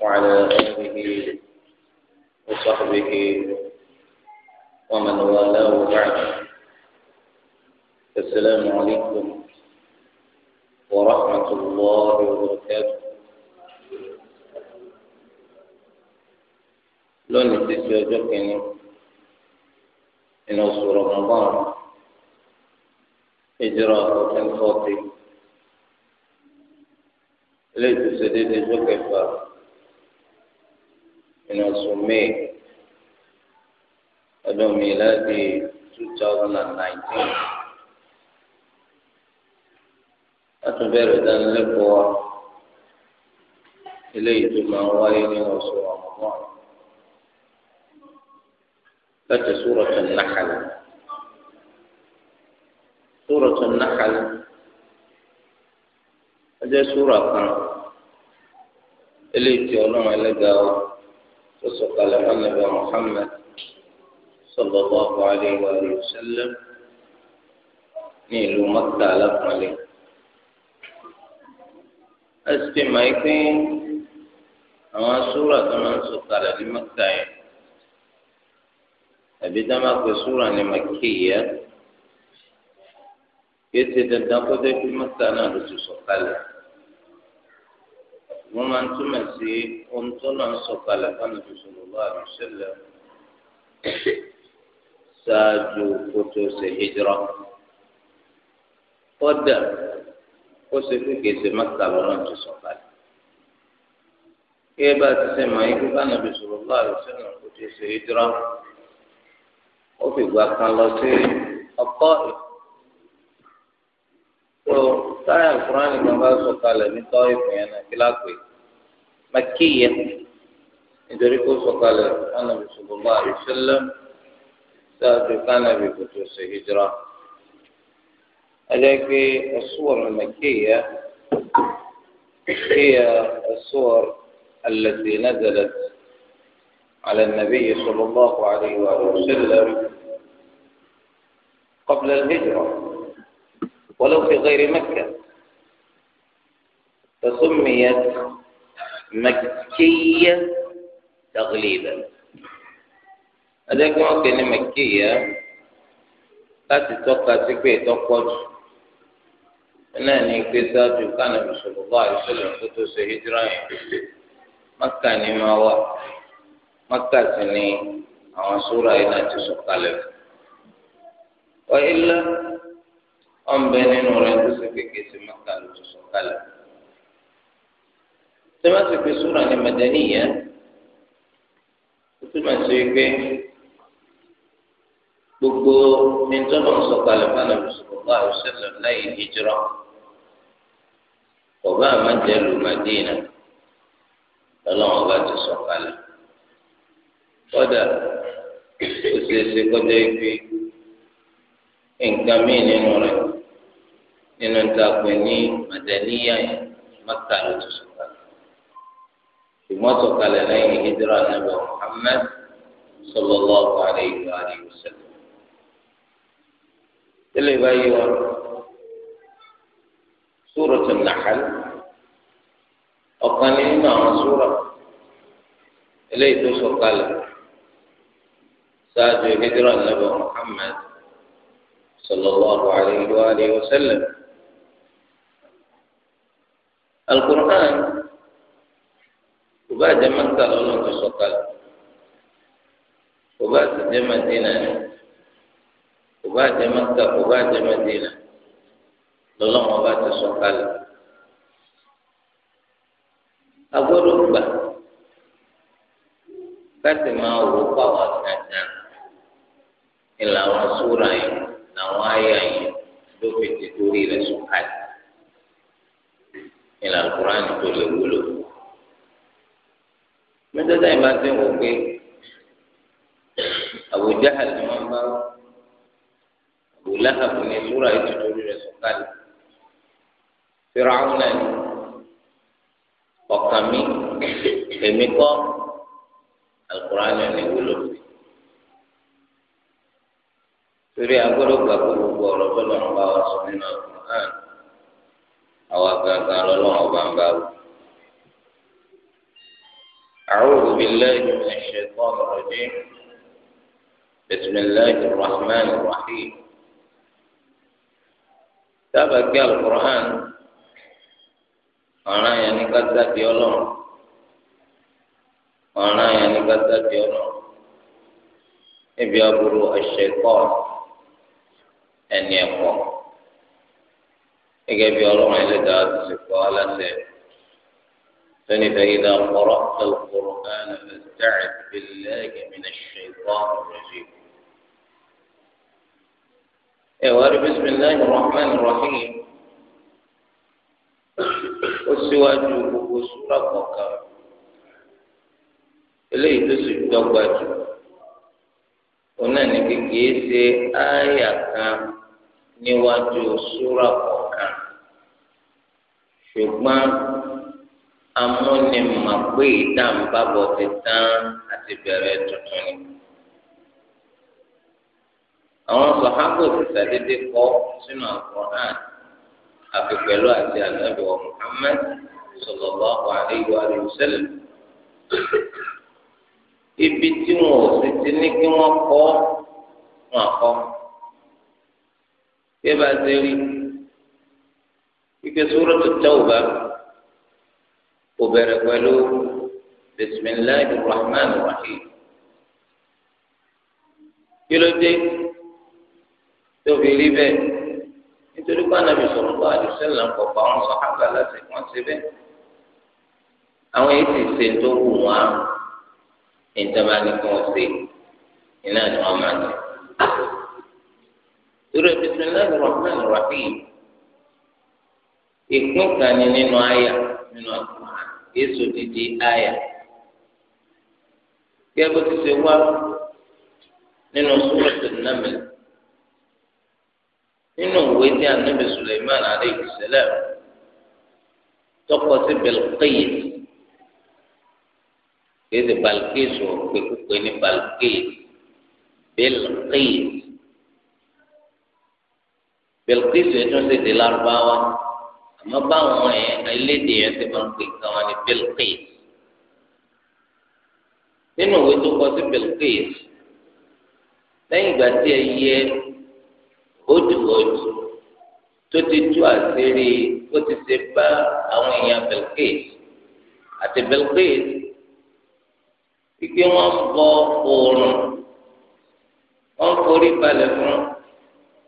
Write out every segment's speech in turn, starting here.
وعلى آله وصحبه ومن والاه بعد السلام عليكم عليه وآله وسلم ní ìlú mọ́tà alákùnrin ẹ sì ti mọ̀ pé àwọn asúrà tó máa ń àbí tá a súrà ní màkìyà kí ti dandan kó dé bí mọ́tà náà ló ti sọ̀kalẹ̀ wọ́n máa ń túmọ̀ sí ohun tó náà ń sọ̀kalẹ̀ fún àdùsùn lọ́wọ́ àdùsùn lẹ́wọ̀n. ṣáájú kó tó ṣe hijira kódà kó ṣe fún kèsè mẹ́ta lọ́nà tó sọ kalẹ̀ kí ẹ bá ti ṣe mọ ikú bá nàbì sọ̀rọ̀ bá rẹ̀ sọ̀rọ̀ kó tó ṣe hijira ó fi gba kan lọ sí ọkọ rẹ̀ tó táyà fúnránì kan bá sọ kalẹ̀ ní tọ́ ìpìyàn náà kí lápè mẹ́kìyẹ nítorí kó sọ kalẹ̀ bá nàbì sọ̀rọ̀ bá rẹ̀ sọ̀rọ̀. ṣáàtú kánàbì في tó ṣe hijira ẹlẹgbẹ المكية هي الصور التي نزلت على النبي صلى الله عليه وآله وسلم قبل الهجرة ولو في غير مكة فسميت مكية تغليبا adékun wọn kẹ ní mẹkìyà láti tọ́ka sí pé ìtọpọjù náà ní pé sáájú kánàbì sọlọgbà àìsọlọ tó tó ṣe hijira yẹn maka ni máa wà maka sì ni àwọn sóra yìí náà ti sọ̀kalẹ̀ wọ ilé wọn bẹ nínú rẹ tó ṣe kéke sí maka ló ti sọ̀kalẹ̀ tẹmẹsì pé sóra ni mẹdẹni yẹn tó túmọ̀ sí pé gbogbo mẹtọlọ sọ̀kalẹ̀ fanabi sọlọ àrùsẹlẹ lẹ́yìn hijrọ ọba àmàjẹlù madina lọlọrun ọba ti sọ̀kalẹ̀ kódà ó ṣe é ṣe kọjá ibi nǹkan míì nínú rẹ̀ nínú ìtàkùn ní madaniya yẹn ló ti sọ̀kalẹ̀ ṣùgbọ́n sọ̀kalẹ̀ lẹ́yìn hijrọ anabi muhammed sọlọ lọọkọ ìlú àlẹ ìlú sẹlẹ. tẹ́lẹ̀ báyìí wọn súrọ̀tù nàḥàl ọ̀kan nínú àwọn súrọ̀ eléyìí tó sọ̀kalẹ̀ ṣáájú hijira nàbẹ Muhammad sallallahu alayhi wa alihi wa sallam alukur'an kò bá jẹ́ mẹ́ta lọ́nà tó sọ̀kalẹ̀ kò bá ti jẹ́ mẹ́ta náà. bá jẹ́ Mẹ́kà kò bá jẹ́ Mẹ́dínà lọ́lọ́wọ́n bá ti sọ kalẹ̀. a gbọ́dọ̀ gbà káti máa wò pàwọ́ dandan ìlà àwọn súra yẹn làwọn àyà yẹn ló fi ti torí rẹ̀ sọ kalẹ̀ ìlà àlùkùránì tó lè wúlò. mẹ́tẹ́tẹ́ yìí wò pé Abu Jahal ni bá wọ́n. Láhàbù ní súra yìí tuntun rẹ̀ sọ̀kalẹ̀ Fìràwọn náà ọ̀kan mi èmi kọ́ Al-Qur'an ní wúlò sí torí agbọ́dọ̀ gba gbogbo ọ̀rọ̀ tó lọ́rùn bá wa Al-Qur'an àwa gangan lọ́lọ́run ọba ń bá أعوذ بالله من الشيطان الرجيم بسم الله الرحمن الرحيم sábà gbé alukur'an ọ̀ràn yẹn ní kátà bí ọlọ́run ọ̀ràn yẹn ní kátà bí ọlọ́run níbi aburú ẹ̀ṣẹ̀kọ́ ẹni ẹ̀kọ́ gẹ́gẹ́ bí ọlọ́run ẹlẹ́dàá ti ti kọ́ aláṣẹ sani fẹ́yìndà kọ́rọ́ ẹ̀kọ́rọ́ ẹ̀ẹ́nà fẹ́ẹ́ sẹ́ẹ̀d bílẹ̀ ẹ̀gẹ́mìnà ṣẹ̀kọ́ ọ̀rọ̀ yìí. ẹ̀wárí bisimilahi rahman rahim ó síwájú gbogbo súra kọ̀ọ̀kan eléyìí tó sì dọ́gba jù òun náà ní kékeré ṣe ááyà kan níwájú súra kọ̀ọ̀kan ṣùgbọ́n amúnimàgbé ìdáǹbàbọ̀ ti tán àti bẹ̀rẹ̀ tuntun ni àwọn sọ̀hábò ti sàdédé kọ́ sínú àkùrán àfi pẹ̀lú àti ànábì wa Muhammad sallallahu alaihi wa sallam ibi tí wọn ò sì ti ní kí wọ́n kọ́ wọn àkọ́ bí bá ti rí ike Suratu Tawbah kò bẹ̀rẹ̀ pẹ̀lú bismillahir rahmanir rahim kí ló dé tó fi rí bẹ́ẹ̀ nítorí pé anabi sọ̀rọ̀ bá àdùsẹ́lẹ̀ ń kọ̀ọ̀pọ̀ àwọn sọ̀hábà láti wọ́n ṣe bẹ́ẹ̀ àwọn èyí sì ṣe tó wù wọ́n á ìjọba ní kí wọ́n ṣe iná ni wọ́n máa jẹ. Ìrọ̀ bisimilahi rahman rahim ìpín kan nínú àyà nínú àkùnrin Jésù dídí àyà. Gẹ́gẹ́ bó ti ṣe wá nínú Sūratun Naml nínú ìwé tí anabi suleiman aleyhi salam tọkọ sí belqis kéde balqis o pèkúpè ní balqis belqis belqis yẹn tún ṣe di lárúbáwá àmọ́ báwọn ẹlẹ́dẹ̀ yẹn ti máa ń pè kàn wọn ní belqis nínú ìwé tó kọ sí belqis lẹ́yìn ìgbà tí ẹ yẹ ojú ojú tó ti tú àṣírí ó ti ṣe bá àwọn èèyàn Belkis àti Belkis wípé wọ́n bọ oòrùn wọ́n forí balẹ̀ fún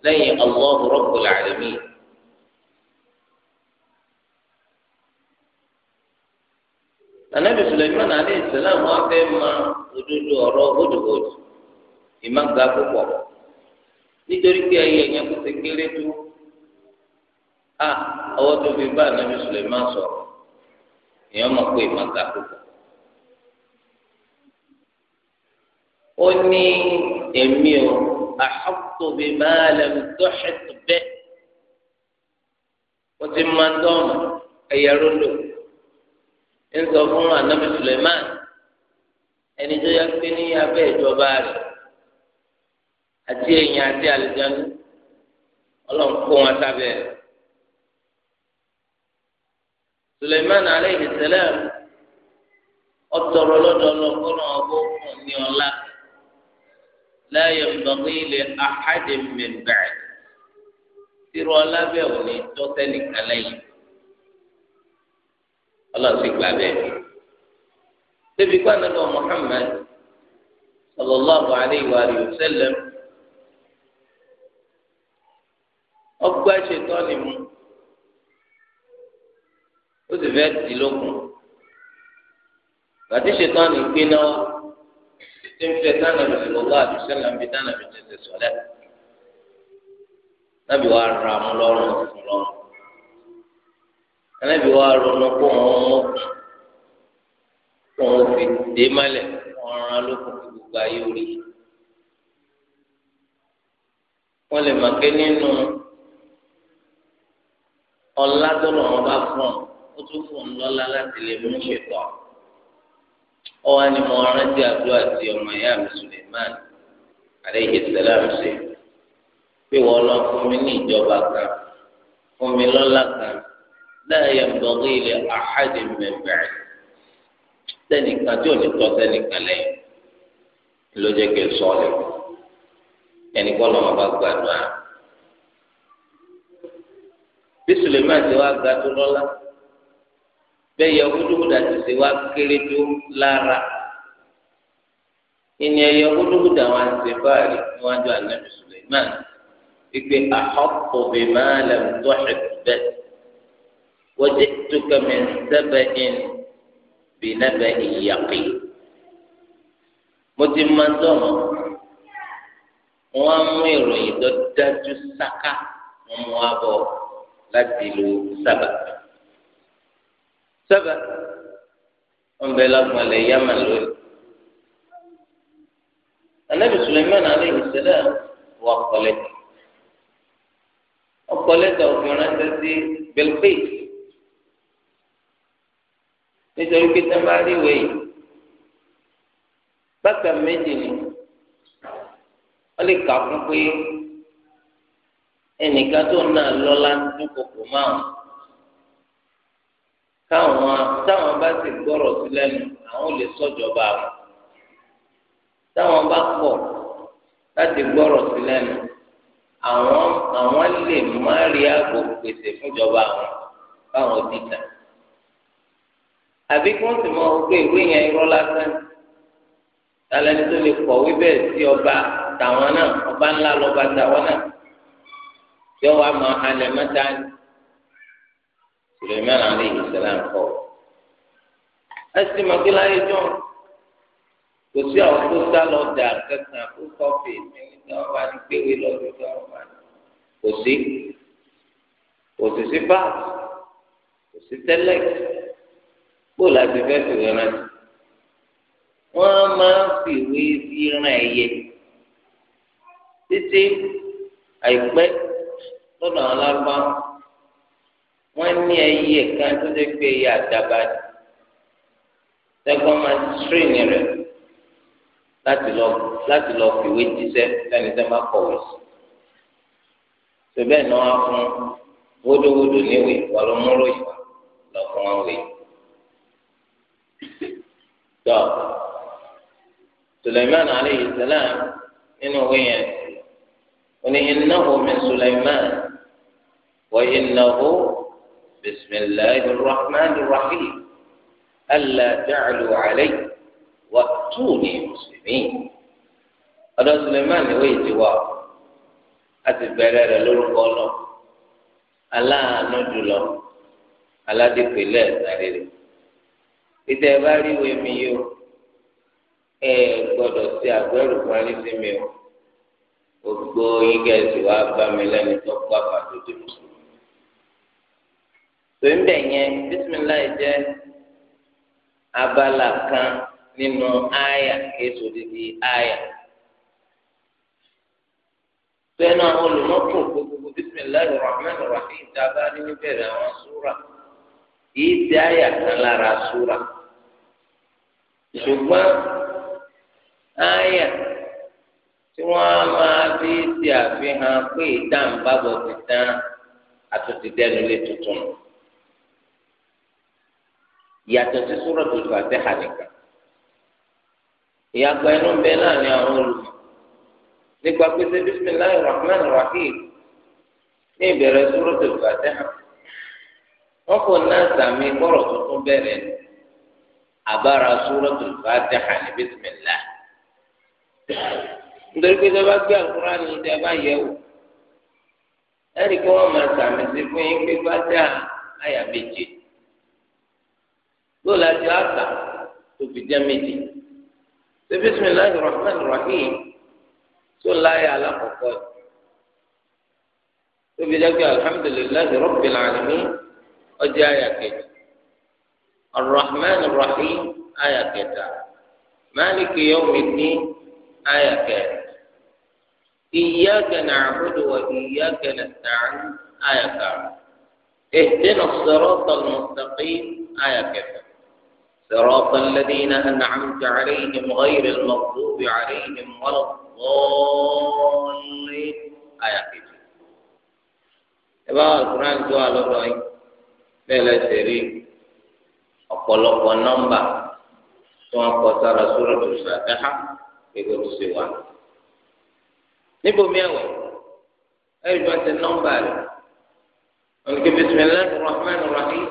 lẹ́yìn Allahu Rabbul Alamin. anabi suleiman aleyhisselam wọ́n fẹ́ ma òdodo ọ̀rọ̀ ojú ojú ìmàgà púpọ̀. nítorí pé a yẹn kò ti kéré tó a ọwọ́ tó fi bá anabi suleiman sọ̀rọ̀ èèyàn mọ̀ pé ìmọ̀ púpọ̀ ó ní èmi o àhọ́tò máa lẹ̀ ń bẹ́ẹ̀ ó ti máa dọ́ọ̀mù ẹ̀yẹ rólò ń sọ fún anabi suleiman ẹni tó yẹ pé ní abẹ́ ìjọba rẹ̀. àti èèyàn àti àlùjáde ọlọ́run kó wọn sábẹ́ rẹ̀. Suleiman aleyhi salam ọtọrọ lọ́dọ̀ ọlọpọlọ ọgbọkùn ní ọlá láàyè mbọgbé ilé àhádé mẹgbẹ tìrọ ọlá bẹ́ẹ̀ ò ní tọ́tẹ́ nìkan lẹ́yìn ọlọ́sìn gbà bẹ́ẹ̀ débi kwana sì fẹ́ dì lókun gbàtí ṣetán ní gbé náà tí ń fẹ́ tánà bí sọlọ́lá àdùsẹ́là ń bí tánà bí tẹ̀sẹ̀ sọ̀lẹ́ nábì wàá ra mú lọ́rùn fún lọ́rùn nábì wàá ronú kó wọn mú kó wọn fi dé mọ́lẹ̀ ọ̀ràn lókun fún gbogbo ayé orí wọ́n lè má ké nínú ọlá tó lọ́wọ́ bá fún ọ ó tún fún un lọ́la láti lè mú ṣètò ọwọ́ ni mo rántí àdúrà tí ọmọ ìyá mi Suleiman aleyhi salam ṣe pé wọ́n lọ fún mi ní ìjọba kan fún mi lọ́la kan láàyè mbọ̀gí ilẹ̀ àhádì mẹ́mbẹ̀rẹ̀ sẹ́nìkan tí ò ní tọ́ sẹ́nìkan lẹ́yìn ló jẹ́ kí n sọ ọ́ lẹ́kọ̀ọ́ ẹnì lọ́mọ bá gbàdúrà bí Suleiman ti wá gbàdúrà lọ́la bẹ́ẹ̀ yẹ húdúhúdà ti ṣe wá kéré tó lára ìní ẹ̀yẹ húdúhúdà wá ń ṣe báàrí níwájú ànábì Suleiman ìpè àhọ́pọ̀ bíi máa lẹ̀ ń tọ́ṣẹ̀ bẹ́ẹ̀ wọ́n tó kẹ́mi ń sẹ́bẹ̀ ìn bíi nẹ́bẹ̀ ìyàpè mo ti máa dọ̀mọ́ wọ́n mú ìròyìn tó dájú sáká wọn mú wa láti ìlú sábà sẹbẹ wọn bẹ lágbọn lẹ yamma lórí anabi suleiman aleyhi sẹlẹ wà kọlẹtì ọkọlẹtì òfin ránṣẹ́ sí belfast nítorí pé tẹmbárí wẹyì bákan méjì ni wọn lè kà fún pé ẹnìkan tó nà lọ́la dúkokò máa táwọn táwọn bá sì gbọ́rọ̀ sí lẹ́nu àwọn lè sọ̀jọba àwọn táwọn bá pọ̀ láti gbọ́rọ̀ sí lẹ́nu àwọn àwọn lè má rí àgbo pèsè fúnjọba àwọn báwọn dìtà àbí kí wọ́n sì mọ gbé ìwé yẹn irọ́ lásán talẹ́ni tó lè kọ̀wé bẹ́ẹ̀ sí ọba tàwọn náà ọba ńlá lọ́ba tàwọn náà yọ wá máa halẹ̀ mọ́ta ni. Suleiman aleyhi salam kọ́ ẹsì mọ̀kílá yìí jọ kò sí àwọn tó sá lọ dà kẹsàn-án kó kọfì nígbà wọn bá ní gbéwé lọ nígbà wọn bá ní kò sí kò sì sí báàsì kò sí tẹ́lẹ̀ kó láti fẹ́ fi rántí wọ́n máa ń fìwé fi ràn ẹ̀yẹ títí àìpẹ́ lọ́dọ̀ àwọn alábáwọn wọ́n ní ẹyẹ kan tó ṣe pé ẹyẹ àdàbà tẹ́gbọ́n máa tírìnì rẹ̀ láti lọ láti lọ fìwé jíṣẹ́ sẹ́ni tẹ́ máa kọ̀wé sí. Ṣèbẹ́ náà wá fún wódòwódò níwè ọlọ́múrò ìwà lọ wọn wè. Tọ́ Sùlẹ̀mán alayhi salam nínú ìwé yẹn. Oní innahu min Sùlẹ̀mán wa innahu. بسم الله الرحمن الرحيم ألا تعلوا علي وأتوني مسلمين هذا سليمان ويجي واو أتبرر لرقوله ألا نجله ألا دفله سريره ìtẹ̀ bá rí ìwé mi yìí o ẹ gbọ́dọ̀ sí àgbẹ̀rù kan ní sí mi o gbogbo yín kẹ́sì wá bá mi lẹ́nu tó gbà pàtó di mùsùlùmí. tòun ń bẹ̀ yẹn bísímìláì jẹ́ abala kan nínú àyà kéésù dídí àyà tẹ́nu àwọn olùmọ́tò gbogbo bísímìláì rahman rahim dábàá nínú bẹ̀rẹ̀ àwọn súra kìí ti àyà kan lára súra ṣùgbọ́n àyà tí wọ́n máa fi ti àfihàn pé ìdáǹbàbọ̀ tán yàtọ̀ sí Suratul Fatiha nìkan ìyàgbọ́ ẹnu bẹ náà ni àwọn olùmọ̀ nípa pété bisimilahi rahman rahim ní ìbẹ̀rẹ̀ Suratul Fatiha wọn kò náà sàmì kọ́rọ̀ tuntun bẹ̀rẹ̀ ni àbára Suratul Fatiha ní bisimilahi nítorí pé tó bá gbé àkúrá ni ìdá bá yẹ wò ẹnì kí wọ́n máa sàmì sí fún yín pé àyà méje. bó la ti wá kà tó fi jẹ́ méjì ṣé bisimilahi rahman rahim tó la láyà alákọ̀ọ́kọ́ tó fi jẹ́ pé alhamdulilahi rabbil alamin ọjọ́ àyà kejì arrahman rahim àyà kẹta maliki ní àyà kẹta iyá kẹna àbúdó wa iyá iyyaka nasta'in àyà kẹta ihdina as-sirata al-mustaqim àyà kẹta. صراط الذين أنعمت عليهم غير المغضوب عليهم ولا الضالين آية كده إبا القرآن سؤال الرأي بلا سري ọ̀pọ̀lọpọ̀ nọ́mbà tí wọ́n kọ sára suratul Fatiha gbogbo tó ṣe wà. níbo mi ẹ̀wẹ̀ ẹ̀rí wọn ti nọ́mbà rẹ̀ wọn kì í bismillahir rahmanir rahim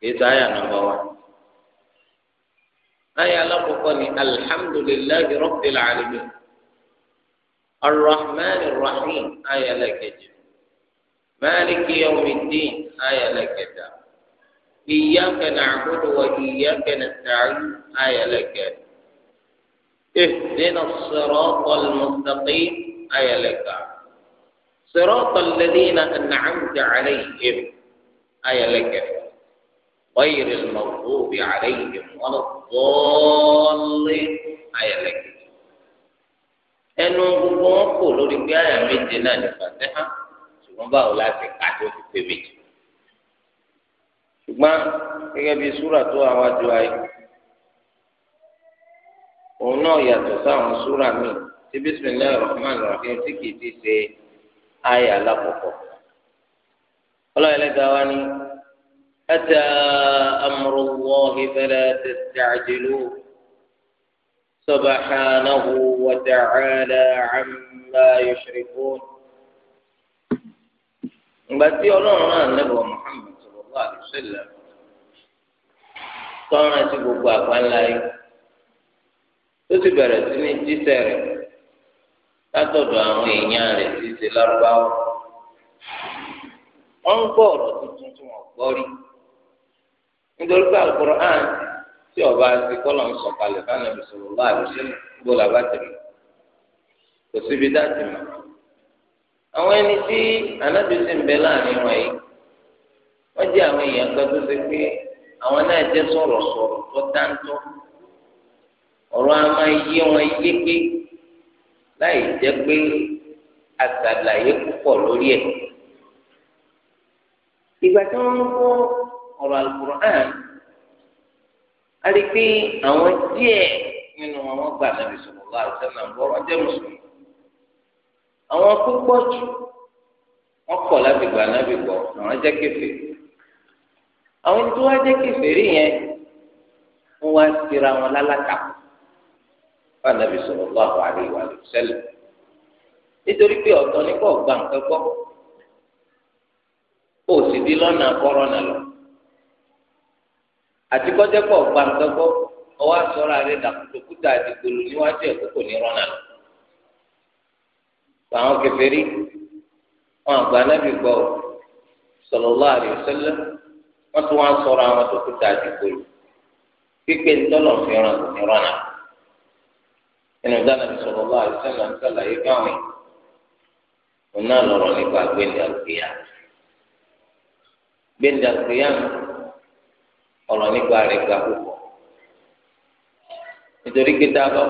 kì í sáyà nọ́mbà wa. ayé alákọ̀ọ́kọ́ ni alihamudulilayi rabbil alamin arrahman rahim ayé alákejì maliki yawmiddin ayé alákẹta iyyaka na'budu wa iyyaka nasta'in ayé alákẹta ihdina siratal mustaqim ayé alákẹta siratal ladina an'amta alayhim ayé alákẹta. غير المغضوب عليهم ولا الضالين آية لك ẹnu gbogbo wọn kò lórí pé àyà méje náà ní fàtẹ́hà ṣùgbọ́n báwo la ti kà tó fi pé méje ṣùgbọ́n gẹ́gẹ́ bí súrà tó àwọn àjọ ayé òun náà yàtọ̀ sáwọn súrà míì tí bisimilayi rahman rahim tí kìí ti ṣe àyà alákọ̀ọ́kọ́ ọlọ́yẹ̀lẹ́gàá wa ní. أتى أمر الله فلا تستعجلوه سبحانه وتعالى عما يشركون gbàtí ọlọ́run náà محمد صلى الله عليه وسلم؟ tọ́ran sí gbogbo àgbáńlá yìí tó ti bẹ̀rẹ̀ sí ní jíṣẹ́ rẹ̀ látọ̀dọ̀ àwọn èèyàn rẹ̀ ti ṣe lárúbáwọ̀ wọ́n ń gbọ́ ọ̀rọ̀ tuntun tí wọ́n gbọ́ rí nítorí pé alukur'an tí ọba ti kọ́lọ̀ ń sọ̀kalẹ̀ fún anabi sọ̀rọ̀ bá àdùsẹ́ gbọ́ làbá tẹ̀lé kò síbi dáàtì mọ́. àwọn ẹni tí anabi sì ń bẹ láàrin wọn yìí wọ́n jẹ́ àwọn èèyàn kan tó ṣe pé àwọn náà jẹ́ sọ̀rọ̀sọ̀rọ̀ tó dáńtọ́ ọ̀rọ̀ a máa yé wọn yé láì jẹ́ pé àtàlàyé púpọ̀ lórí ẹ̀. ìgbà tí wọ́n ń kọ́ ọ̀rọ̀ alukur'an a lè pé àwọn díẹ̀ nínú àwọn gba nàbì sọlọlá àtẹnà bọrọ jẹ mùsùlùmí àwọn púpọ̀ jù wọn kọ̀ láti gba nàbì gbọ́ àwọn jẹ́ kèfèrí àwọn tó wá jẹ́ kèfèrí yẹn wọn wá tira wọn lálàkà fún ànàbì sọlọlá àwàlẹ ìwàlẹ sẹlẹ nítorí pé ọ̀tọ̀ nípa ọ̀gbà nǹkan kò sì di lọ́nà kọ́rọ́nà lọ àti kọ́jẹ́pọ̀ gbàǹkangbọ́ ọwọ́ àsọ̀rọ̀ àrẹ dàkútòkúta àti gbòòlù níwájú ẹ̀kọ́ kò ní rọ́nà lọ. àwọn kèfèrí wọn àgbà anábì gbọ́ sallallahu alaihi wasallam wọn tún wá sọ̀rọ̀ àwọn tòkúta àti gbòòlù pípé ńtọ́lọ̀ fi ràn kò ní rọ́nà. nínú dáná bí sallallahu alaihi wasallam ń sàlàyé báwọn òun náà lọ̀rọ̀ nípa gbẹ̀ndàgbéyà ọ̀rọ̀ nípa rẹ̀ gba púpọ̀ nítorí pé tá a bá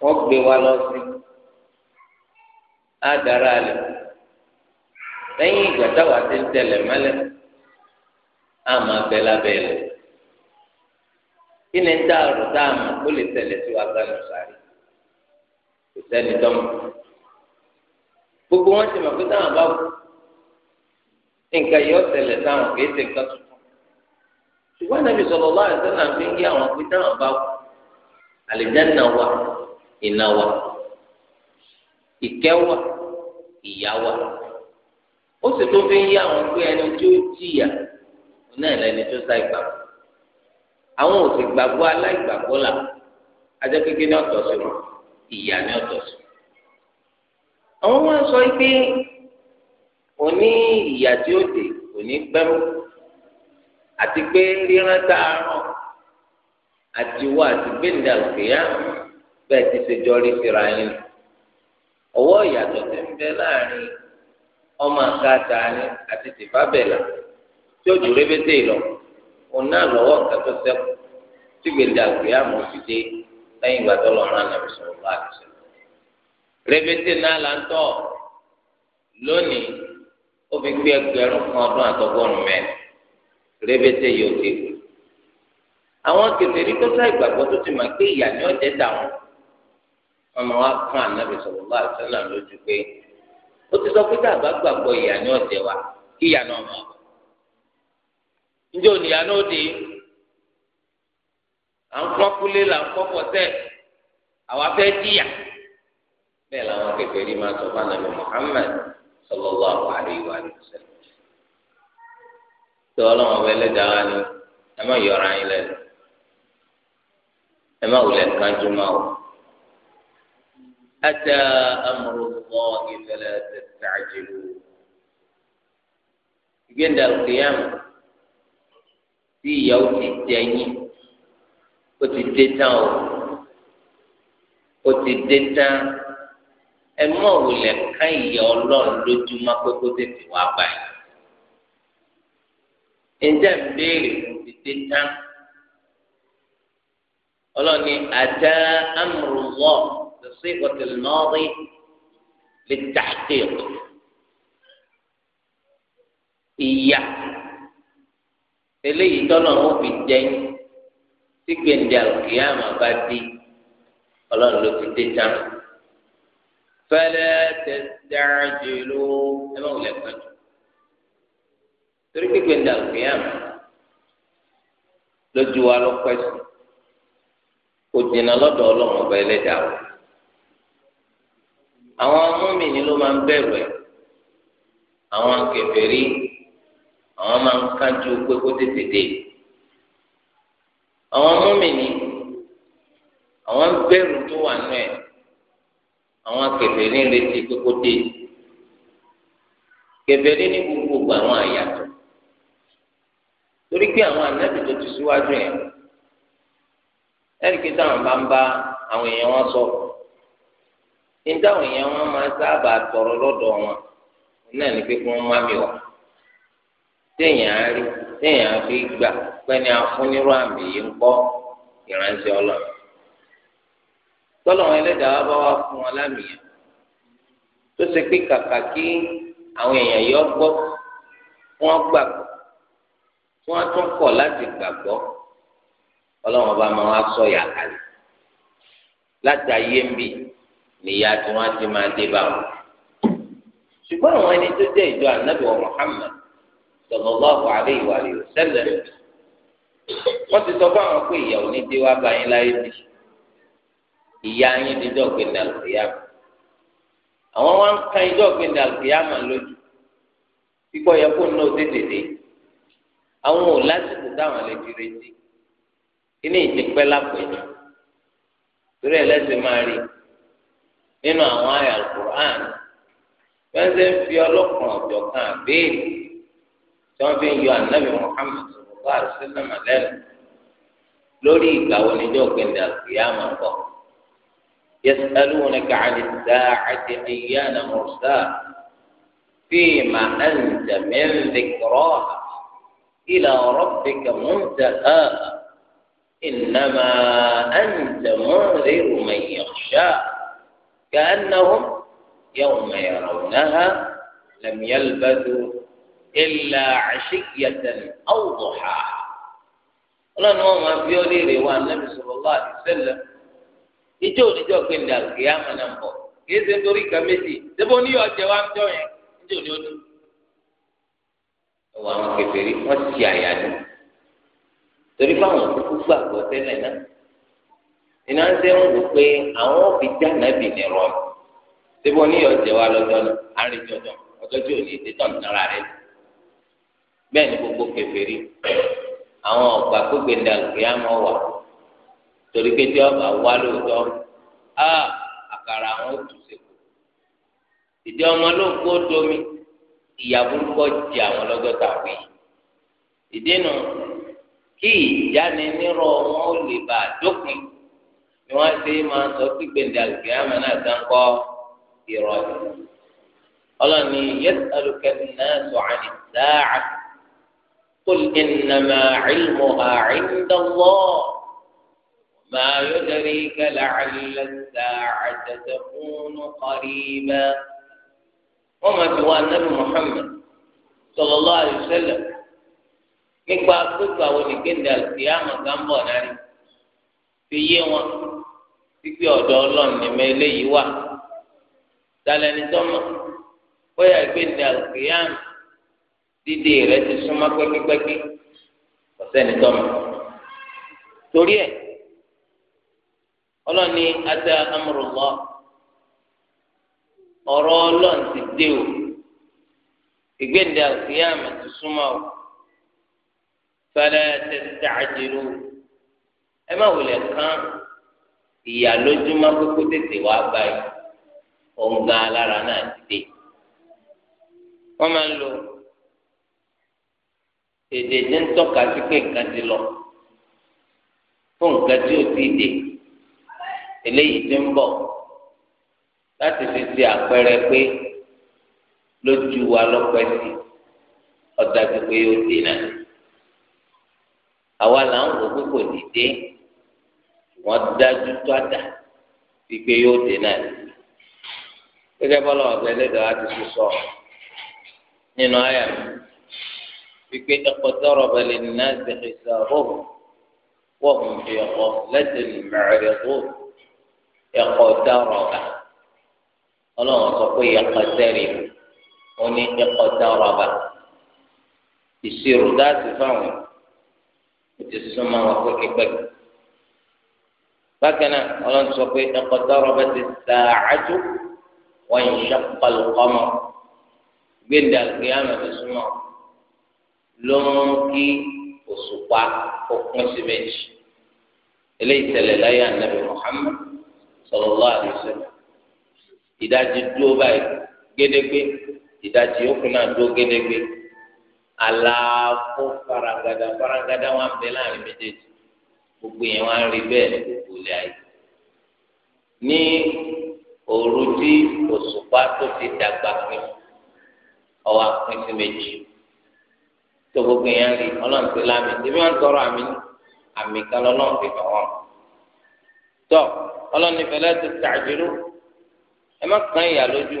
wọ́n gbé wa lọ sí á dára alẹ́ lẹ́yìn ìgbà táwa ti ń tẹ̀lẹ̀ mẹ́lẹ̀ á máa bẹ lábẹ́ ẹ̀ kí ni tá a rò tá a mọ̀ kó lè tẹ̀lẹ̀ sí wa gbanu sáré kò sẹ́ni tọ́mọ̀ gbogbo wọn ti mọ̀ pé táwọn bá wù nǹkan yìí ọ̀sẹ̀lẹ̀ sáwọn kìí ṣe nǹkan tuntun ṣùgbọ́n nàbì sọ̀rọ̀ lọ́wọ́ àti sọ́nà fi ń gé àwọn pé táwọn bá wù àlìjáná wa iná wa ìkẹ́ wa ìyá wa ó sì tó fi ń yé àwọn pé ẹni tí ó jìyà náà lẹni tó sá ìgbà àwọn ò gbàgbọ́ aláìgbàgbọ́ là ajẹ́ kékeré ọ̀tọ̀ sí wọn ìyá ní ọ̀tọ̀ sí àwọn wọn sọ pé oní ìyà tí ó dé òní gbẹ́mú àti pé ríran tá a rán àti wá àti gbẹ̀ǹdà òkèèyà bẹ́ẹ̀ ti ṣe jọ rí síra yín ọwọ́ ìyàtọ̀ ti ń bẹ láàrin ọmọ àkàtà ni àti tìfábẹ́là tí ó jù rébété lọ òun lọ́wọ́ nǹkan sẹ́kù tí gbẹ̀ǹdà òkèèyà mọ̀ fi dé lẹ́yìn ìgbà tó lọ́ọ́ rán àmì sọ̀rọ̀ bá àti sọ̀rọ̀ náà là ń tọ̀ lónìí. o fi pé ẹgbẹ̀rún kan ọdún àtọ́gọ́rùn mẹ́rin rébété yóò ti wù. àwọn kèfèrí tó sá ìgbàgbọ́ tó ti máa gbé ìyá ní ọ̀jẹ̀ dàrún ọmọ wa fún ànábì sọ̀rọ̀ bá àtúnlá lójú pé ó sọ pé tá a bá ìyá ní wa kí ìyá náà mọ̀ njẹ́ òníyá náà di à ń kọ́ kúlé là ń kọ́ pọ̀tẹ́ àwa fẹ́ díyà bẹ́ẹ̀ sallallahu alaihi wa sallam. tó ọlọ́run ọba ẹlẹ́dàá wa ni ẹ má yọra yín lẹ́nu ẹ má wulẹ̀ kánjú má o. ata amru Allahi fala tasta'jilu. ìgbéǹda al-qiyama tí ìyàwó ti jẹ yín ó ti dé tán o ó ti dé tán ẹ mọ òwúlẹ̀ ká ìyá ọlọ́run lójúmọ́ pé kó tètè wá báyìí. ǹjẹ́ ń béèrè fún títí tán ọlọ́ni àjá amúrùwọ̀ lọ́sí ìwọ̀tẹ̀lẹ́nọ́rí lè dàgbé ọ̀tọ̀. ìyá eléyìí tọ́lọ̀ ń fi jẹ́yìn tí gbèǹdé bá dé ọlọ́run ló ti dé tán fẹlẹ tẹsán jèló ẹ bá wulẹ pẹ̀lú torí pípé ní àlùfíà lójú wa ló pẹ̀sù kò jìnnà lọ́dọ̀ Ọlọ́run ọba Ẹlẹ́dàá o àwọn múmìnì ló máa ń bẹ̀rù ẹ àwọn kèfèrí àwọn máa ń kánjú pé kó tètè dé àwọn múmìnì àwọn ń tó wà nù ẹ. àwọn kèfèrí retí kókó dé ní gbogbo àwọn àyàtọ torí pé àwọn ànábì tó ti síwájú yẹn ẹnìkí táwọn bá ń bá àwọn èèyàn wọn sọ ní táwọn èèyàn wọn máa sábà tọrọ lọ́dọ̀ wọn náà pé kí wọn mi téèyàn á rí téèyàn á tọ́lọ̀ wọn ẹlẹ́dàá bá wá fún wọn lámìyàn tó ṣe pé kàkà kí àwọn èèyàn yọ gbọ́ wọ́n gbàgbọ́ wọ́n tún kọ̀ láti gbàgbọ́ ọlọ́wọ́n bá máa wá sọ yà kalẹ̀ láti ayé ń bì níyà tí wọ́n ti máa dé bá wọn. ṣùgbọ́n àwọn ẹni tó jẹ́ ìjọ ànábì wa Muhammad sallallahu alaihi wa sallam wọ́n ti sọ fún àwọn pé ìyàwó ní dé wá báyìí láyé bì ìyá yín di dọ́gbìn ní alùpùpù àwọn wọn ka ìdọ́gbìn ní alùpùpù lójú kíkọ́ yẹ kó náà tètè dé àwọn ò lásìkò táwọn lè fi retí kíní ìtìpẹ́ lápò ẹ̀yìn torí ẹlẹ́sìn máa rí nínú àwọn àyà alukur'an wọ́n ṣe ń fi ọlọ́kùnrin ọ̀jọ̀ kan àbẹ́ẹ̀lì tí wọ́n fi ń yọ anabi muhammed sọ̀rọ̀ bá àrùsílẹ̀ màlẹ́nu lórí ìgbà wo níjọ́ gbẹ̀ndẹ̀ àlùkìyàmọ̀ bọ̀. يسألونك عن الساعة أيان مرساها فيما أنت من ذكراها إلى ربك منتهاها إنما أنت منذر من يخشى كأنهم يوم يرونها لم يلبثوا إلا عشية أو ضحاها. ولن ما في النبي صلى الله عليه وسلم ìjọ oníjọ gbẹndà òkè àmàna ń bọ kì í ṣe nítorí ìka méjì síbò ní ọjà wa ń jọ yẹn níjọ ni ó dùn. ọwọ́ àwọn kèfèrí wọn ti àyà ni torí báwọn kúkú gbàgbọ́ tẹ́lẹ̀ náà iná ń sẹ́wọ̀n wò pé àwọn òbí já nàbì ní rọ síbò ní ọjà wa lọ́jọ́ náà àríjọjọ ọjọ́ tí ò ní ti tọ̀ nara rẹ bẹ́ẹ̀ ni gbogbo kèfèrí àwọn ọ̀gbà gbogbo ìdàgbé àmọ́ wà torí pé tí ọba wá lóòótọ́ á àkàrà àwọn òtún ṣèkù ìdí ọmọ ló ń kó domi ìyá burúkọ jẹ àwọn lọ́jọ́ tàwí ìdí nu kí ìjáni nírọ̀ wọn ò lè bá a dópin ni wọ́n ṣe máa sọ pé gbẹ̀ndàgbé àmọ́ náà dán kọ́ ìrọ̀ yìí ọlọ́ni yẹ́sàlùkẹ́ náà sọ àní sáà kó lè nàmà ìlmọ̀ àìndàlọ́ọ̀. ما يدريك لعل الساعة تكون قريبا وما سوى النبي محمد صلى الله عليه وسلم nípa pípa àwọn onígbèǹda ìyáàmù gánbọ̀ náà fi yé wọn pípé ọ̀dọ̀ ọlọ́run nìmọ̀ eléyìí wà dalẹ́ni tọ́mọ̀ bóyá ìgbèǹda ìyáàmù dídé rẹ ti súnmọ́ pẹ́kípẹ́kí ọ̀sẹ́ni tọ́mọ̀ torí ẹ̀ ọlọ́ni ata amúrùlọ́ ọ̀rọ̀ ọlọ́run ti dé o ìgbéǹde àkíyàmà ti súnmọ́ o fẹlẹ tẹsítẹ àjẹrò ẹ má wulẹ̀ kán ìyà lójúmọ́ kókó tètè wá báyìí òǹgà alára náà ti dé wọ́n máa ń lo èdè tí ń tọ́ka sí pé nǹkan ti lọ fún nǹkan tí ó ti dé eléyìí ti ń bọ̀ láti fi ṣe àpẹẹrẹ pé lójú wa lọ́pẹ́ sí ọ̀dà pípé yóò dènà àwa là ń wò pé kò ní dé wọ́n dájú tó àdá pípé yóò dènà gẹ́gẹ́ bọ́lá ọ̀gbẹ́ lẹ́dàá ti tún sọ nínú àyà mi pípé iqtaraba lin-nasi hisabuhum wa hum fi ghaflatin mu'ridun ẹ̀kọ́ dárọ̀bà ọlọ́run sọ pé ẹ̀kọ́ dẹ́rì ó ní ẹ̀kọ́ dárọ̀bà ìṣirò dáàtì fáwọn ètò sísun máa wà pẹ́kípẹ́kí. bákan náà ọlọ́run sọ pé ẹ̀kọ́ dárọ̀bà ti sàájú wọ́n yìí ṣàpàlù kọ́mọ gbẹ̀ndà gbéyàmọ̀ ti súnmọ́ ló ń kí òṣùpá òpin sí méjì eléyìí tẹ̀lé láyé ànábì Muhammad sallallahu alaihi wasallam ìdajì dúró báyìí gédégbé ìdajì yòókù náà dúró gédégbé àlàfo farangada farangada wà ń bẹ láàrin méjèèjì gbogbo yẹn wà ń rí bẹ́ẹ̀ ní gbogbo ilé ayé ní òru tí òṣùpá tó ti dàgbà pín ọwọ́ pín sí méjì tó gbogbo yẹn rí ọlọ́run ti lámì ẹbí wọn tọrọ àmì àmì kan lọ́lọ́run fi hàn tọ́ ọlọ́ni fẹlẹ́ ti tàjírú ẹ má kàn ìyà lójú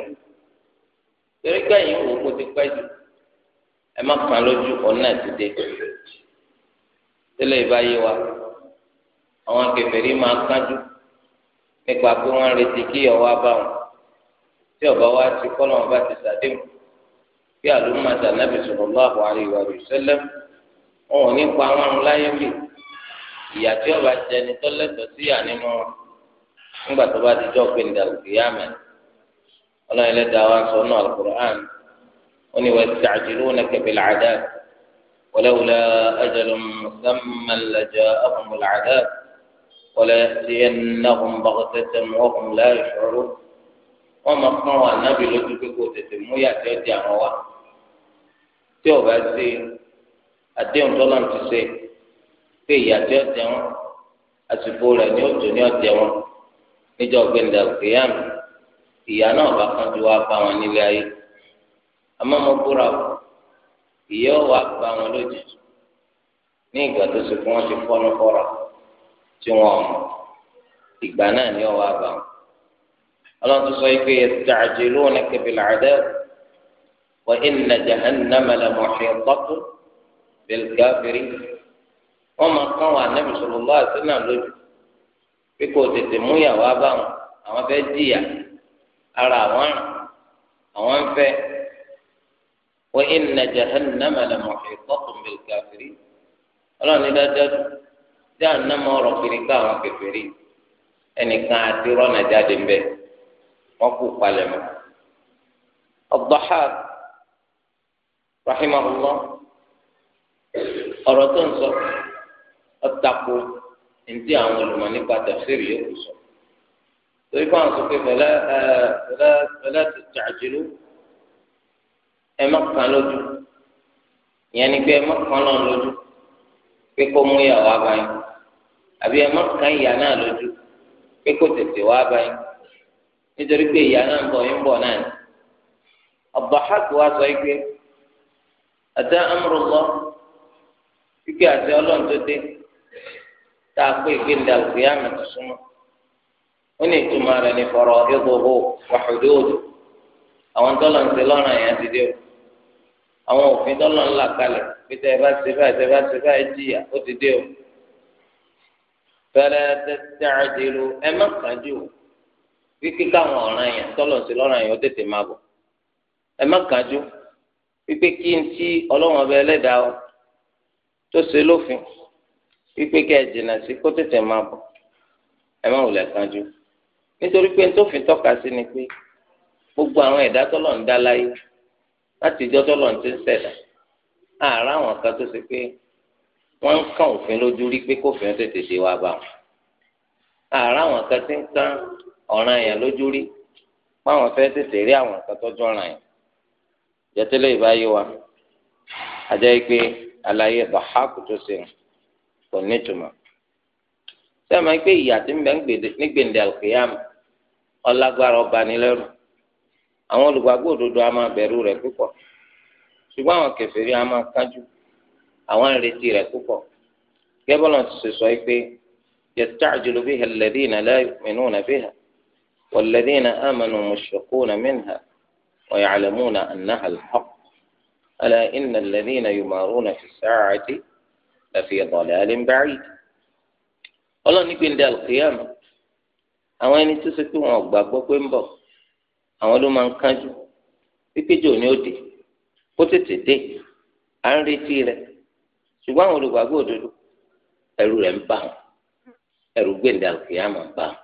torí kẹ́yìn wò kó ti pẹ́ jù ẹ má kàn lójú ọ̀nà ti dé tẹ́lẹ̀ ìbáyé wa àwọn kèfèrí máa kánjú nípa pé wọ́n retí kí ọwọ́ bá wọn tí ọba wa ti kọ́nà ọba ti sàdéhùn bí àlùmọ́ àti ànábì sallallahu alaihi wa sallam wọn ò ní pa wọn láyé bíi ìyá tí ọba jẹni tó lẹ́tọ̀ọ́ sí yà nínú ńgbà tó bá ti jọ pé ndàlùkì yá mẹ Ọlọ́run Ẹlẹ́dàá wa sọ náà alukur'an ó ní wasta'jilunaka bil'adab walawla ajalun musamman laja'ahum al'adab walaya'tiyannahum baghtatan wa hum la yash'urun wọn máa kàn wọn ànábì lójú pé kò tètè mú yà tí ó di àwọn wa tí ọba ṣe àdéhùn tọ́lá ti ṣe pé ìyà tí ó jẹ wọn àsìkò rẹ̀ ni ó jò ní ọjẹ wọn níjọ́ gbẹndà òkèèyàn ìyà náà bá kan ju wa bá wọn nílé ayé àmọ́ mo búra o ìyà ó bá wọn lójijì ní ìgbà tó ṣe fún wọn ti fọnú fọra tí wọn mọ ìgbà náà ni ó wà bá wọn ọlọ́run tó sọ yìí pé yasta'jilunaka bil'adab wa inna jahannama lamuhitatun bil kafirin wọn máa kán wọn ànábì sallallahu alaihi wasallam lójú pé kò tètè mú ìyàwó abáwọn àwọn fẹẹ jìyà ara àwọn àwọn ń fẹ wa inna jahannama la muhitatun bil kafirin ọlọ́run ní dájọ́ tí ànámọ ọ̀rọ̀ kiri ká àwọn kèfèrí ẹnìkan àti rọnà jáde ń bẹ wọn kú palẹ̀ mọ́ ad-Dahhak rahimahullah tó ń sọ. ọ̀tàkù ntí àwọn olùmọ̀ nípa tafsiri yóò sọ. torí kó àwọn sọ̀kè fẹlẹ́ fẹlẹ́ fẹlẹ́ ti tàjìlú ẹ má kàn lójú ìyẹn ni pé ẹ má kàn lọ́n lójú pé kó mú ìyàwó abáyé àbí ẹ má kàn ìyá náà lójú pé kó tètè wá abáyé nítorí pé ìyá náà ń ń náà wa sọ pé amúrò lọ kíkẹ́ àti ọlọ́run tá a pé ìgbéǹda òkèèyàn ti súnmọ́ ó ní ìtumọ̀ rẹ̀ ní fọ̀rọ̀ ìgbòho wàhùdóòdù àwọn tọ́lọ̀ ń àyàn ti dé o àwọn òfin tọ́lọ̀ ń là kalẹ̀ pété ẹ bá ṣe báyìí ṣe bá jìyà ti dé o fẹ́rẹ́ ẹ má káwọn ń àyàn ó tètè ẹ má kí n ọlọ́wọ́n ẹlẹ́dàá tó wípé kẹ́ ẹ jìnnà sí kó tètè máa bọ̀ ẹ má wulẹ̀ kánjú nítorí pé nítòfin tọ́ka sí ni pé gbogbo àwọn ẹ̀dá tọ́lọ̀ ń dá láyé láti ìjọ tọ́lọ̀ ń ti ń ṣẹ̀dá àárá àwọn kan tó ṣe pé wọ́n ń kàn òfin lójú rí pé kófin tètè dé wá bá wọn àárá àwọn kan ti ń kàn ọ̀ràn yẹn lójú rí báwọn fẹ́ tètè rí àwọn kan tọ́jú ọ̀ràn yẹn jẹ́tẹ́lẹ̀ ìbáyé wa àjẹ́ pé àlàyé bàhákù tó ṣe nù. kò ní ìtumọ̀ sẹ́mi pé ìyá tí ń bẹ ní gbèǹde àlùkìyàmù ọlágbára ọba nílẹ́rù àwọn olùgbàgbọ́ òdodo a máa bẹ̀rù rẹ̀ púpọ̀ ṣùgbọ́n àwọn kèfèrí a máa kájú àwọn ìrètí rẹ̀ púpọ̀ gẹ́bọ́lọ̀ ti ṣe sọ pé annaha yumaruna لفي ضلال بعيد ọlọ́run ní gbẹ̀ndẹ̀ àlùkìyàmù àwọn ẹni tó ṣe pé wọn ò gbàgbọ́ pé ń bọ̀ àwọn ló máa ń kánjú pípéjọ ní òde kó tètè dé à ń retí rẹ̀ ṣùgbọ́n àwọn olùgbàgbọ́ òdodo ẹ̀rù rẹ̀ ń bà wọn gbẹ̀ndẹ̀ ń bà wọn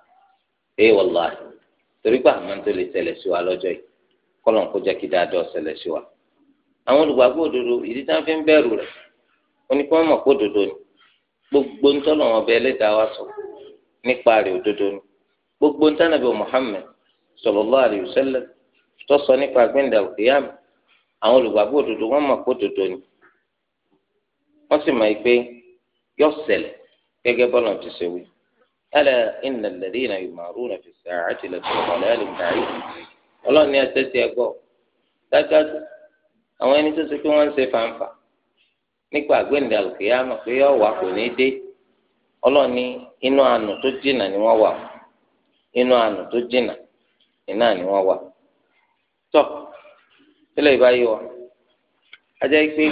ee wallahi torí pé àmọ́ tó lè ṣẹlẹ̀ sí wa lọ́jọ́ yìí àwọn olùgbàgbọ́ òdodo ìdí fi ń bẹ̀rù oníkọ́ mọ̀ pé òdodo ni gbogbo ntọ́nà ọbẹ̀ ẹlẹ́dàá wa sọ nípa rẹ̀ òdodo ni gbogbo ntọ́nàbẹ̀ Muhammad sallallahu alaihi wasallam tó sọ nípa gbẹ̀ndà òkèèyàn àwọn olùgbàgbọ́ òdodo mọ̀ ni wọ́n sì mọ̀ pé yọ gẹ́gẹ́ bọ́lá ala fi ẹ gbọ́ àwọn ẹni tó wọ́n ń nípa àgbéǹde àlùkìyàmọ pé yọ kò ní dé ọlọ́ni inú àánú tó jìnnà ni wọ́n wà inú àánú tó jìnnà iná ni wọ́n wà. tọ́ tẹ́lẹ̀ ìbáyé wa ajá pé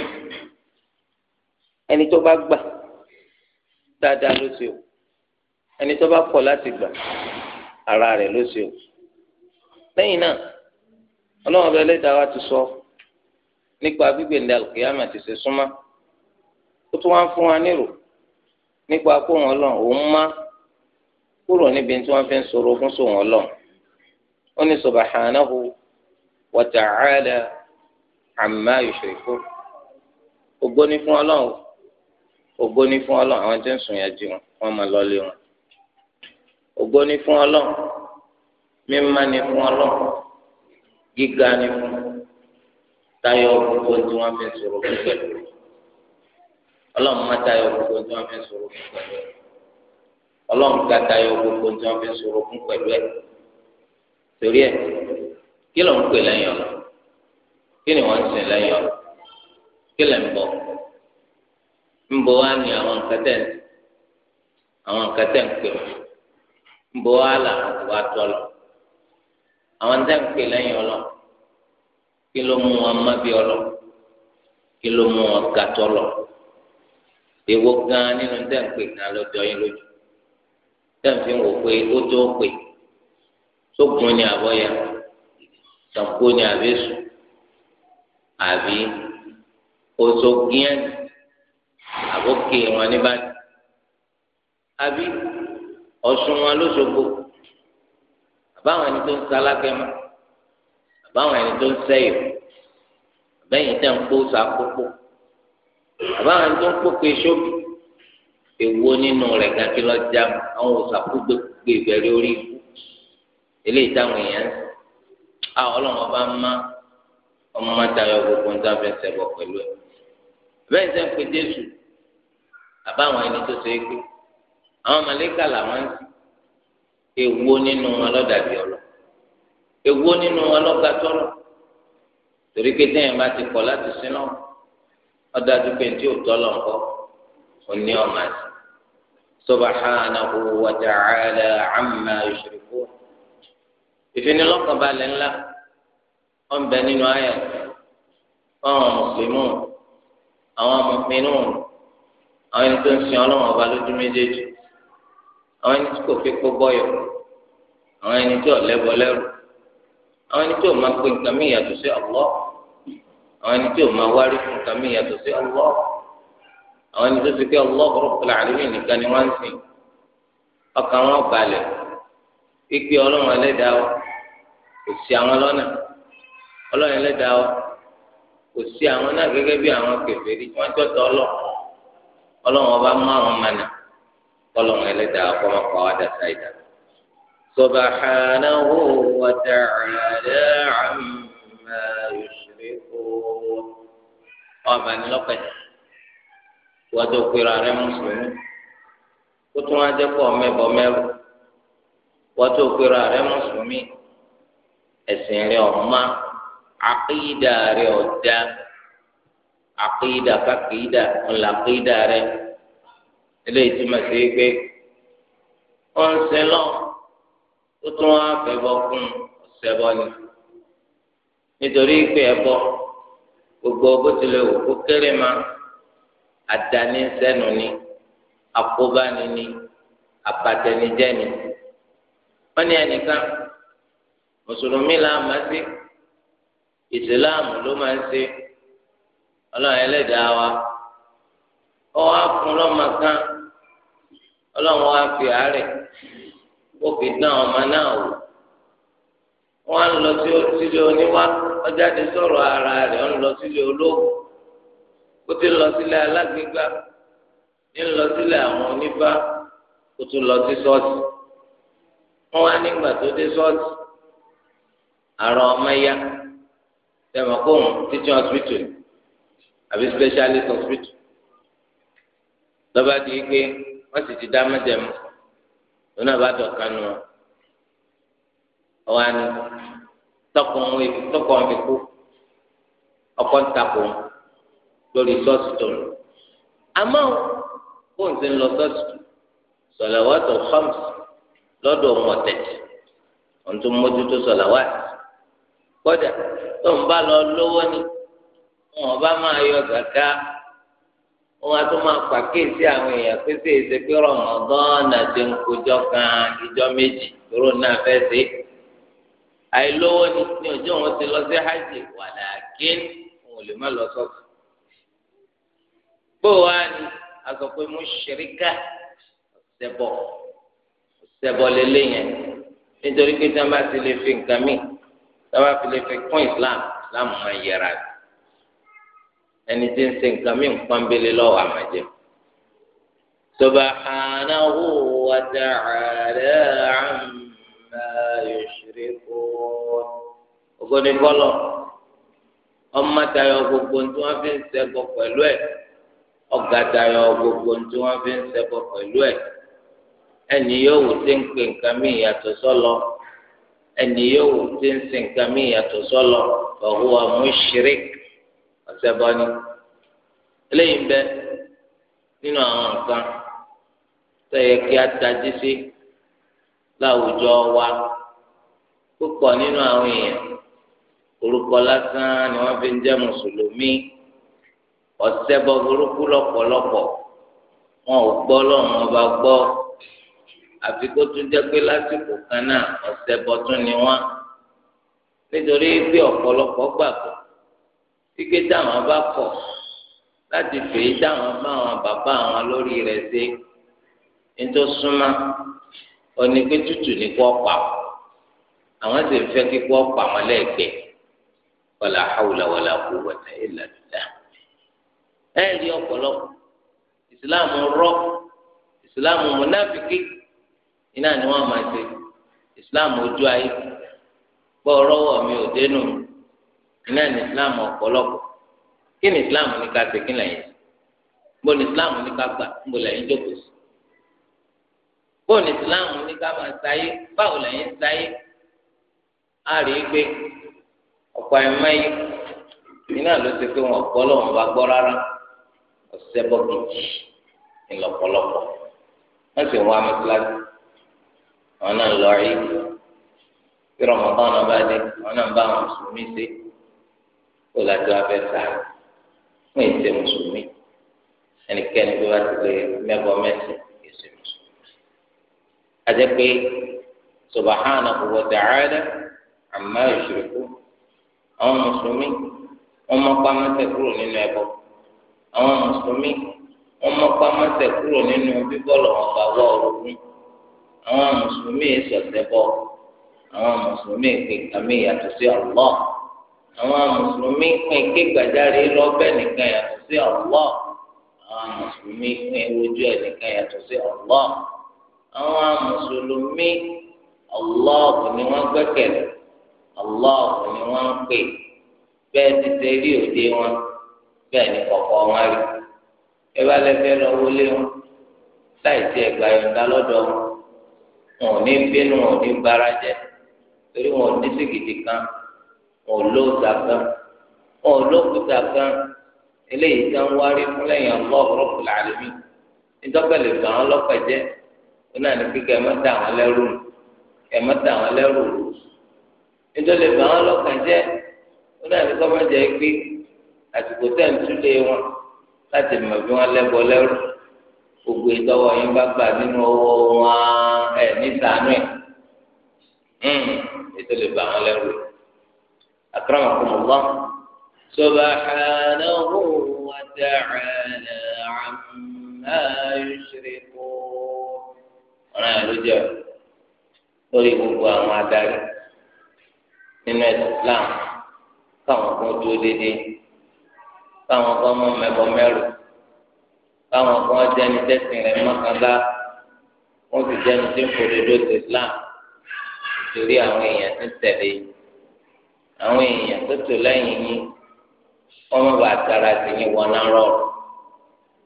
ẹni tó bá gbà dáadáa ló ṣe o ẹni tó bá kọ̀ ara rẹ̀ ló ṣe o lẹ́yìn náà ti sọ nípa gbígbèǹde àlùkìyàmọ ti ṣe súnmọ́. ó tún wá ń fún wa nírò nípa kó wọn lọ òun má kúrò níbi tí wọn fi ń sọ̀rọ̀ ogún sọ wọn lọ ó ní subhanahu wa ta'ala amma yushrikun ògo ni fún Ọlọ́run ògo ni fún Ọlọ́run àwọn tí ń sùn yẹn jí wọn wọn máa lọ lé wọn ògo ni fún Ọlọ́run mímá ni fún Ọlọ́run gíga ni fún tayọ gbogbo tí wọn fi ń sọ̀rọ̀ ogún pẹ̀lú rẹ ọlọ́run má tayọ gbogbo tí wọ́n fi ń sọ̀rọ̀ fún pẹ̀lú ẹ̀ ọlọ́run ga tayọ gbogbo tí wọ́n fi ń sọ̀rọ̀ fún pẹ̀lú ẹ̀ torí ẹ̀ kí ló ń pè lẹ́yìn ọ̀nà kí ni wọ́n ń sìn lẹ́yìn ọ̀nà kí lẹ́ ń bọ̀ ń bọ̀ wá ní àwọn nǹkan tẹ̀ àwọn nǹkan tẹ̀ ń pè ń bọ̀ wá làwọn kò bá lọ àwọn tẹ̀ ń pè lẹ́yìn ọ̀nà kí ló mú wọn má bí ọlọ kí ló mú wọn gàtọ́ lọ èwo gan nínú tẹ̀m̀pé gan lọ́jọ́ yín lójú tẹ̀m̀pé ń wò pé ó tó pè sógun ni àbọ̀yà tàǹkó ni àbẹ́sù àbí oṣù gíẹ́n àbókè wọn níbàdí àbí ọ̀ṣun wọn lóṣogbo àbáwọn ẹni tó ń sálákẹ́mọ́ àbáwọn ẹni tó ń sẹ́yìn àbẹ́yìn tẹ̀ǹpó sàkókò àbáwọn tó ń pòkè sóbì èwo nínú rẹ̀ gàkí lọ já àwọn òsàkúgbè ìbẹ̀rẹ̀ orí ikú eléyìí táwọn èèyàn á ọlọ́run ọba má ọmọ má tayọ gbogbo ń dábẹ́ sẹ́bọ̀ pẹ̀lú ẹ̀ bẹ́ẹ̀ sẹ́ ń pe jésù àbáwọn ẹni tó ṣe é pé àwọn màlẹ́kà làwọn ń sìn èwo nínú wọn lọ́dàbí ọlọ èwo nínú wọn lọ́gàtọ́rọ̀ torí pé téèyàn bá ti kọ̀ láti sin náà ọdájú pé tí o tọ́lọ̀ ńkọ́ òní ọ̀ma ẹ̀ subhanahu wa ta'ala amma yushrikun. ìfinilọ́kànbalẹ̀ ńlá wọ́n bẹ nínú ayẹ̀ fáwọn mùsùlùmí àwọn mùmínú àwọn ẹni tó ń sin ọlọ́wọ́n ọba lójú méjèèjì àwọn ẹni tí kò fi kó bọ́yọ̀ àwọn ẹni tí ò lẹ́bọ lẹ́rù àwọn ẹni tí ò máa pe nǹkan mí ìyàtọ̀ sí ọ̀pọ̀ àwọn ẹni tí ò máa wárí fún nǹkan mí yàtọ̀ sí ọlọ́ àwọn ẹni tó ti pé ọlọ́ Rabbul Alamin nìkan ni wọ́n ń sìn ọkàn wọn balẹ̀ pípé ọlọ́run ẹlẹ́dàá wa kò sí àwọn lọ́nà ọlọ́run ẹlẹ́dàá wa kò sí àwọn náà gẹ́gẹ́ bí àwọn kèfèrí tí wọ́n jọ́tọ̀ ọlọ́ ọlọ́run ọba mú àwọn mànà ọlọ́run ẹlẹ́dàá kọ́ máa pa wá dàtà ọba ní lọ́pẹ̀tì wọ́dọ̀ pera rẹ mùsùlùmí kó tún wá jẹ́ pọ̀ mẹ́bọ mẹ́rù wọ́dọ̀ pera rẹ mùsùlùmí ẹ̀sìn rẹ ọ̀ma àkìdá rẹ ọ̀dá àkìdá kàkìdá ńlá àkìdá rẹ eléyìí túmọ̀ sí pé ó ń sin lọ ó tún wá fẹ́ bọ́ fún ọ̀sẹ̀ bọ́ ni nítorí pé ẹ gbogbo bó tilẹ̀ wò kó kéré ma àdáni sẹ́nu ni ni ni wọ́n ní ẹnìkan mùsùlùmí là máa ṣe ìsìláàmù ló máa ń ọlọ́run ẹlẹ́dàá wa ó wá fún lọ́mọ ọlọ́run wá fi àárẹ̀ ó fi dán ọmọ náà wò wọ́n á lọ sí ọjáde sọ̀rọ̀ ara rẹ̀ ń lọ sílé olóògùn ó ti lọ sílé alágbègbà ní lọ sílé àwọn oníbá ó tún lọ sí ṣọ́ọ̀ṣì wọ́n wá nígbà tó dé ṣọ́ọ̀ṣì àrùn ọmọ ya tẹmọkóhùn teaching hospital àbí specialist hospital lọ́ba di pé wọ́n sì ti dá mẹ́tẹ̀ẹ̀mú lọ́nà bá dọ̀kan nù ọ́ wá ní tọkùnrin tọkùnrin fi kú ọkọ ń takò lórí ṣọ́ọ̀ṣì tó lò àmọ́ fóun ti ń lọ ṣọ́ọ̀ṣì tó sọ̀làwátò khams lọ́dọ̀ òun ọ̀tẹ̀tì òun tó mójútó sọ̀làwátì kódà tó ń bá lọ lówó ni wọn bá máa yọ gàgá wọn a tún máa pàkíyèsí àwọn èèyàn pé ṣe é pé rọmọdán àti nkójọ ìjọ méjì lóró náà fẹ́ ṣe é àìlówó ni ní ọjọ́ wọn ti lọ sí hajj wàlàkín òun lè má lọ sọ́ọ̀tù bó wàá ni a sọ pé mo ṣèríkà ṣẹbọ ṣẹbọ lélẹ̀ yẹn nítorí pé tí wọn bá ti lè fi nǹkan mì tí wọn bá fi lè fi kún Islam Islam máa yẹra ẹni tí ń ṣe nǹkan mì ń pọ́nbélé lọ́wọ́ àmàjẹ́ subhanahu wa ta'ala. ògo ni fọlọ ọmọ tayọ gbogbo tí wọn fi ń ṣẹbọ pẹ̀lú ẹ ọgá tayọ gbogbo tí wọn fi ń ṣẹbọ pẹ̀lú ẹ ẹni yóò wò tí ń nǹkan mí ìyàtọ̀ sọlọ ẹni yóò wò tí nǹkan mí ìyàtọ̀ sọlọ ọhún ọmú ṣirik ọsẹbọ ni eléyìí bẹ nínú àwọn nǹkan tó yẹ kí a tají sí láwùjọ wa púpọ̀ nínú àwọn èèyàn orúkọ lásán ni wọ́n fi ń jẹ́ mùsùlùmí ọ̀sẹ̀bọ burúkú lọ́pọ̀lọpọ̀ wọn ò gbọ́ lọ́rùn ọba gbọ́ àfi kó tún jẹ́ pé lásìkò kan náà ọ̀sẹ̀bọ tún ni wọ́n nítorí pé ọ̀pọ̀lọpọ̀ gbàgbọ́ kíké táwọn bá kọ̀ láti fèé táwọn bá àwọn bàbá àwọn lórí rẹ̀ ṣe nítorí súnmọ́ onígbé tútù ní kó pa àwọn sì fẹ́ kíkó pa wọn lẹ́gbẹ̀ẹ́. wala hawla wala quwwata illa billah ẹ rí ọ̀pọ̀lọpọ̀ ìsìláàmù rọ islam mọnàfíkì iná ni wọn máa ṣe ìsìláàmù ojú ayé gbọ ọrọwọ mi ò dénú iná ni ìsìláàmù ọ̀pọ̀lọpọ̀ kí ni ìsìláàmù ní ká ṣe kí lẹ́yìn gbọ ni ní ká gbà gbọ jókòó sí gbọ ni ní ká máa ọ̀pọ̀ ẹ̀mẹ́yì iná ló ti pé wọn ọ̀pọ̀ lọ́wọ́n bá gbọ́ rárá ọ̀sẹ̀ bọ́kìtì ńlọpọlọpọ wọ́n sì wọ́n amẹ́síláṣí wọn náà lọ rí bí rọmọdán náà bá dé wọn náà bá wọn mùsùlùmí ṣe kó lájọ abẹ́ sá fún ìṣe mùsùlùmí ẹnikẹ́ni tó bá ti lè mẹ́bọ mẹ́sì ìṣe mùsùlùmí. àti pé subhanahu wa ta'ala amma yushrikun. àwọn mùsùlùmí wọn mọ pamẹsẹ kúrò nínú ẹbọ àwọn mùsùlùmí wọn mọ pamẹsẹ kúrò nínú bíbọlọ wọn bá wọ àwọn mùsùlùmí sọsẹ bọ àwọn mùsùlùmí pè kàmí yàtọ̀ sí ọlọ àwọn mùsùlùmí pín kégbàjáre lọbẹ nìkan yàtọ̀ sí ọlọ àwọn mùsùlùmí pín ojú ẹ nìkan yàtọ̀ sí ọlọ àwọn mùsùlùmí ọlọ ọkùnrin wọn gbẹ́kẹ̀lé. allah ni wọ́n ń pè bẹ́ẹ̀ ti ṣe rí òde wọn bẹ́ẹ̀ ni kọ̀kọ̀ wọn rí ẹ bá lẹ́fẹ́ lọ wọlé wọn láì sí ẹgbà yọ̀ǹda lọ́dọ̀ wọn wọn ò ní bínú wọn ò ní bára jẹ torí wọn ò ní sìgìdì kan wọn ò lóòótá kan wọn ò lóòótá kan eléyìí tí wọn wárí fún lẹ́yìn allah rọpùlà àlùmí nítorí gbà wọn lọ́pẹ̀ jẹ́ wọn náà ní kíkẹ́ ẹ má dà wọn lẹ́rù ẹ má dà lẹ́rù ìdọ́lẹ̀ bá wọn lọ́kàn jẹ́ ó náà ní kọ́ bá jẹ́ pé àsìkò tẹ̀ ń túlé wọn láti mọ̀ bí wọ́n lẹ́bọ lẹ́rù gbogbo ìtọ́wọ́ yín bá gbà nínú owó wọn ẹ̀ nísàánú hmm, ẹ̀ ìdọ́lẹ̀ bá wọn lẹ́rù akramakumullah subhanahu wa ta'ala amma yushrikun ọ̀ràn ẹ̀ ló jẹ́ lórí gbogbo àwọn adarí nínú ẹ̀sìn Islam káwọn kan dúró déédéé káwọn kan mọ mẹbọ mẹrù káwọn kan jẹni tẹsán rẹ mọkànlá wọn sì jẹni tí ń fòdè lóṣù Islam torí àwọn èèyàn ti tẹ̀lé àwọn èèyàn tó tò lẹ́yìn yín wọ́n má bàa tara sí yín wọná rọrùn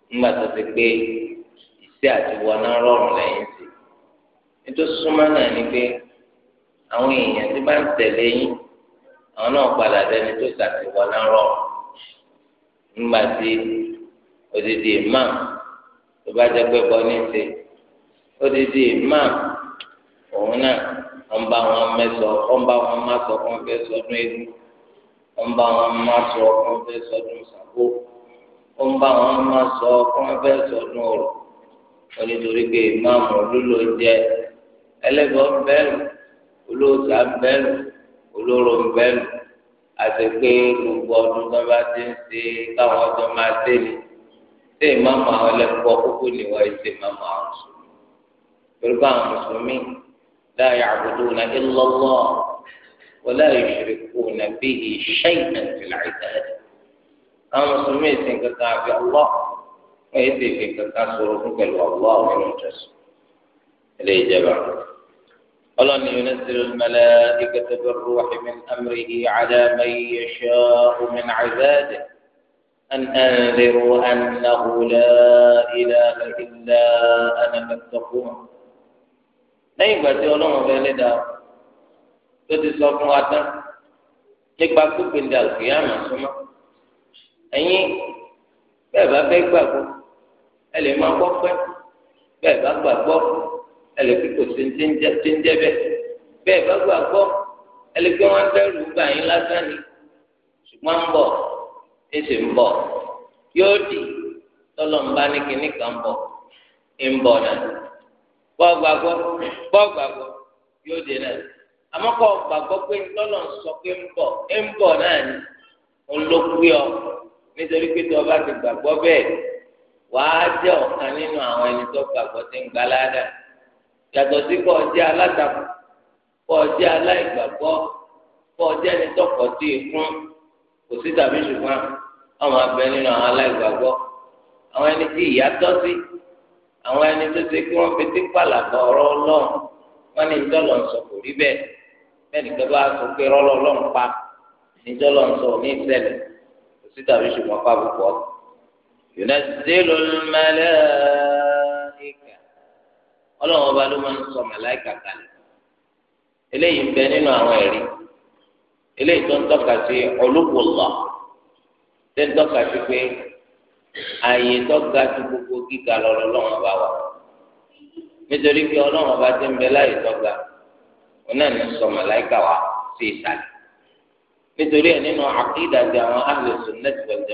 nígbà tó ti pé ìṣe àti wọná rọrùn lẹ́yìn sí nítorí súnmọ́ náà ni pé àwọn èèyàn tí bá ń tẹ̀lé yín àwọn náà padà dẹni tó ṣàtìwọ́ náà rọrùn nígbà tí odidi imam tó bá jẹ́ pé bọ́ ní ṣe odidi imam òun náà wọ́n bá wọn mẹ́sọ̀ wọ́n bá wọn má sọ fún fẹ́ sọdún eégún wọ́n bá wọn má sọ fún fẹ́ sọdún sàkó wọ́n bá wọn má sọ fún fẹ́ sọdún ọ̀rọ̀ onítorí pé imam olúlo jẹ ẹlẹ́gbọ́n bẹ́ẹ̀ olóòtú abẹ́lù olóró bẹ́lù àti pé gbogbo ọdún tó bá ti ń ṣe káwọn ọjọ́ máa dé ni ṣé ìmáàmù àwọn ẹlẹ́kọ̀ọ́ kókó ni wọ́n ṣe ìmáàmù àwọn mùsùlùmí torí bá àwọn mùsùlùmí la ya'buduna illa Allah wa la yushrikuna bihi shay'an fil 'ibadati àwọn mùsùlùmí ìsìn kankan àfi ọlọ́ wọ́n yé ti fi kankan sọ̀rọ̀ fún pẹ̀lú ọlọ́ àwọn ọ̀rọ̀ ìjọsìn ilé ولن ينزل الملائكة بالروح من أمره على من يشاء من عباده أن أنذروا أنه لا إله إلا أنا فاتقون نيبا تيولون بيلدا تدي صوفوا أتا نيبا كوبين دال قيامة سما أي بابا بيبا كوب ألي ما بابا بابا ẹlẹ́kí kò sí ní ti ń jẹ́ bẹ́ẹ̀ bẹ́ẹ̀ bá gbàgbọ́ ẹlẹ́kí wọn bẹ̀rù gbà yín lásán ni ṣùgbọ́n ń bọ̀ èsì ń bọ̀ yóò dì tọ́lọ̀ ń bá ní kinní kan bọ̀ ń bọ̀ náà bọ́ gbàgbọ́ bọ́ gbàgbọ́ yóò dé náà àmọ́ kọ́ gbàgbọ́ pé tọ́lọ̀ ń sọ pé ń bọ̀ ń bọ̀ náà ni ń ló pé ọ nítorí pé tí wọ́n bá ti gbàgbọ́ bẹ́ẹ̀ wàá jẹ́ ọ̀kan nínú àwọn ẹni tó gbàgbọ́ tí ń gbaládàá yàtọ̀ sí kọ́ ọjẹ́ alátakò kọ́ ọjẹ́ aláìgbàgbọ́ kọ́ ọjẹ́ ẹni tọkọ̀ tí ì fún kò sí tàbí ṣùgbọ́n àwọn abẹ nínú àwọn aláìgbàgbọ́ àwọn ẹni tí ìyá tọ́ sí àwọn ẹni tó ṣe kí wọ́n fi tí pàlàbọ̀ ọ̀rọ̀ ọlọ́run wọ́n ní ìjọlọ̀ ń sọ kò rí bẹ́ẹ̀ bẹ́ẹ̀ nìkan bá sọ pé rọ́lọ́ ọlọ́run pa ìjọlọ̀ ń sọ ní ìṣẹ̀lẹ̀ kò sí tàbí ṣùgbọ́n pàbùkọ́ yóò náà ọlọ́run ọba ló máa ń sọ màláìkà kalẹ̀ eléyìí ń bẹ nínú àwọn ẹ̀rí eléyìí tó ń tọ́ka sí ọlọ́wọ́lọ́ tó ń tọ́ka sí pé ààyè tó ga ju gbogbo gíga lọ́rọ́ ọlọ́run ọba wà nítorí pé ọlọ́run ọba ti ń bẹ láàyè tó ga wọn náà ní sọ màláìkà wà sí ìsàlẹ̀ nítorí ẹ̀ nínú àkídà àwọn ahlu sunnati wal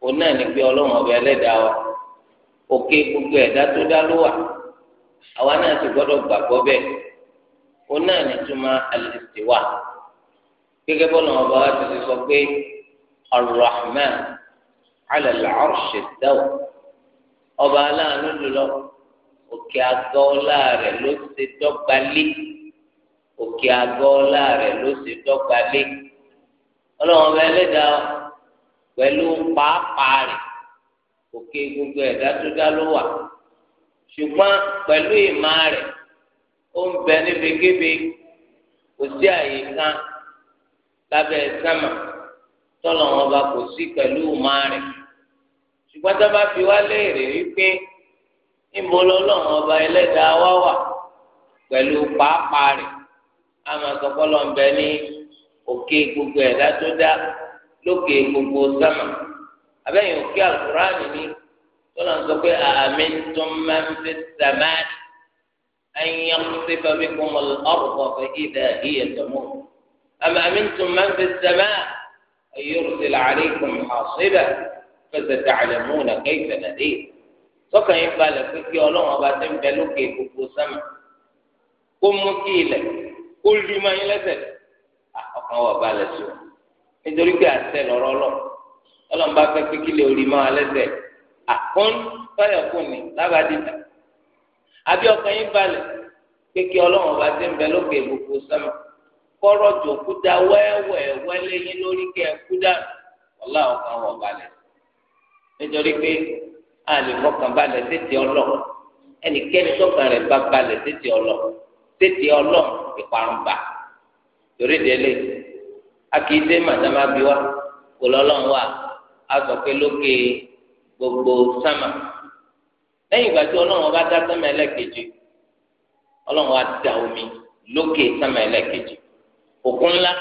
wọn náà ní pé ọlọ́run ọba ẹlẹ́dàá wa òkè gbogbo ẹ̀dá tó dá ló wà àwa náà ti gbọ́dọ̀ gbàgbọ́ bẹ́ẹ̀ ó náà ní túmọ̀ al-istiwa gẹ́gẹ́ bọ́lá ọba wa ti sọ pé ar-Rahman 'ala al-'arshi ọba aláàánú lulọ òkè àgọ́ ọlá ló ṣe dọ́gba lé òkè àgọ́ ọlá ló ṣe dọ́gba lé ọlọ́run ọba ẹlẹ́dàá pẹ̀lú pàápàá rẹ̀ òkè gbogbo ẹ̀dá tó dá ló wà ṣùgbọ́n pẹ̀lú ìmọ̀ rẹ̀ ó ń bẹ níbi kébé kò sí àyè kan lábẹ́ sámà tọ́lọ̀ wọn bá kò sí pẹ̀lú ìmọ̀ rẹ̀ ṣùgbọ́n tá a bá fi wá léèrè wípé níbo lọ́lọ́run ọba ẹlẹ́dàá wá wà pẹ̀lú pàápàá rẹ̀ a máa sọ fọ́lọ́ ń bẹ ní òkè gbogbo ẹ̀dá tó dá lókè gbogbo sámà abẹ́yìn òkè àlùkùránì ni. tọ́lá ń sọ pé àmì tó máa ń fi sàmá ẹ̀yẹ ṣe fẹ́mi kó mo ọ̀rọ̀ fẹ́ ìdá ìyẹ̀ tẹ̀mú. àmì àmì tó máa ń fi sàmá ẹ̀yẹ ṣe làárí kò mọ̀ àṣìbẹ̀ fẹsẹ̀ dàgbẹ̀ mú nà kẹ́kẹ́ nà dé. sọ́kàn yín balẹ̀ pé kí ọlọ́run ọba ti ń bẹ lókè gbogbo sẹ́mi kó mú kí ilẹ̀ kó rí máa yín lẹ́sẹ̀ ọkàn wà balẹ̀ sùn nítorí pé àṣẹ lọ́rọ́ lọ àkún fẹ́yọ̀kún ni lábàdìjà àbí ọkàn yín balẹ̀ kéèké ọlọ́run bá ti ń bẹ lókè gbogbo sẹ́mu kọ́rọ̀ jò kúta wẹ́wẹ́ wẹ́lé yín lórí kẹ́ ẹ kúta ọ̀la ọkàn wọ̀ balẹ̀ nítorí pé a lè mọ́kàn balẹ̀ tètè ọlọ́ ẹnikẹ́ni tọ́kàn rẹ̀ bá balẹ̀ tètè ọlọ́ tètè ọlọ́ ìparun bá torí délé a kì í dé màdàmá bí wa kò lọ́lọ́run wà a sọ pé lókè. gbogbo sama. lẹ́yìn ìgbà tí ọlọ́run bá dá sámà ẹlẹ́kejì ọlọ́run á da omi lókè sama ẹlẹ́kejì òkun ńlá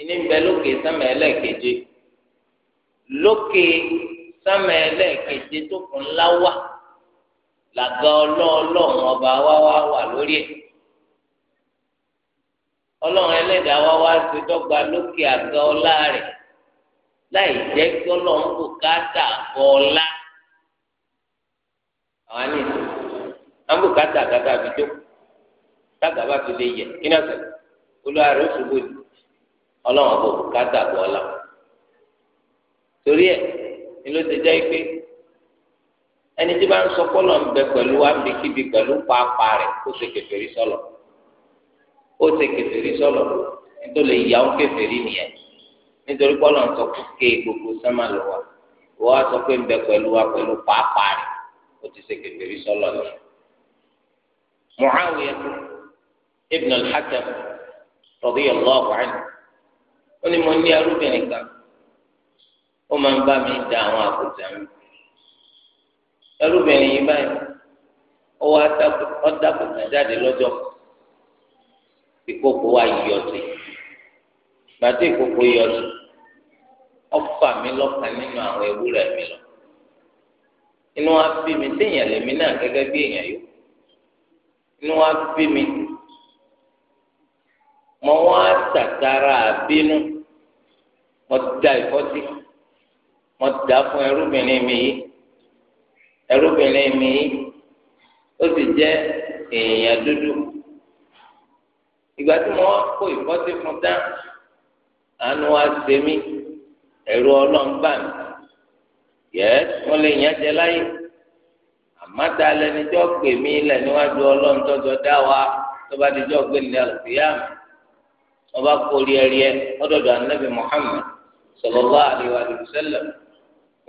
ìní ń bẹ lókè sámà ẹlẹ́kejì lókè sámà ẹlẹ́kejì tó kún ńlá wà làgà ọlọ́ọ̀lọ́run ọba wá wà lórí ẹ̀ ọlọ́run ẹlẹ́dàá lókè ọlá láì jẹ́ kí ọlọ́run kò káàtà bọ́ọ̀lá àwọn àní àbò káàtà kàtà àbíjó káàtà bá fi lè yẹ kí náà sẹ́yìn olùwà rẹ̀ oṣù bòdì ọlọ́run àbò káàtà bọ́ọ̀lá torí ẹ̀ ni ló ti jẹ́ pé ẹni tí bá ń sọ pọ́lọ̀ ń bẹ pẹ̀lú ambikibi pẹ̀lú pàápàá rẹ̀ ó ṣe kèfèrí sọ̀lọ̀ ó ṣe kèfèrí sọ̀lọ̀ nítorí ìyá ó nìyẹn nítorí kọ́nà sọ pé ké gbogbo sánmà lọ wa wọ́n á sọ pé ń bẹ pẹ̀lú wa pẹ̀lú pàápàá rẹ̀ ó ti ṣe kékeré sọ́lọ̀ lọ. Muawiya ibn al-Hakam radiyallahu anhu ó ní mo ní arúgbìnrin kan ó máa ń bá mi da àwọn àkùtà mi arúgbìnrin yìí báyìí ó wá dákùtà jáde lọ́jọ́ ìkókó wa yíyọ sí gbàtí ìkókó yíyọ sí ọfà mi lọ́kàn nínú àwọn ewúrẹ́ mi lọ inú wa bí mi téèyàn lèmi náà gẹ́gẹ́ bí èèyàn yó inú wa bí mi mo wá tàtàrà àbínú mo da ìfọ́sí mo dà fún ẹrúbìnrin mi yìí ẹrúbìnrin mi yìí ó sì jẹ́ èèyàn dúdú ìgbà tí mo wá kó ìfọ́sí fún dá àánú wa ṣe mí. ẹ̀rù ọlọ́run bá mi yẹ wọ́n lè yàn jẹ láyé àmọ́ta lẹni tó pè mí lẹ̀ níwájú ọlọ́run tọ́jọ́ dá wa tó bá di jọ́ gbé nílẹ̀ bá ẹ Muhammad sallallahu alaihi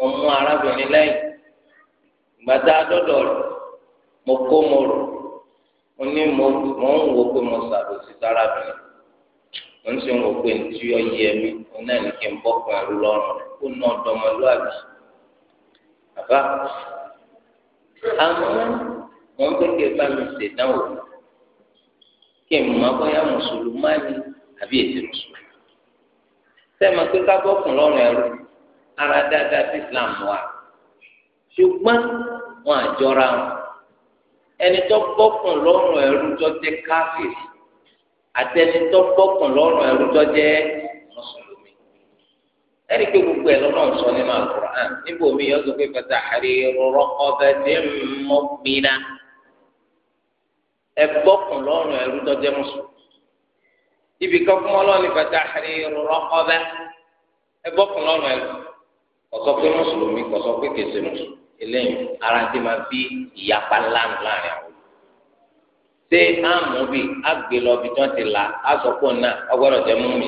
wa mú arábìnrin lẹ́yìn gbàtà dọ́dọ̀ rẹ̀ mo kó mo rò mo ní wọn sì ń wò pé ntí ọyẹ mi wọn náà ní kí n bọ́ kan ẹ̀rú lọ́rùn kó ná ọ̀dọ́mọlúwàbí àbá àmọ́ wọn kékeré bá mi ṣèdánwò kí n mọ abọ́yá mùsùlùmáàni àbí èsì mùsùlùmí sẹ́mi pé ká bọ́ kan lọ́rùn ẹ̀rú ara dáadáa sí Islam wa ṣùgbọ́n wọn àjọra wọn ẹni tó bọ́ kan lọ́rùn ẹ̀rú tó jẹ́ káfíìsì àtẹnitọ́ bọ́kùn lọ́rùn ẹrú tọ́jẹ́ mùsùlùmí ẹni pé gbogbo ẹ lọ́nà sọ nínú àkùrán níbo mi yọ sọ pé fata àrí rọrọkọ bẹẹ mọ gbìnà ẹ bọ́kùn lọ́rùn ẹrú tọ́jẹ́ mùsùlùmí ibi kan fún ọlọ́ọ̀ni fata àrí rọrọkọ bẹẹ ẹ bọ́kùn lọ́rùn mùsùlùmí kọ̀sọ́ pé mùsùlùmí eléyìí ara ti máa ìyapa ńlá ńlá rẹ̀ ṣé àmú bíi àgbélọ́bì tí wọ́n ti là àsọ̀pọ̀ náà ọgbọ́dọ̀ jẹ́ mú mi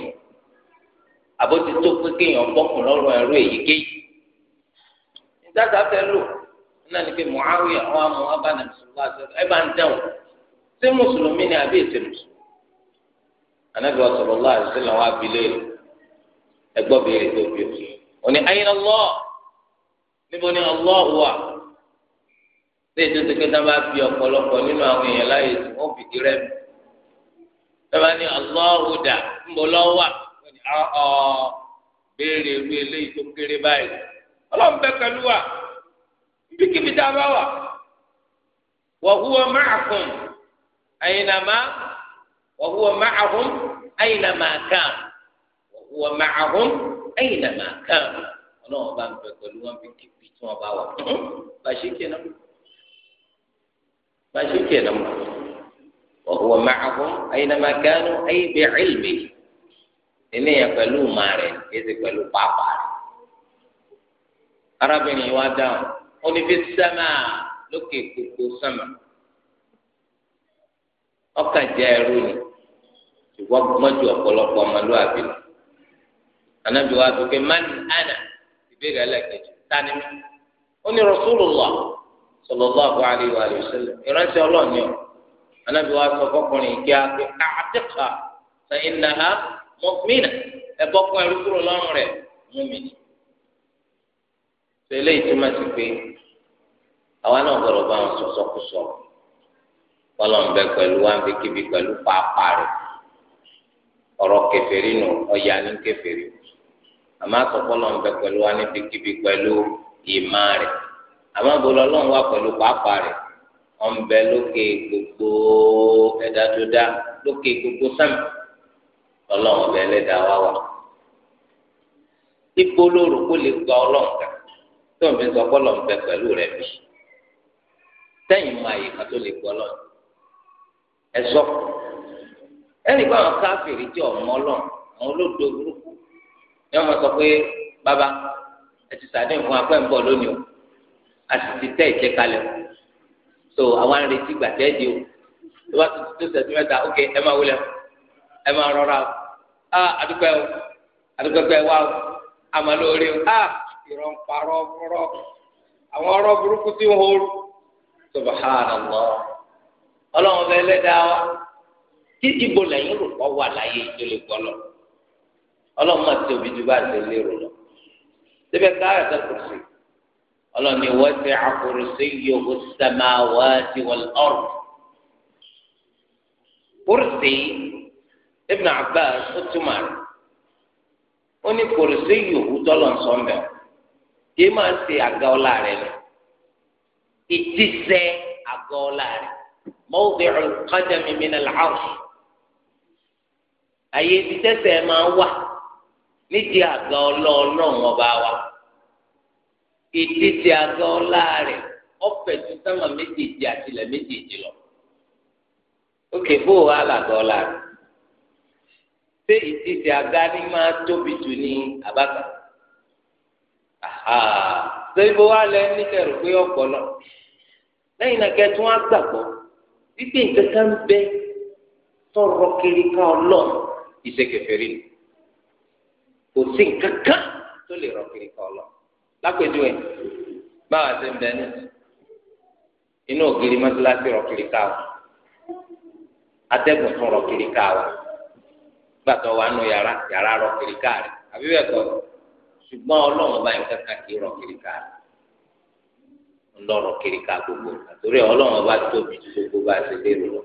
àbótí tó pé kéèyàn bọ́kùn lọ́rọ̀ ẹ̀rú èyíkéyìí nígbàtà fẹ́ lò náà ni pé muhawi àwọn amú ọba nàbí sọlá ẹ bá ń ṣé mùsùlùmí ni àbí ètè mùsùlùmí bí ètò ìsèké náà bá fi ọ̀pọ̀lọpọ̀ nínú àwọn èèyàn láàyè tí wọ́n fìdí rẹ̀ mi. Bẹ́ẹ̀ bá ní Allahu dà ńbọ lọ́wọ́ ọ̀ béèrè irú eléyìí tó kéré báyìí. Ọlọ́run bẹ pẹ̀lú wa níbi kíbi tá a bá wà. Wa huwa ma'akum aynama wa huwa ma'ahum aynama kan. Wa huwa ma'ahum aynama kan. Ọlọ́run bá ń bẹ pẹ̀lú wọn bí kíbi tí wọ́n bá wà. Bàṣẹ́ kìnnà. فشكي نمرض وهو معهم أينما كانوا أي بعلمه إني يقلو مارين إذ يقلو بابا أرابني يوادعون أني في السماء لكي كوكو سماء ọkàn jẹ ẹrú ni ṣùgbọ́n mọ́jú ọ̀pọ̀lọpọ̀ ọmọlúwàbí lọ anábìwá sọ pé mani ana ìbéèrè ẹlẹ́kẹ̀jì tani mi ó ní Rasulullah sallallahu alaihi wa sallam ìrántí ọlọ́ọ̀ni ọ̀ anábì wa sọ fọkùnrin kí a pé àdìkà ṣe na mọ́mìnà ẹ̀bọ́ fún kúrò lọ́rùn rẹ̀ mọ́mìnì. sẹ́lẹ̀ ìtumọ̀ sí pé àwa náà gbọ́dọ̀ bá wọn pẹ̀lú wa ń bẹ pẹ̀lú pàápàá rẹ̀ ọ̀rọ̀ nù ọ̀yà ní àmọ́ pẹ̀lú wa àmọ́ bọlọ Ọlọ́run wà pẹ̀lú pàápàá rẹ̀ ọ̀nbẹ lókè gbogbo ẹ̀dá tó dá lókè gbogbo sàmì Ọlọ́run ọbẹ ẹlẹ́dàá wà wà ibo lóru kó lè gba Ọlọ́run kan tó ń fi sọ bọlọ ń bẹ pẹ̀lú rẹ̀ bí sẹ́yìn máa yẹ ká tó lè gbọ lọ ẹ sọ ẹnì kan àwọn káfíìrì jẹ ọmọ lọ àwọn olódò burúkú ni wọ́n máa sọ pé bàbá ẹ ti sàdé nǹkan ń bọ̀ lónìí o. a sì ti tẹ́ ìjẹ́ o so àwọn arìnrìn gbà di o tó bá tuntun tó ok ẹ máa wọlé ẹ máa rọra o a àdúgbò ẹ o àdúgbò ẹ wá o àmà lóore o a ìrọ̀ parọ́ àwọn ọ̀rọ̀ burúkú ti ń ọlọ́run bẹ lẹ́dàá wa kí ibo lẹ́yìn rò kọ́ wà láyé ọlọ́run máa bá lọ síbẹ̀ káyọ̀ tó kù sí ọlọ́ni wọ́sẹ̀ àkùrùsí yòówù sàmáwá ti wọ́n ọ̀rọ̀. kùrùsí ibn abbas ó túmọ̀ rẹ̀ ó ní kùrùsí yòówù tọ́lọ̀ sọ́mbẹ̀ kí máa ń ṣe àga ọlá rẹ̀ lọ ìtísẹ́ àga ọlá rẹ̀ mọ́wùdí ọ̀kadàmì mi nàlá àrùn àyè ìtẹ́sẹ̀ máa wà nídìí àga ọlọ́ọ̀lọ́ọ̀ wọn bá wà ìdíje àga ọlá rẹ̀ ọ̀fẹ́ tó sáwọn méjèèjì àtìlẹ̀ méjèèjì lọ. òkè bó o hàn àga ọlá rẹ̀ ṣé ìdíje àga ni máa tóbi jù ní abáka? ṣé ibo wa lẹ níkẹrù pé ọ̀pọ̀ lọ? lẹ́yìn náà kẹ́tún á gbàgbọ́ wípé nǹkan kan bẹ tọrọ kiri ká ọlọ́ọ̀ ìṣèkèfèrè ni kò sí nǹkan kan tó lè rọ kiri ká ọlọ́ọ̀ lápèjúwe báwa ṣe ń bẹ ní inú ògiri mọ́tíláṣí rọ̀kiri káwa atẹ́gùn tún rọ̀kiri káwa gbàtọ̀ wà nù yàrá yàrá rọ̀kiri káàrí àbí bẹ́ẹ̀ kọ́ ṣùgbọ́n ọlọ́run bá yẹn kankan kì í rọ̀kiri káàrí ńlọrọ̀ kiri ká gbogbo àtòrí ọlọ́run bá tóbi ju gbogbo bá ṣe lérò lọ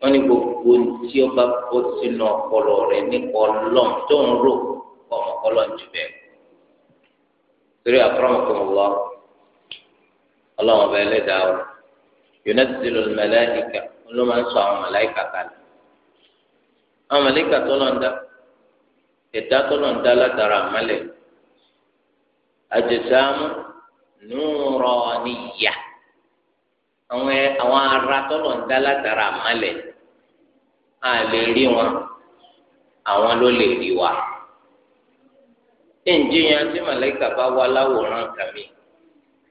wọ́n ní gbogbo tí ó bá bọ́ sínú ọpọlọ rẹ̀ nípa ọlọ́run tó ń rò ọmọ ọlọ́run jù bẹ́ẹ̀ torí akramakumullah ọlọ́run ọba ẹlẹ́dàá o yunazzilu al-malaika ló máa ń sọ àwọn màláìkà kalẹ̀ àwọn màláìkà tó lọ́n dá ẹ̀dá tó lọ́n dá látara àmàlẹ̀ àjẹsàmù nuraniyya àwọn àwọn ara tó lọ́n dá látara àmàlẹ̀ a rí wọn àwọn ló lè rí wa ẹnjẹ yẹn tí màlẹ́kà bá wá láwòrán kàmí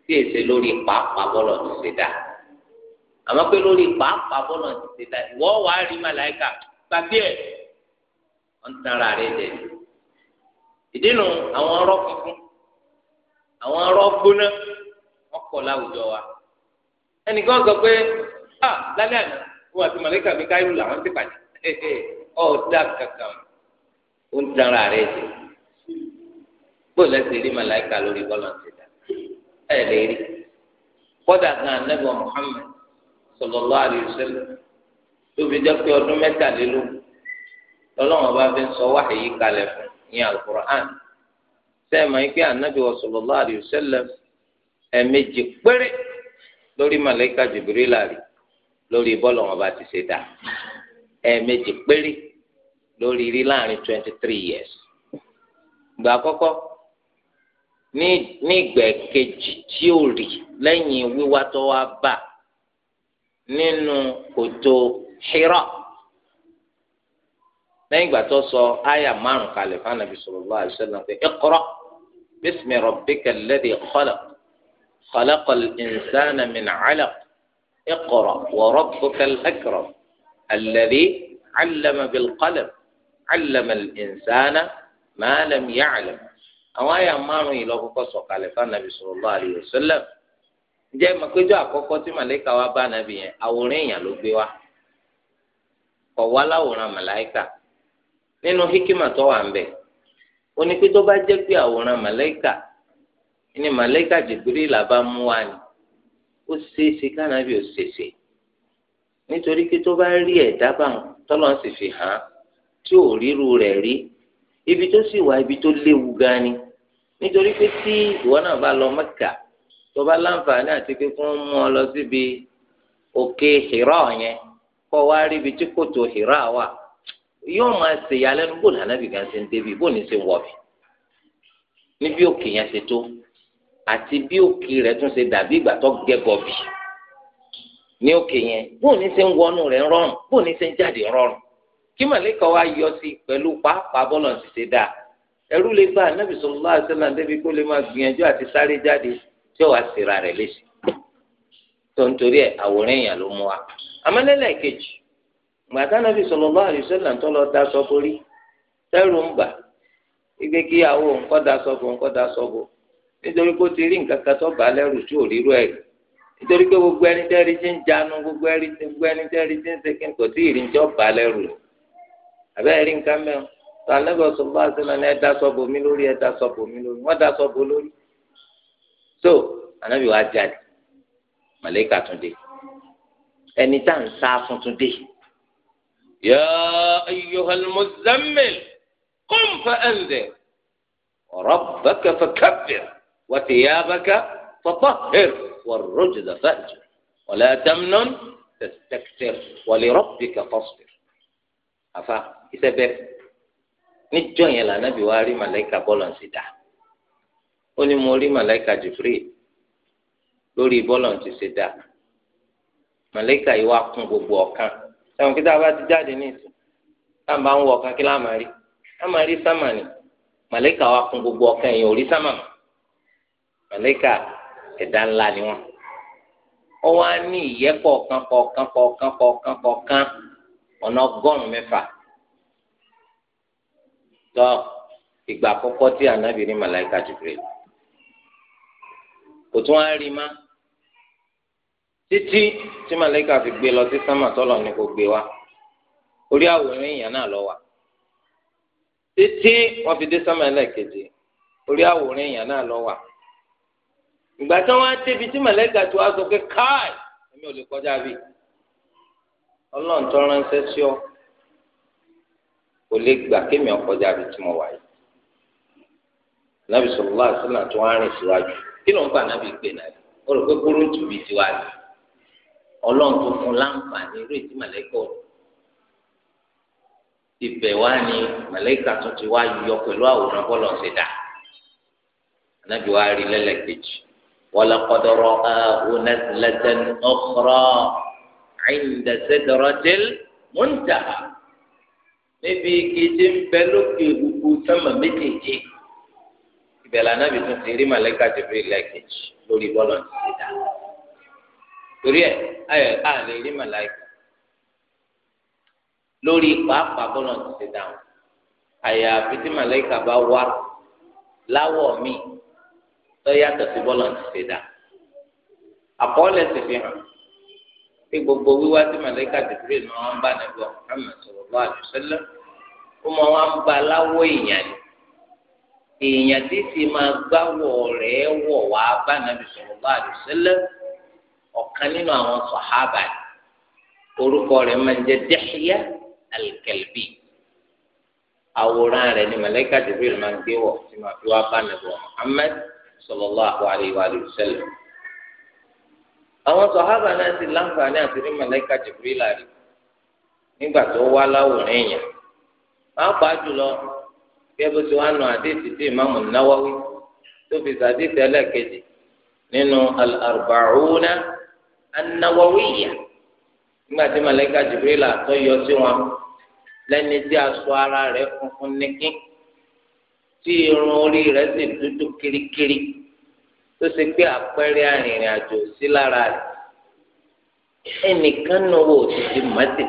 tí èsè lórí pàápàá bọ́lọ̀ ti ṣe dá àmọ́ pé lórí pàápàá bọ́lọ̀ ti ṣe dá ìwọ́ wà á rí màlẹ́kà gbàgbé ẹ̀ wọ́n tara rẹ̀ jẹ ìdínú àwọn ọ̀rọ̀ funfun àwọn ọ̀rọ̀ gbóná wọ́n kọ̀ láwùjọ wa ẹnìkan sọ pé a lálẹ́ àná wọn àti màlẹ́kà mi káyọ̀ làwọn ti pàdé ọ̀ọ́dà kankan ó tara rẹ̀ jẹ bóyá lẹ́sẹ̀ rí màláìka lórí bọ́lá ti dà ẹ̀ lè rí kódà gan anábìá Muhammad sallallahu alaihi wasallam tóbi jẹ́ pé ọdún mẹ́tàlélógún lọ́lọ́wọ́n bá fi ń sọ wáhìí kalẹ̀ fún ní alukur'an sẹ́ẹ̀mà yìí pé anábìá sallallahu alaihi wasallam ẹ̀ẹ̀mejì péré lórí màláìka Jibril láàrin lórí bọ́ọ̀lù wọn bá ti ṣe dà ẹ̀ẹ̀mejì péré lórí rí láàrin twenty three years gbà àkọ́kọ́ ní nígbẹ̀kejì tí ó rí lẹ́yìn wíwá tó wá bá nínú kòtò Hira lẹ́yìn ìgbà tó sọ àyà márùn kalẹ̀ fún anabi sọ̀rọ̀ sallallahu alaihi wasallam pé iqra bismi rabbika alladhi khalaq khalaqal insana min 'alaq iqra wa rabbukal akram alladhi 'allama bil qalam 'allamal insana ma lam ya'lam. àwọn àyà márùn yìí lọ kọ́kọ́ sọ̀kalẹ̀ fún anabi sallallahu alaihi wasallam ǹjẹ́ mọ̀péjọ akọkọ tí màlẹ́kà wa bá anabi yẹn àwòrán èèyàn ló gbé wa wá nínú hikima tó wà ń bẹ̀ ó tó bá jẹ́ pé àwòrán màláìkà ni màláìkà là bá mú wa ni ó ṣeéṣe kánábì ó ṣeéṣe nítorí pé tó ibi tó sì ibi tó léwu gan ni nítorí pé tí ìwọ náà bá lọ Mẹ́kà tó bá láǹfààní àti pé kí mú ọ lọ síbi òkè Hira yẹn kọ́ wá rí ibi tí kòtò Hira wà yóò máa ṣèyàlẹ́nu bò lànàbì kan ṣe ń débi bò ní ṣe wọ̀bì ní bí òkè yẹn ṣe tó àti bí òkè rẹ̀ tún ṣe dàbí ìgbà tó gẹ́ gọ̀bì ní òkè yẹn bò ní ṣe ń wọnú rẹ̀ rọrùn bò ní ṣe ń jáde rọrùn kí màlẹ́kọ̀ wá yọ sí pẹ̀lú pàápàá bọ́lọ̀ ṣiṣẹ́ dáa ẹrú le gba anabi sọlọ alaihi wasallam débi kó lè máa gbìyànjú àti sáré jáde tí ó wàá sèrà rẹ̀ léṣe tó ń torí àwòrán èèyàn ló mú wa amálẹ́lẹ̀ kejì gbàtà anabi lọ da sọ borí tẹ́rù ń bà igbe kíyàwó ńkọ́ da sọ bò ńkọ́ da sọ nítorí kó ti rí nǹkan kan tó bà tí ò rírú nítorí pé gbogbo ẹni ń gbogbo ẹni ń sekin kò tí ì tó sọ bá àṣẹlẹ lọ́nà ẹdá sọ bò mi lórí ẹdá sọ bò mi lórí wọn dá sọ bò lórí so anabi wa jáde malika tún dé ẹni tá à ń sá fún tún dé. yà á ayyuha al-muzzammil qum fa anzir wa rabbaka fakabbir wa thiyabaka fatahhir war-rujza fahjur wa la tamnun tastakthir wa li rabbika fasbir. àfa ìṣẹ́ bẹ́ẹ̀. níjọ́ yẹn lànàbí wa rí màláìka bọ́ọ̀lù ti dà ó ní mo rí màláìka Jibril lórí bọ́ọ̀lù ti ṣe dà màláìka yìí wá kún gbogbo ọ̀kan táwọn kí táwa bá ti jáde ní ìsìn táwọn bá ń wọ ọ̀kan kí láà máa rí láà máa rí sámà ni màláìka wá kún gbogbo ọ̀kan yìí ò rí sámà màláìka ẹ̀dá ńlá ni wọ́n ó wá ní ìyẹ́ kọ̀ọ̀kan kọ̀ọ̀kan kọ̀ọ̀kan kọ̀ọ̀kan ọ̀nà ọgọ́rùn-ún mẹ́fà tọ́ ìgbà àkọ́kọ́ tí ànábì ní màláìka Jibril kò tún á rí fi gbé lọ sí sámà tọ́lọ̀ ni kò wa orí àwòrán èèyàn náà lọ wà títí wọ́n fi dé sámà ẹlẹ́ẹ̀kejì orí àwòrán èèyàn náà lọ wà ìgbà tí a sọ pé káì èmi ò lè kọjá kò lè gbà kémi ọkọjá bí tí mo wà yìí nàbì sọlọ àṣìlá tó wá rìn síwájú kí ló ń bá nàbì gbé náà ó rò pé kúrú tù mí síwájú ọlọ́run tó fún láǹfààní irú ètí màlẹ́kọ̀ ibẹ̀ wá ní màlẹ́kà tó ti wá yọ pẹ̀lú àwòrán bọ́lọ̀ ṣe dà nàbì wá rí lẹ́lẹ́kejì ولقد رآه نزلة أخرى عند سدرة المنتهى níbi keje ń bẹ lókè gbogbo sánmà méjèèjì ibẹ̀ lànà bí tún ti rí màlẹ́kà jẹ̀bẹ̀rẹ̀ lẹ́ẹ̀kejì lórí bọ́ọ̀lù ti ti dà torí ẹ̀ ayọ̀ a lè rí màlẹ́kà lórí pàápàá bọ́ọ̀lù ti ti dà àyà àfitì màlẹ́kà bá wá láwọ̀ míì lọ́yàtọ̀ sí bọ́ọ̀lù ti ti àkọọ́lẹ̀ ti fi hàn pé gbogbo wíwá tí màlẹ́kà jẹ̀bẹ̀rẹ̀ náà ń bá nàbọ̀ Muhammad sallallahu ó máa wá gba láwọ èèyàn ni èèyàn tí sì máa gbáwọ rẹ wọ wá bá nàbì sallallahu alaihi wasallam ọ̀kan nínú àwọn sàhábà orúkọ rẹ máa ń jẹ Dihya al-Kalbi àwòrán rẹ ni màláíkà Jibril máa ń gbé wọ tí máa fi wá bá nàbì Muhammad sallallahu alaihi wasallam àwọn sàhábà náà sì láǹfààní àti rí màláíkà Jibril láàrin nígbà tó wá láwòrán èèyàn máa pa jùlọ gẹ́gẹ́ bó ti wá nù àdéhìí tí ìmáàmù náwáwí tó fi sàdéhìí ẹlẹ́ẹ̀kejì nínú al-arba'una an-nawawiyya nígbà tí màlẹ́kà jìbìrìlà tó yọ sí wọn lẹ́ni tí aṣọ ara rẹ̀ funfun níkín tí irun orí rẹ̀ sì dúdú kirikiri tó ṣe pé àpẹẹrẹ arìnrìn àjò sí lára rẹ̀ ẹnìkan náà wò ó ti di màtì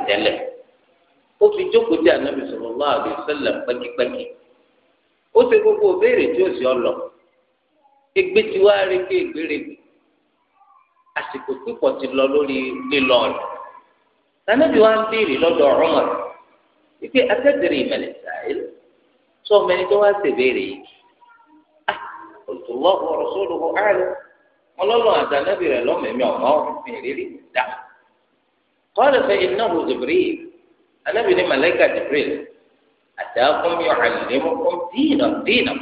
ó fi jókòó tí anabi sallallahu alaihi wasallam pẹ́kípẹ́kí ó ṣe gbogbo òbéèrè tí ó sì ọ lọ egbe tí wàá rí pé ìgbéregbè àsìkò pípọ̀ ti lọ lórí lílọ rẹ̀ anabi wa ń béèrè lọ́dọ̀ Umar wípé atẹ́tẹ̀rẹ̀ ìmẹ̀lẹ̀ sàáyé sọ ọmọ ẹni tó wá ṣèbéèrè yìí ah òtúlọ́ ọ̀rọ̀ sódò ọ̀hánà ọlọ́run àtànábì rẹ̀ lọ́mọ̀ẹ́mí ọ̀mọ́ ìrírì dá kọ́lẹ̀ fẹ́ iná hù anabi ni malayika jibril àtàkùn yọ àlèmọkùn dìínà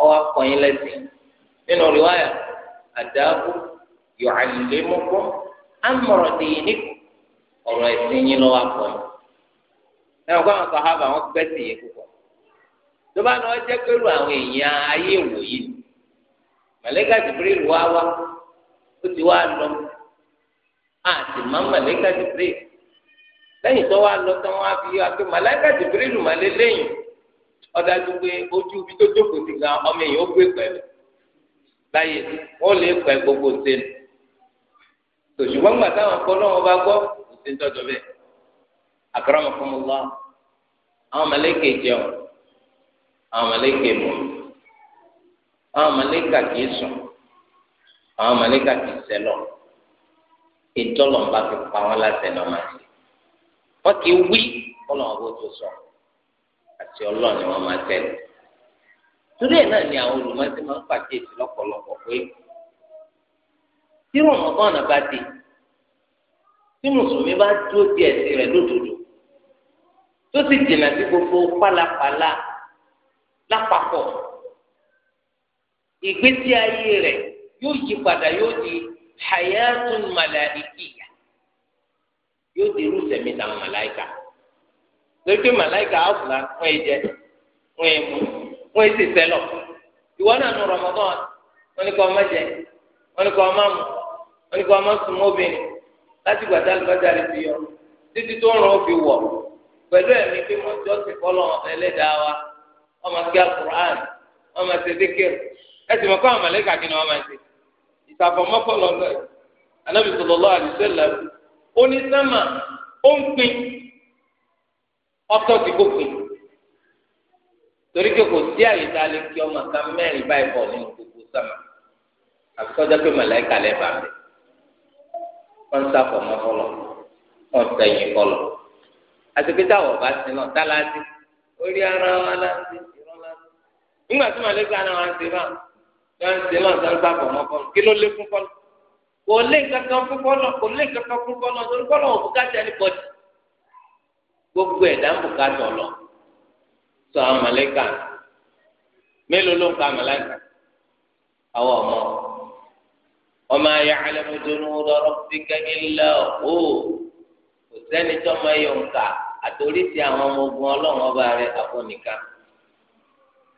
ọwọ akọyin lẹsìn nínú riwaya àtàkùn yọ amọrọ dìínì ọ̀rọ̀ ẹsìn yín lọ́wọ́ akọyin ẹnì kan sọ ha bá ọ gbẹsìn yìí púpọ̀ tó bá lọ jẹ pẹ̀lú àwọn èèyàn ayé wòye malayika jibril wá wá ó ti wá lọ àti má jibril. lẹ́yìn tó wá lọ tán wá fi wá pé màláìka jìbìrìlù mà lé lẹ́yìn tó gbé ojú ibi tó jókòó ti gan ọmọ èèyàn ó gbé pẹ̀lú láyé wọ́n lè pẹ̀ gbogbo sẹ́nu tòṣùgbọ́n gbà táwọn náà bá gbọ́ kò sí tọ́jọ́ bẹ́ẹ̀ àwọn màláìka jẹun àwọn màláìka àwọn màláìka kì í sùn àwọn màláìka kì í ń bá fi pa wọn wọn kì í wí Ọlọ́run bó tó sọ àti Ọlọ́run ni wọn máa tẹ̀lé torí ẹ̀ náà ni àwọn olùmọ̀ọ́sí máa ń pàkíyèsí lọ́pọ̀lọpọ̀ pé tí Ramadan náà bá dé tí mùsùlùmí bá dúró di ẹ̀sìn rẹ̀ lódodo tó sì dènà sí gbogbo pálapàla lápapọ̀ ìgbésí ayé rẹ̀ yóò yí padà yóò di hayatun malaiki. yóò di irú sẹ̀mí tàwọn màláìka torí pé màláìka àwùlá wọ́n yé jẹ wọ́n yé mu wọ́n yé sì sẹ́lọ̀ ìwọ náà nu Ramadan wọ́n ní kọ́ ọmọ jẹ wọ́n ní kọ́ ọmọ mu wọ́n ní kọ́ ọmọ sùn mọ́bìnrin láti gbàdá lùbọ́dá fi yọ títí tó ń pẹ̀lú ẹ̀mí pé wọ́n jọ sí wa wọ́n máa gbé alukur'an wọ́n máa ṣe dékèrè ẹ̀sìn mọ́kọ́ àwọn màláìka kí ni wọ́n máa ṣe onísàmà ó ń pin ọtọ ti kó pin torí pé kò sí àyè tá a lè kí ọmọ kan mẹ́rin báyìí bọ̀ nínú gbogbo sàmà àfi kọjá pé màláìka lẹ́ bá mi wọ́n ń sàfọ̀mọ́ fọlọ́ wọ́n ń tẹ̀yìn fọlọ́ àti pé táwọn bá sin náà tá láti orí ara wa láti ìran láti nígbà tí màláìka náà wá ń sin náà wọ́n ń sin náà sá ń sàfọ̀mọ́ fọlọ́ kí ló lékún fọlọ́ kò lé kankan fún kọ́nà kò lé kankan fún kọ́nà torí kọ́nà ò bùkátà ẹni pọ̀jù gbogbo ẹ̀dá ń bùkátà ọ̀lọ́ sọ àwọn mọ̀lẹ́kà mélòó ló ń ka mọ̀lẹ́kà àwọn ọmọ ọmọ ayé alẹ́mọdúnú rọrọ fi kẹ́kẹ́ lẹ́ o kò sẹ́ni tó máa yọ nǹka àtòrí ti àwọn ọmọ ogun ọlọ́run ọba rẹ̀ àfọ̀nìkà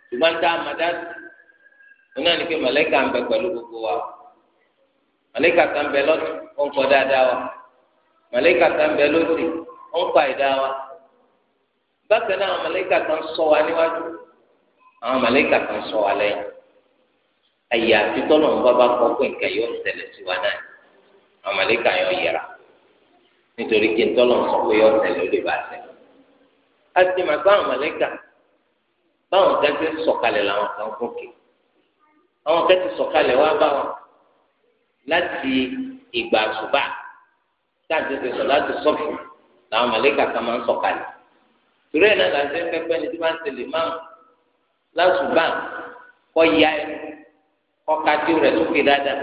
ṣùgbọ́n tá a mọ̀ dájú ọ̀nà ni pé mọ̀lẹ́kà ń bẹ pẹ̀lú gbogbo wa màlẹ́kà kan bẹ lọ́tù ó ń kọ́ dáadáa wa màlẹ́kà kan bẹ lọ́sì ó ń pa ìdá wa bákan náà àwọn màlẹ́kà kan ṣọ́ wa níwájú àwọn màlẹ́kà kan ṣọ́ wa lẹ́yìn ayé àti tọ́lọ̀ ń bá bá kọ́ pé nǹkan yóò tẹ̀lé sí wa náà àwọn màlẹ́kà yóò yẹra nítorí kí n tọ́lọ̀ ń sọ pé yóò tẹ̀lé ó bá tẹ̀lé a ti máa bá àwọn màlẹ́kà báwọn kan ti sọ̀kalẹ̀ làwọn kan gòkè àwọn kan sọ̀kalẹ̀ wá bá láti ìgbà àṣùbà táàtì ti sọ láti sọfù làwọn màlẹ́kà kan máa ń sọ̀kalẹ̀ torí ẹ̀ náà láti pẹ́pẹ́ ni tí wọ́n ti lè máa láṣùbà kọ́ ya ẹnu kọ́ kájú rẹ̀ sókè dáadáa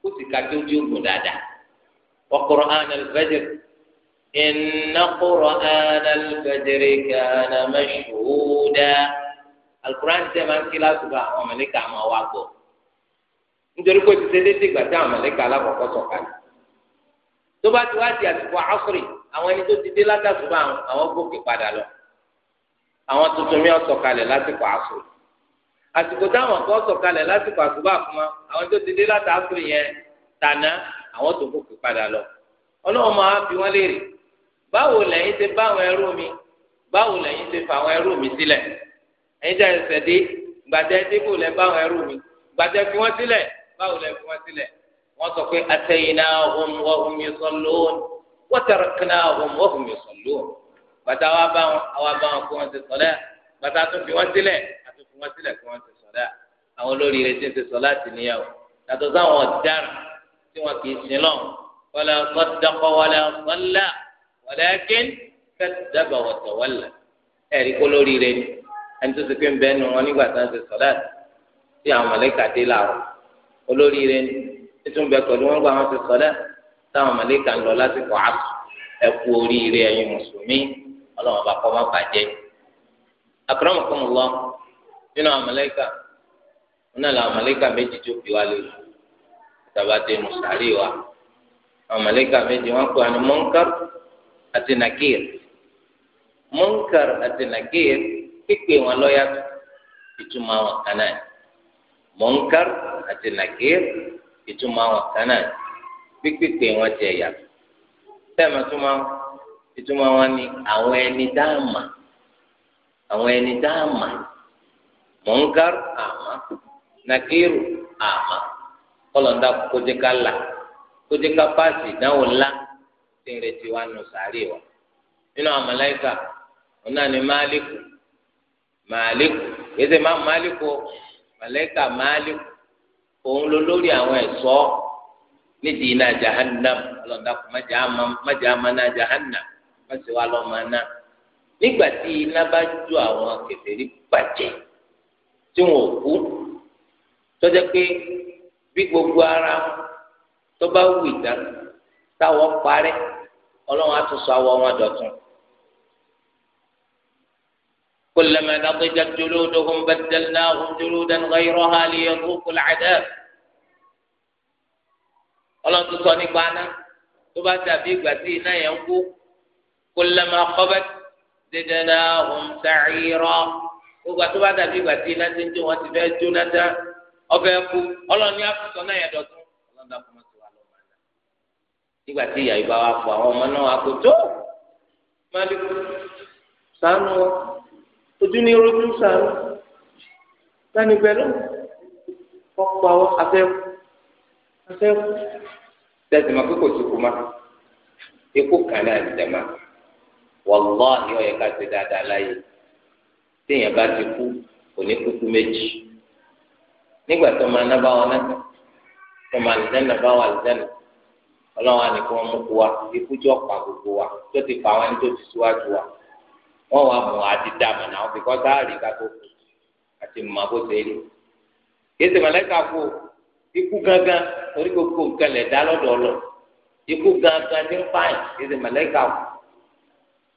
kó sì kájú tí ó gùn dáadáa ọkọ̀rọ̀ àná al-fajr inna qur'ana al-fajr kana mashhuda al-Qur'an tẹ̀ máa ń kí láṣùbà àwọn màlẹ́kà máa wá gbọ́ nítorí pé títí dédé ìgbà tí àwọn mọ̀lẹ́kà alákọ̀ọ́kọ́ sọ̀kalẹ̀ tó bá ti wá di àsìkò àásùrì àwọn ẹni tó ti dé látàsùbà àwọn gòkè padà lọ àwọn tuntun mi sọ̀kalẹ̀ lásìkò àásùrì àsìkò táwọn kan sọ̀kalẹ̀ lásìkò àsùbà kuma àwọn tó ti dé látàsùrì yẹn tàná àwọn tó gòkè padà lọ ọlọ́run máa fi wọ́n léèrè báwo lẹ́yìn ṣe bá àwọn ẹrú mi báwo lẹ́yìn ṣe fa àwọn ẹrú mi sílẹ̀ ẹ̀yin jẹ́ ẹsẹ̀ dé mi gbàdẹ́ fi wọ́n sílẹ̀ báwo lẹ fi wọn sílẹ̀ wọn sọ pé ataynahum wa hum yusallun wa taraknahum wa hum yusallun bàtà wa bá wọn àwa bá wọn kó wọn ti sọlẹ bàtà tún fi wọn sílẹ̀ àti fi wọn sílẹ̀ kó wọn ti sọlẹ àwọn olórí rẹ ti ń ti sọlá ti níyàwó yàtọ̀ sáwọn ọ̀daràn tí wọn kì í sin lọ wala saddaqa wala salla walakin kadzaba wa tawalla ẹ̀rí kó lórí rẹ ẹni tó ti pín bẹ́ẹ̀ nu wọn nígbà tí wọn ti sọlá tí àwọn mọ̀lẹ́kà dé láàrọ̀ olóríire ni títún bẹ pẹ̀lú wọn gba wọn ti sọlẹ táwọn mọlẹka ń lọ lásìkò àtò ẹkú oríire ẹ̀yin mùsùlùmí Ọlọ́run bá kọ má bàjẹ́ akramakumullah nínú àwọn mọlẹka wọn náà làwọn mọlẹka méjì tó fi wá lé tàbátẹ mùsàlì wa àwọn mọlẹka méjì wọn kọ àni Munkar àti Nakir Munkar àti Nakir kékeré wọn lọ yàtọ̀ ìtumọ̀ àwọn kan náà àti nàkìr ìtumọ̀ àwọn kan náà pípípé wọn ti ẹ̀yà tẹ́ẹ̀mà túmọ̀ ìtumọ̀ wọn ni àwọn ẹni dáàmà àwọn ẹni dáàmà mọ̀ngàr àmà nàkìrù àmà kọlọ̀ndà kójéká là kójéká páàsì ìdánwò ńlá tí ń retí wa nù sàárè wa nínú àwọn màláíkà wọn náà ni máàlíkù máàlíkù yìí ṣe máa máàlíkù màláíkà òun ló lórí àwọn ẹ̀ṣọ́ nídìí iná jahannam lọ́dàkù májà amaná jahannam mọ̀sí wa lọ́ máa ná nígbà tí iná bá jó àwọn bàjẹ́ tí kú tọ́jà pé bí gbogbo ara tó bá wù ìdá táwọn parẹ́ ọlọ́run á tún sọ كلما نضجت جلودهم بدلناهم جلودا غيرها ليذوقوا العذاب ọlọ́run tó sọ nípa aná tó bá dàbí ìgbà tí iná yẹn ń kú كلما خبت زدناهم سعيرا gbogbo àti tó bá dàbí ìgbà tí iná ti ń jó wọn ti fẹ́ jóná dá ọbẹ̀ kú ọlọ́run ní àfùsọ náà yẹn dọ̀tún ọlọ́run dàpọ̀ mọ́ tiwa lọ́wọ́ àná nígbà tí ìyá ìbá wa fọ àwọn ọmọ náà wà kó tó má sánú ojú ní rojú sàn sani pẹ̀lú ọ̀pọ̀ àwọn afẹkù afẹkù tẹsí ma kókò tó kú ma ikú kan náà ti dẹ̀ma wàlláhi ọ̀yẹ́ ká ti dáadáa láyé téèyàn bá ti kú òní kúkú méjì nígbà tó máa nábà wọn náà tó máa lùdánù bá wà lùdánù ọlọ́wọ́n àníkú wọn mú kú wa ikú jọ pa gbogbo wa tó ti pa àwọn tó ti síwájú wa wọn wà mọ àti dàmọ náà wọn fi kọ sáàrì kakó àti mọ àbó sẹẹlì yéésì mọlẹka kó ikú gángan torí gbogbo nǹkan lẹ dá lọ́dọ̀ lọ ikú gángan ní fain yéésì mọlẹka kó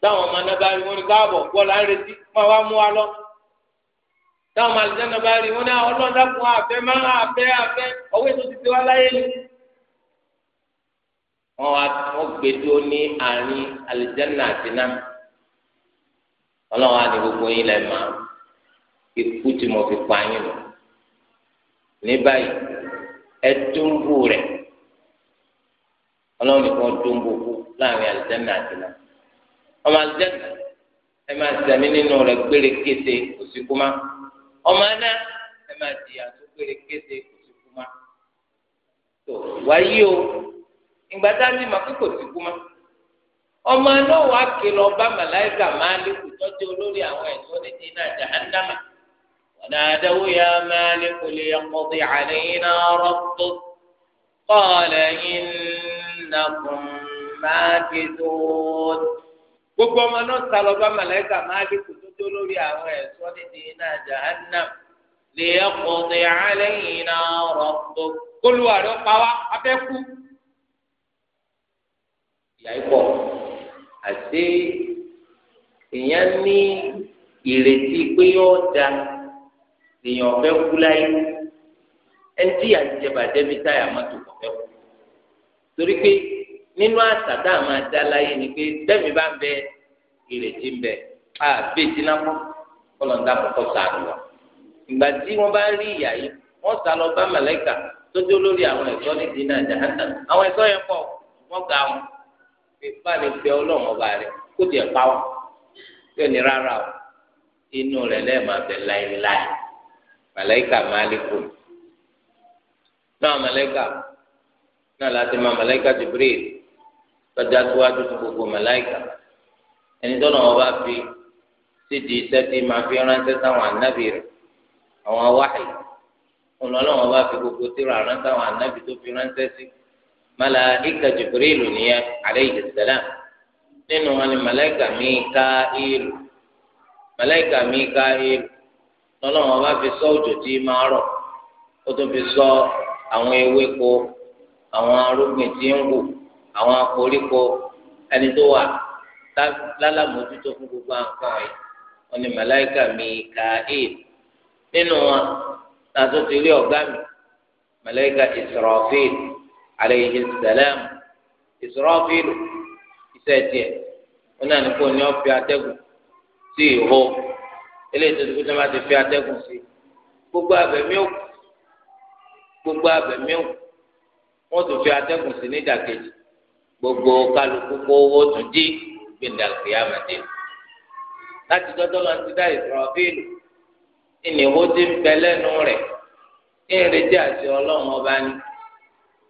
táwọn ọmọ náà bá rí wọn ní káàbọ̀ bọlá ń retí máa wá mú wa lọ táwọn ọmọ àlùjáná bá rí wọn ní ah, ọlọ́dàkùn àfẹ máa àfẹ àfẹ ọwọ́ ètò ti ti wá láyé ni wọn wá wọn gbẹdúró ní àárín àlùjáná àti náà ọlọ́run á ní gbogbo yín lẹ́ máa ikú tí mo fi pa yín lọ ní báyìí ẹ dúnbù rẹ̀ ọlọ́run nìkan dúnbù kú láàrin àlùjáde àti náà ọmọ àlùjáde ẹ máa sẹ̀mí nínú rẹ̀ gbére kété òsìkú má ọmọ aná ẹ máa jìyà tó gbére kété òsìkú má tó wáyé o ìgbà tá a ní ma kókò ọmọ náà wàá ké lọ bá màláìkà máàlíkù tọ́jú olórí àwọn ẹ̀tọ́ ní dínà jahannama ونادوا يا مالك ليقضي علينا ربك قال إنكم ماكثون gbogbo ọmọ náà sá lọ bá màláìkà máàlíkù tó dé lórí àwọn ẹ̀ṣọ́ nídìí iná jahannam lè ọkùnrin àlẹ́yìn iná rọ̀gbọ̀ kólúwàrí ọ̀pá wa abẹ́kú. ìyá ikọ̀ àti èèyàn ní ìrètí pé yóò da èèyàn ọ̀fẹ́ kú láyé ẹni tí àjẹbà débi táyà mọ́tò kò fẹ́ kú torí pé nínú àṣà tá a máa dá láyé ni pé tẹ́mi bá ń bẹ ìrètí ń bẹ a bẹ dínà kọ́ kọ́lọ́ńdà kọ́kọ́ sàánù wa ìgbà tí wọ́n bá rí ìyá yìí wọ́n sá lọ bá màlẹ́kà tó dé olórí àwọn ẹ̀ṣọ́ ní dínà jahannam àwọn ẹ̀ṣọ́ yẹn pọ̀ wọ́n ga wọn bá ní bẹ ọlọ́run ọba rẹ kó tiẹ̀ pa wá tí ò ní rárá o inú rẹ lẹ́ẹ̀ma bẹ láéláé màláìkà máa lè kú náà màláìkà náà láti máa màláìkà Jibril tọ́jà tó wájú tó gbogbo màláìkà ẹni tó náà wọ́n bá fi sídi iṣẹ́ tí máa fi ránṣẹ́ sáwọn ànábì rẹ̀ àwọn wáhì ọ̀nà ọlọ́run ọba fi gbogbo tíra ránṣẹ́ sáwọn ànábì tó fi ránṣẹ́ sí. malaika jibrilu nìyẹn aleyhi salam nínú wọn ni malaika mikailu malaika mikailu lọ́lọ́wọ́n bá fi sọ òjò máa rọ̀ ó tún fi sọ àwọn ewéko àwọn arúgbìn tí ń wù àwọn koríko ẹni tó wà lálàmójútó fún gbogbo nǹkan yìí wọn ni malaika mikailu nínú wọn tààtò ti rí ọ̀gá mi malaika alayhi salam Israfilu iṣẹ́ tiẹ̀ wọn náà ní kó ní ọ́ fi atẹ́gùn sí ìhó eléyìí tó dúró tó máa ti fi atẹ́gùn sí gbogbo abẹ̀mí òkú gbogbo abẹ̀mí òkú wọn tún fi atẹ́gùn sí nídàkejì gbogbo kálukú kó owó tún dí gbẹ̀ndàkì àmàdé láti dọ́dọ́ lọ ti dá Israfilu ìnáwó ti ń bẹ lẹ́nu rẹ̀ kí n retí àti ọlọ́run ọba ni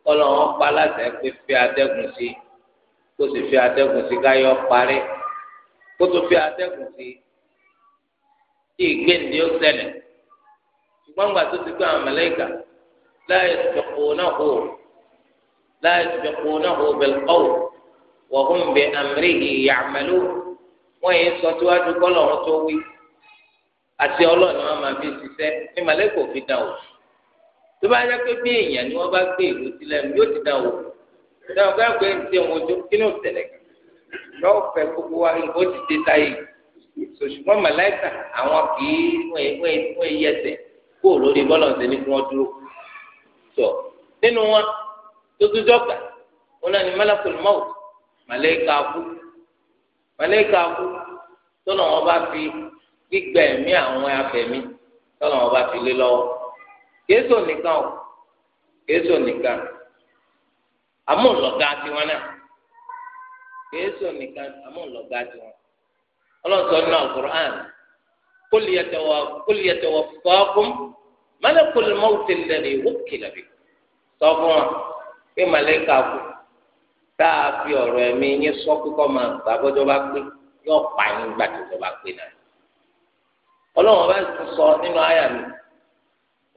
kọlọ wọn pa aláṣẹ pé fi atẹ́gùn sí kó sì fi atẹ́gùn sí káyọ parí kó tó fi atẹ́gùn sí tí ìgbéǹde ó ṣẹlẹ̀ ṣùgbọ́n gbà tó ti gbọ́ àwọn mẹlẹ́kà láyé tìjọpọ̀ náà hó láyé tìjọpọ̀ náà hó bẹ̀rẹ̀ kọ́wọ̀ wọ́n bẹ àmìrìhì yàmẹ́lú wọ́n yìí sọ síwájú kọlọ̀ tó wí àti ọlọ́ọ̀ni wọn máa fi ṣiṣẹ́ ní mẹlẹ́kà òfin dà wọ́n tó bá yẹ pé bí èèyàn ni wọ́n bá gbé ìlú sílẹ̀ yóò ti dá wò ṣé ọ̀gá ìgbé ń tẹ wọn ojú kí ló ń tẹ̀lé yóò fẹ́ gbogbo wa nǹkan ti dé táyé ṣùgbọ́n màláìkà àwọn kì í wọ́n ẹ yẹsẹ̀ kó lórí bọ́lá ọ̀sẹ̀ ní kí wọ́n dúró sọ nínú wọn tó tún dọ́gba wọn náà ni malakul maut màláìkà kú màláìkà kú tọ́nà wọn bá fi gbígbẹ̀mí àwọn afẹ̀mí tọ́nà wọn bá fi lé lọ́wọ́. kéésò nìkan o kéésò nìkan amúlọ̀gá tiwọn náà kéésò nìkan amúlọ̀gá tiwọn ọlọ́sọ̀ alukur'an fọ́ọ̀kùn wa pé màlẹ́kà fi ọ̀rọ̀ ẹ̀mí máa gbà bọ́jọ́ bá pé yín bá pé náà ọlọ́wọ́n bá sọ nínú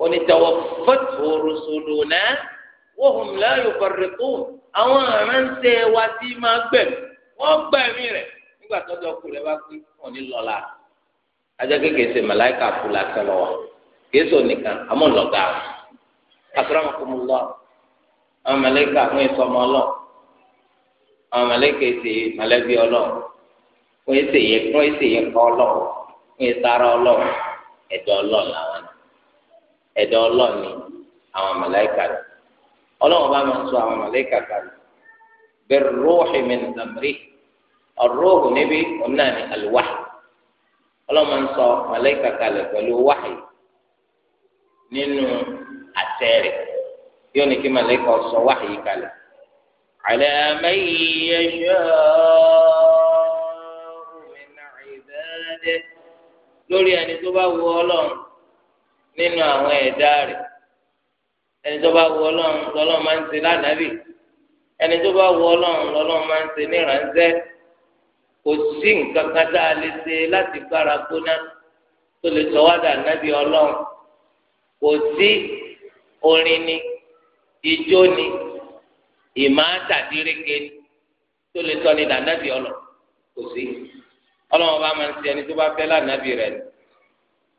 onítọ̀wọ́fọ́tò rusuluna wa hum la yufarriqun àwọn aránṣẹ́ wa ti máa gbẹ̀mí wọ́n gbẹ̀mí rẹ̀ nígbà tọ́jú ọkùnrin rẹ̀ bá pín wọn ní lọ́la ajá kékeré ṣe màláìka kú lásán lọ́wọ́ kéésù nìkan àmọ́ lọ́gà akramakumullah àwọn màláìka àwọn ìsọmọ ọlọ́ àwọn màláìka èsè màlẹ́bí ọlọ́ wọ́n èsè yẹ kọ́ ọlọ́ wọ́n èsè ara ọlọ́ ẹ̀dọ́ ọlọ́ làwọn ẹ̀dá ọlọ́run ni àwọn màláìka rẹ̀ ọlọ́run bá máa ń sọ àwọn màláìka kalẹ̀ bẹ́ẹ̀ rúùhì min amri ọ̀rúùhù níbi ọ̀nà ni àlùwáhì ọlọ́run máa ń sọ màláìka kalẹ̀ pẹ̀lú wáhì nínú àtẹ rẹ̀ yóò ní kí màláìka sọ wáhì yìí kalẹ̀ ala man yasha'u min ibadihi lórí ẹni tó bá wù ọlọ́run nínú àwọn ẹ̀dá rẹ̀ ẹni tó bá wù ọlọ́run lọ́lọ́run máa ń ṣe lánàbì ẹni tó bá wù ọlọ́run lọ́lọ́run máa ń ṣe níránṣẹ́ kò sí nǹkan kan tá a lè ṣe láti gbára gbóná tó lè sọ nábì ọlọ́run kò sí orin ni ijó ni ìmáàtàdíréke tó lè sọ ní dànábì ọlọ kò sí ọlọ́run bá máa ń ṣe ẹni tó bá fẹ́ lánàbì rẹ̀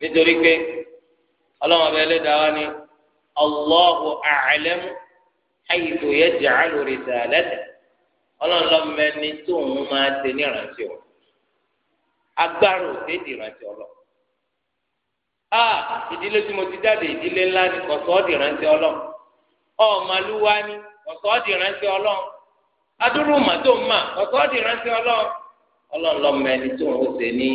nítorí pé. ọlọ́run ọba ẹlẹ́dàá wa ni yẹ a'lam haythu yaj'alu risalata ọlọ́run ló mọ ẹni tó òun máa ṣe ní ìrántí o agbára òde di ọlọ a ìdílé tí mo ti jáde ìdílé ńlá ni di ìrántí ọlọ ọ̀màlúwa ni di ìrántí ọlọ tó ń di ìrántí ọlọ tó ní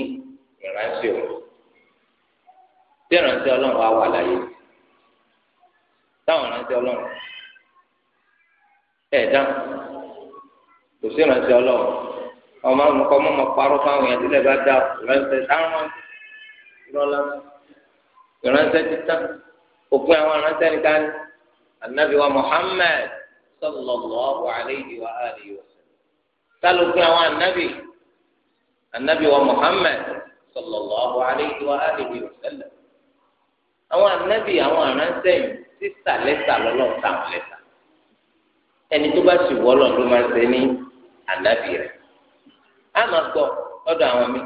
tí ìrántí ọlọ́run wá wà láyé táwọn ìrántí ọlọ́run ẹ̀ dáhùn kò sí ìrántí ọlọ́run ọmọ àwọn ọmọ ọmọ parọ́ fáwọn èèyàn sílẹ̀ bá dá ìrántí táwọn lọ́la ìrántí títà òpin àwọn ìrántí ẹnìkan ní anabi wa Muhammad sallallahu alayhi wa alihi wa sallam àwọn anabi anabi wa Muhammad sallallahu alayhi wa alihi wa àwọn ànábì àwọn aránṣẹ́ yìí sísà lẹ́sà lọ́lọ́run táwọn lẹ́sà ẹni tó bá sì wọ́ lọ́n ló máa ń ṣe ní ànábì rẹ̀ á máa gbọ́ lọ́dọ̀ àwọn mi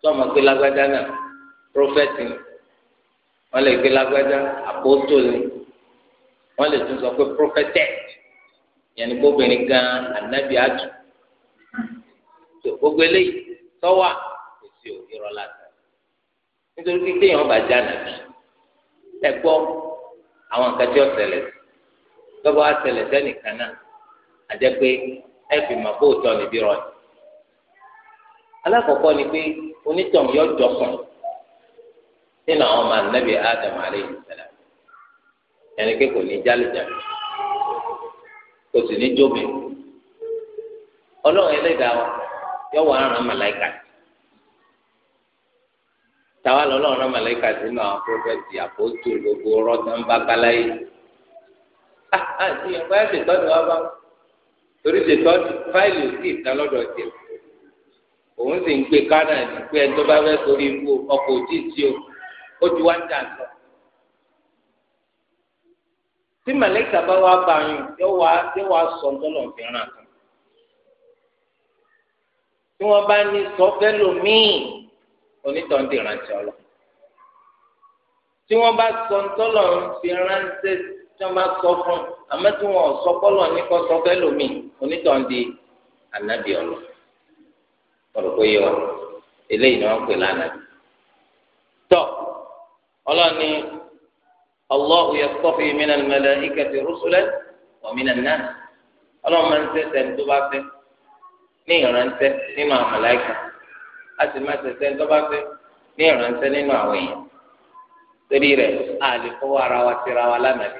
tó ọmọ pé lágbájá náà prọfẹ̀tì ni wọ́n lè gbé lágbájá àpótò ni wọ́n lè tún sọ pé prọfẹ̀tẹ̀tì yẹn ni kóbìnrin gan ànábì àjù gbogbo eléyìí tọ́wà kò sí òkè rọ́lá nítorí pé téèyàn bá já nàbì ẹgbọ́ àwọn nǹkan tí ó ṣẹlẹ̀ tọ́ba wa ṣẹlẹ̀ pé ẹ fi kó níbí ni. alákọ̀ọ́kọ́ ni pé onítọ̀hún yóò nínú àwọn ọmọ anábì ádámù alayhi salam ẹni pé kò ní jálùjà kò sì ní yọ wọ táwa lọ́lọ́run náà màláìka sínú àwọn prọfẹ̀tì àpótò gbogbo rọ́tàn bákálá yìí. àti ìyàgbá ẹ̀ ṣètọ́jú wa bá torí ṣètọ́jú fáìlì òsì ìtàn lọ́dọ̀ tiẹ̀. òun sì ń gbé kánà ní pé ẹni tó bá fẹ́ sórí ikú ọkọ̀ òjì tí o ó ju wá ń dà sọ. tí màláìka bá wá bá yín yóò wá yóò wá sọ ọ́nà ìfìràn kan. tí wọ́n bá ní sọ fẹ́ onítọ̀ ń dìrántí ọlọ tí wọ́n bá sọ ńtọ́lọ̀ ń fi ránṣẹ́ tí wọ́n bá sọ fún àmọ́ tí wọ́n sọ kọ́lọ̀ ní kọ́ sọ fẹ́ lómi onítọ̀ ń di ànábì ọlọ ọ̀rọ̀ pé yọ eléyìí ni wọ́n pè lánàá tọ́ ọlọ́ni allahu yastafi minal malaikati rusulan wa minan nas ọlọ́run máa ń sẹ́sẹ̀ ní tó bá fẹ́ ní ìránṣẹ́ nínú àwọn màláíkà a sì máa ṣẹṣẹ ń tọ́ba fẹ́ ní ìránṣẹ́ nínú àwọn èèyàn torí rẹ̀ a lè fọwọ́ ara wa síra wa lánàá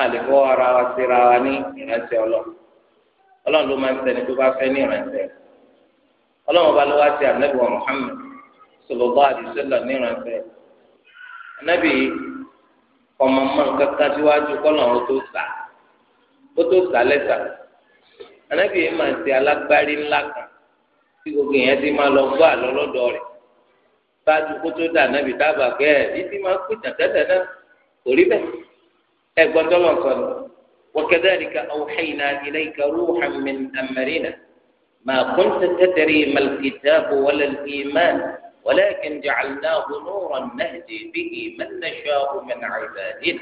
a lè fọwọ́ ara wa síra wa ní ìránṣẹ́ ọlọ́run ọlọ́run ló máa ń ṣẹni tó bá fẹ́ ní ìránṣẹ́ ọlọ́run ọba ló wá sí anabi wa Muhammad sallallahu alaihi ní ìránṣẹ́ anabi ọmọ mọ kankan síwájú kọ́lọ́run tó sà ó tó sà lẹ́sà anabi yìí máa ń ṣe alágbárí ńlá kan tí gbogbo èèyàn ti máa lọ gbọ́ àlọ́ lọ́dọ̀ rẹ̀ báàdù kó tó dà náà bí dábà pé ẹ̀ ní ti máa pè tẹ̀tẹ̀tẹ̀ náà kò rí bẹ́ẹ̀ ẹ gbọ́dọ̀ lọ sọ ni wakadhalika awhayna ilayka ruhan min amrina ma kunta tadri mal kitabu wala al iman walakin ja'alnahu nuran nahdi bihi man náà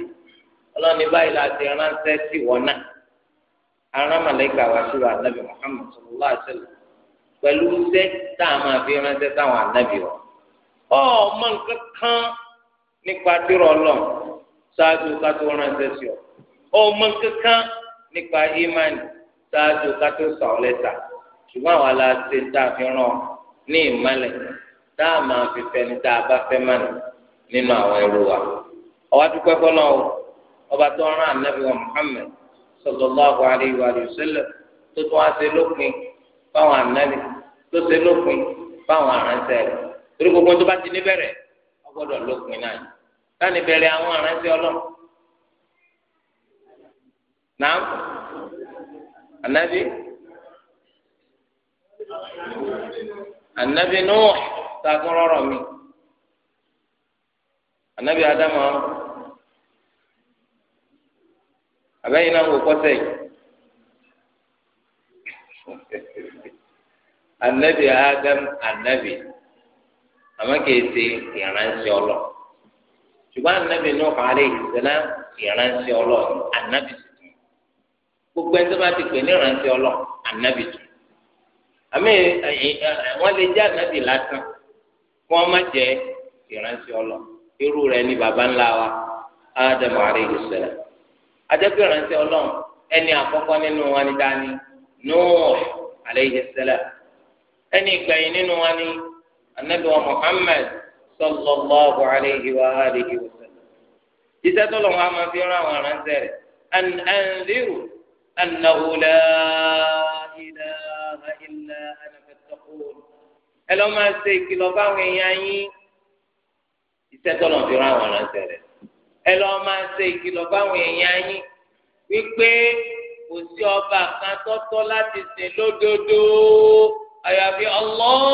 arámàlẹ́kà wá síra pẹ̀lú iṣẹ́ tá a máa fi ránṣẹ́ sáwọn ànábì wa. ọmọ nǹkan kan nípa dírọ̀ ọlọ́run ṣáájú ká tó ránṣẹ́ sí ọ. ọmọ nǹkan kan nípa ìmánì ṣáájú ká tó sàn ọ́ lẹ́tà. ṣùgbọ́n àwa la ṣe tá a fi rán ní ìmọ̀lẹ̀ tá a máa fi fẹ́ni tá a bá fẹ́ mọ̀nà nínú àwọn ẹrú wa. ọwọ́ dúpẹ́ fọlọ́ o ọba tó rán ànábì wa Muhammad sallallahu alaihi wa sallam tó tún wá ṣe lópin fáwọn ànábì tó ṣe lópin fáwọn aránṣẹ́ gbogbo tó bá ti lópin náà láti àwọn anabi anabi sagun anabi Adamu abẹ́yìn náà wò anabi adam anabi àmọ́ kìí ṣe ìránṣẹ́ ọlọ anabi náà kàlẹ ìṣẹlẹ ìránṣẹ́ ọlọ anabi gbogbo ẹni tó ti pè ní ìránṣẹ́ ọlọ anabi tuntun àmì wọn jẹ anabi lásán kí wọn jẹ ɔlɔ ọlọ irú re ni baba ńlá wa adam alayhi ẹni ìgbẹ̀yìn nínú wa ni anabi wa muhammed sallallahu alayhi wa alihi wa sallam iṣẹ́ tó lọ́wọ́ a máa fi rán àwọn aránṣẹ́ rẹ̀ an anziru annahu la ilaha illa ana fattaqun ẹ lọ́ máa ṣe ìkìlọ̀ fáwọn èèyàn yín iṣẹ́ tó lọ́wọ́ fi rán àwọn aránṣẹ́ rẹ̀ ẹ lọ́ máa ṣe ìkìlọ̀ fáwọn èèyàn yín wípé kò sí ọba kan tọ́tọ́ láti sìn lódodo. àyàfi Allah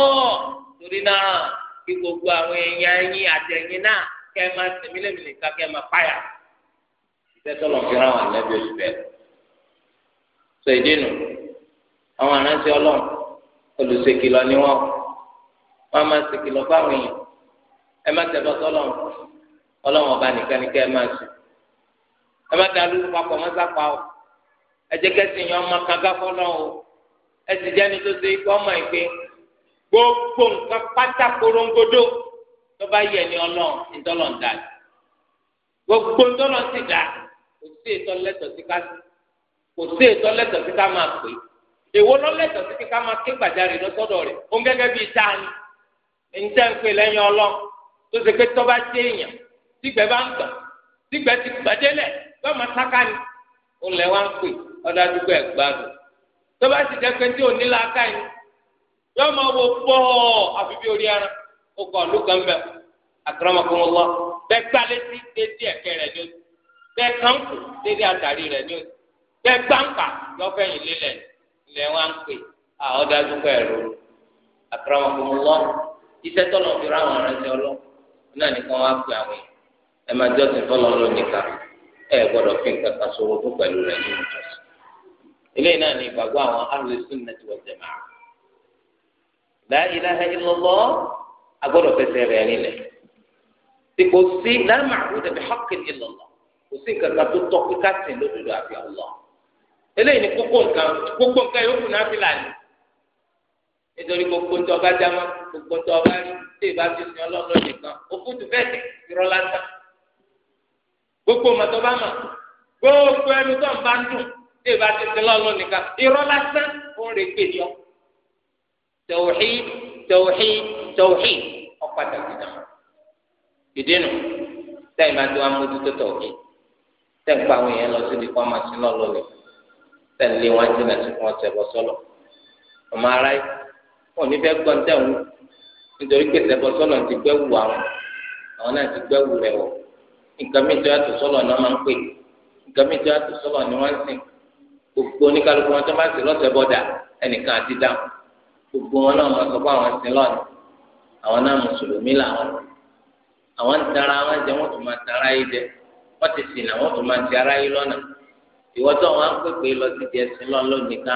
torí náà kí gbogbo àwọn èèyàn yín náà kẹ́ ẹ máa sìn mí lèmi nìkan kẹ́ ẹ máa páyà iṣẹ́ tọ́lọ̀ lẹ́bi oṣù bẹ́ẹ̀. sọ èdè nù àwọn aránsẹ ọlọ́run olùṣèkìlọ̀ ni wọ́n wọ́n máa ṣèkìlọ̀ fáwọn èèyàn ẹ má tẹ̀lọ́ ọba nìkan ni kẹ́ ẹ máa sùn ẹ má dàlú papọ̀ mọ́sápá ẹ jẹ́ kẹ́sìn ọmọ kankan ẹsì jẹni tó ṣe ikú ọmọ ìpè gbogbo nǹkan pátá korongodo tó bá yẹ ní Ọlọ́run ìtọlọ ń dà gbogbo ńtọlọ sì dà kò sí ètò lẹ́tọ̀ọ́ sí ká kò sí ètò lẹ́tọ̀ọ́ sí ká máa pè èwo lọ lẹ́tọ̀ọ́ sí ká máa ké gbàjarè lọsọ́dọ̀ rẹ̀ ó ń gẹ́gẹ́ bíi tani ńjẹ ń pè lẹ́yìn Ọlọ́run tó ṣe pé tọ́ bá dé èèyàn tígbẹ́ bá ń tọ̀ tígbẹ́ ti gbàdélẹ̀ bá máa sáká ni ó lẹ́ wá ń pè ọ̀dà dúpẹ́ gbádùn tó bá sì jẹ́ pé tí ò ní làákà yìí yóò máa wo pọ̀ àfi orí ara ó kọ̀ ọ̀lú kan bẹ̀ akramakumullah bẹ́ẹ̀ gbálẹ́ sí dédé ẹ̀kẹ́ rẹ̀ ní oṣù bẹ́ẹ̀ kankù dédé àtàrí rẹ̀ ní oṣù bẹ́ẹ̀ gbàǹkà lọ́fẹ̀yìn lélẹ̀ ilẹ̀ wọn ń pè àọ́dájú pẹ̀ ẹ̀rọ akramakumullah iṣẹ́ tọ́lọ̀ fi ráwọn aránṣẹ́ ọlọ́ náà nìkan wá pè àwọn ẹ̀ máa jọ́sìn fọlọ́ lónìí ká ẹ̀ gbọ́dọ̀ fi nǹkan kan ṣòro eléyìí náà ní ìgbàgbọ́ àwọn ahlu sunnati wal jamaa la ilaha illallah agbọ́dọ̀ fẹsẹ̀ rẹ̀ nílẹ̀ tí kò sí la ma'buda bi haqqin illallah kò sí eléyìí ní kókó nǹkan kókó nǹkan yòókù náà fi lànà nítorí gbogbo rí tí ìbá ti ọlọ́run nìkan òkútu lásán ẹnu tó ń bá ń dùn tí ìbá ti sin lọ́ọ̀lọ́ nìkan irọ́ lásán ó ń rè pè yọ. tauhid tauhid tauhid ọ̀padà gbìdá ìdínú sẹ́yìn bá ti wá mójútó tauhid sẹ́yìn pa àwọn èèyàn lọ sí ibi kan máa sin lọ́ọ̀lọ́ ni sẹ́yìn lé wọn jìnnà sí fún ọ̀sẹ̀ bọ́ sọ́lọ̀ ọmọ ara yìí wọn ò ní fẹ́ gbọ́n tẹ̀wọ́n nítorí pé sẹ́bọ̀ sọ́lọ̀ ti gbẹ́ wù àwọn àwọn náà ti gbẹ́ wù rẹ̀ wọ̀ nǹkan mìíràn tó sọ́lọ̀ ni wọ́n máa ń pè nǹkan mìíràn tó sọ́lọ̀ ni wọ́n ń sìn gbogbo oníkálukú wọn tó bá sí lọ́sẹ̀ bọ́dà ẹnìkan àti dáhùn gbogbo wọn náà wọn sọ pé àwọn sí lọ́nà àwọn náà mùsùlùmí làwọn àwọn ń tara wọn jẹ wọn tún máa tara yìí jẹ wọn ti sìn náà wọn tún máa ti ara yìí lọ́nà ìwọ wọn á pèpè lọ sí ti ẹsìn lọ́n lónìí ká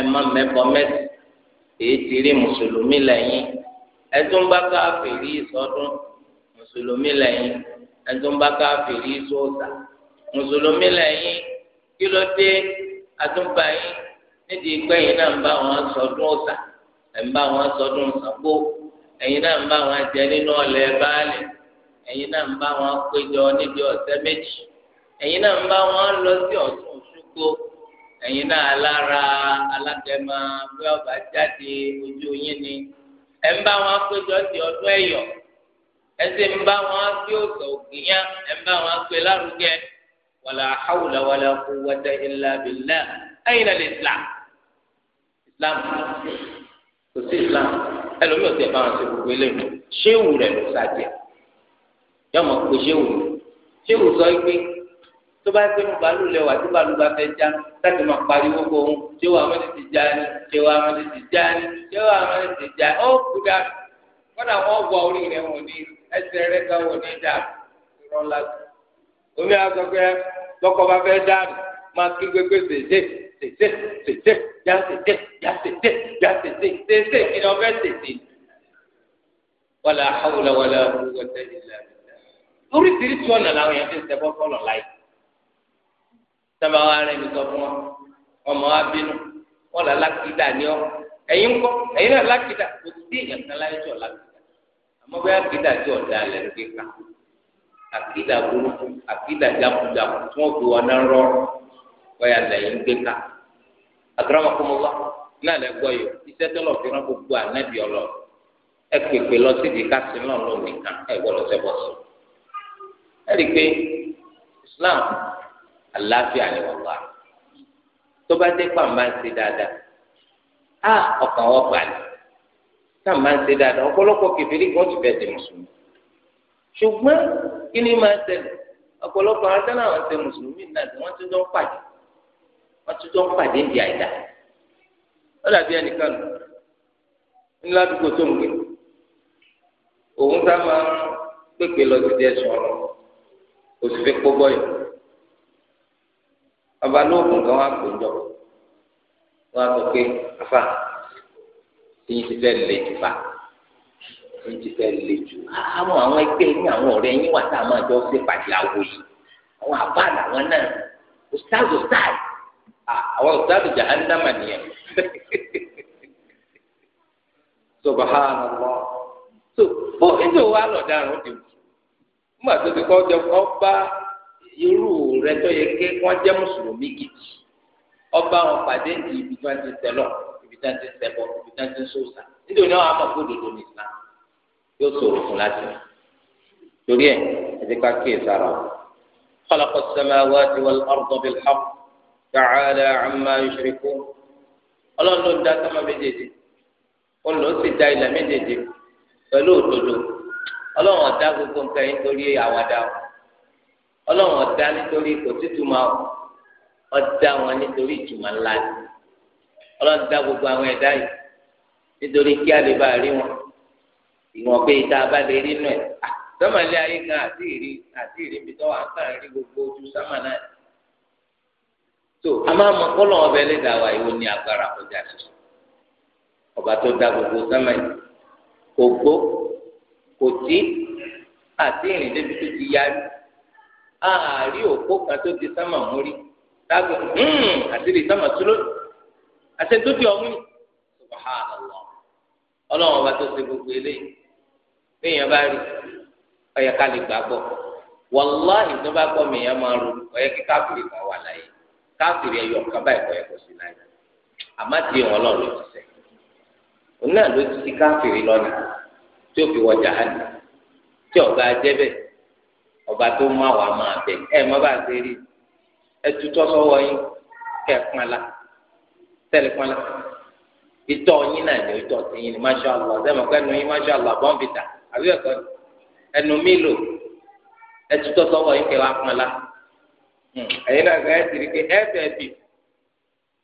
ẹmọ mẹbọ èyí ti rí mùsùlùmí lẹ́yìn ẹtún bá káfíìrì sọdún mùsùlùmí lẹ́yìn ẹtún bá káfíìrì sọ̀tà mùsùlùmí lẹ́yìn kí ló dé àtúnbà yín nídìí gbẹ̀yìn náà ń bá wọn sọdún ọ̀sà ẹ̀ ń bá wọn sọdún Ṣàngó ẹ̀yin náà ń bá wọn jẹ nínú ọ̀lẹ̀ báàlì ẹ̀yin náà ń bá wọn péjọ níbi ọ̀sẹ̀ méjì ẹ̀yin náà ń bá wọn lọ sí Ọ̀ṣun Òṣogbo ẹ̀yin náà alára alágẹmọ bí ọba jáde ojú yín ni ẹ̀ ń bá wọn péjọ di ọdún ẹ̀yọ̀ ẹ̀ sì ń bá wọn gbé òsè ولا حول ولا قوة إلا بالله أين الإسلام إسلام kòsí Islam ẹlòmíràn tẹ bá wọn ṣe gbogbo eléyìí ṣéwù rẹ ló ṣàjẹ yọmọ pé ṣéwù ṣéwù sọ pé tó bá pé bàálù lẹwà tí bàálù bá fẹ́ já láti máa pariwo kó ohun ṣéwù amẹ́lì ti já ni ṣéwù amẹ́lì ti já ni ṣéwù amẹ́lì ti já ó kú dá kọ́dà wọ́n wọ orí rẹ̀ wọ̀ ní ẹsẹ̀ rẹ̀ kan wọ̀ ní dá ìrọ̀lá omi àgbẹ̀gbẹ̀ lọ́kọ bá fẹ́ dáàbò máa kí gbégbé sèse sèse sèse já sèse já sèse já sèse sèse kí ni wọ́n fẹ́ sèse. wàlà àwòlà wàlà àwòlà ìlà oríṣiríṣi ọ̀nà làwọn yẹn ti ń sẹ́bọ́ fọlọ̀ láì. sábà wà rẹ̀ mi sọ fún ọ ọmọ wa bínú wọn là lákìdá ni ọ ẹ̀yin kọ́ ẹ̀yin náà lákìdá kò sí ẹ̀ka láyé tí ọ̀ lákìdá àmọ́ bẹ́ẹ̀ lákìdá tí ọ̀ dá lẹ́nu kíkà àkìdá burúkú àkìdá jagunjagun tí wọn fi wọn náà rọrùn wọ́yà lẹ́yìn gbé ká akramakumullah náà lẹ gbọ́ yìí iṣẹ́ tọ́lọ̀ fi rán gbogbo ànábì ọlọ ẹ pèpè lọ síbi káàsì náà lọ nìkan ẹ gbọ́dọ̀ sẹ́bọ̀ sọ ẹ rí i pé Islam àlàáfíà ni wọ́n wà tó bá dé pàmò ń ṣe dáadáa á ọkàn wọn balẹ̀ pàmò ń ṣe dáadáa ọ̀pọ̀lọpọ̀ kẹfìrí kan ti fẹ́ mùsùlùmí ṣùgbọ́n kí ni máa ṣẹlẹ̀ ọ̀pọ̀lọpọ̀ àwọn sẹ́nà àwọn ṣe mùsùlùmí náà tí wọ́n ti jọ ń pàdé wọ́n ti jọ ń pàdé ìdí àìdá ó dàbí ẹnìkan nù ní ládùúgbò tó ń gbé òun sá máa ń pèpè lọ sí díẹ̀ sọ̀rọ̀ kò sì fi kó bọ́yọ̀ ọba lóògùn kan wá pè jọ wọ́n á sọ pé afa èyí ti fẹ́ lè jù bá ń ti fẹ́ le jù àwọn àwọn ẹgbẹ́ yín àwọn ọ̀rẹ́ yín wà tá a máa jọ ṣe pàdé àwò yìí àwọn àbá làwọn náà ustaz ustaz àwọn ustaz jahannama nìyẹn subhanallah so bó ẹjọ wa lọ dáhùn ó ti wù nígbà tó ti kọ́ ọjọ́ kọ́ bá irú rẹ tó yẹ kí wọ́n jẹ́ mùsùlùmí gidi ọba wọn pàdé ní ibi tí wọ́n ti tẹ̀ lọ ibi tí wọ́n ti tẹ̀ bọ̀ ibi tí wọ́n ti sọ̀sà nítorí wọn á kó dodo ní yóò ṣòro fún láti rìn torí ẹ ẹdí ká kíyè sára o. خلق السماوات والأرض بالحق تعالى عما يشركون Ọlọ́run ló dá sánmà méjèèjì Ọlọ́run ló sì dá ilẹ̀ méjèèjì pẹ̀lú òdodo Ọlọ́run ọdá gbogbo nǹkan yìí nítorí àwàdà Ọlọ́run ọdá nítorí kò títúmọ̀ ọdá wọn nítorí ìtumọ̀ ńlá ni Ọlọ́run dá gbogbo àwọn ẹ̀dá yìí nítorí kí a lè bá rí wọn ìwọ̀n pé ìta bá lè rí nù ẹ̀ ah, sọ́mọlẹ́ ayé kan àti ìrí àti ìrí mi tọ́wọ́ àǹkàn rí gbogbo ojú sámà náà tó a máa mọ kọ́ lọ́wọ́ bẹ́ẹ̀ lè dà wá ìwọ ní agbára kọjá sísọ ọba tó dá gbogbo sámà yìí kò gbó kò tí àti ìrìn débi tó ti yarí àárí òpó kan tó ti sámà mú rí dágbé hmm, àti ìrìn sámà tó lónìí àti ètò ọmú yìí subhanallah ọlọ́wọ́n ọba tó ṣe gbogbo eléyìí. bẹ́ẹ̀yàn bá rí ọ̀yẹ́ ká lè gbàgbọ́ wàláhì tó bá gbọ́ mi yẹn máa ro ọ̀yẹ́ kí káfíìrì kan wà láyé káfíìrì ẹ̀yọ̀ kan báyìí kọ́ ẹ̀kọ́ sí láyé ti òun náà ló ti tí ó fi tí ọba ọba tó mú ṣe rí yín pọn la pọn la yín náà ni ti yín ni masha Allah àbí ẹ̀kọ́ ẹnu mi lò ẹtú tó sọ́wọ́ yín kẹ́ wá pọn la hmm. ẹ̀yin náà gbé ẹ̀sìn rí pé ẹ̀fẹ̀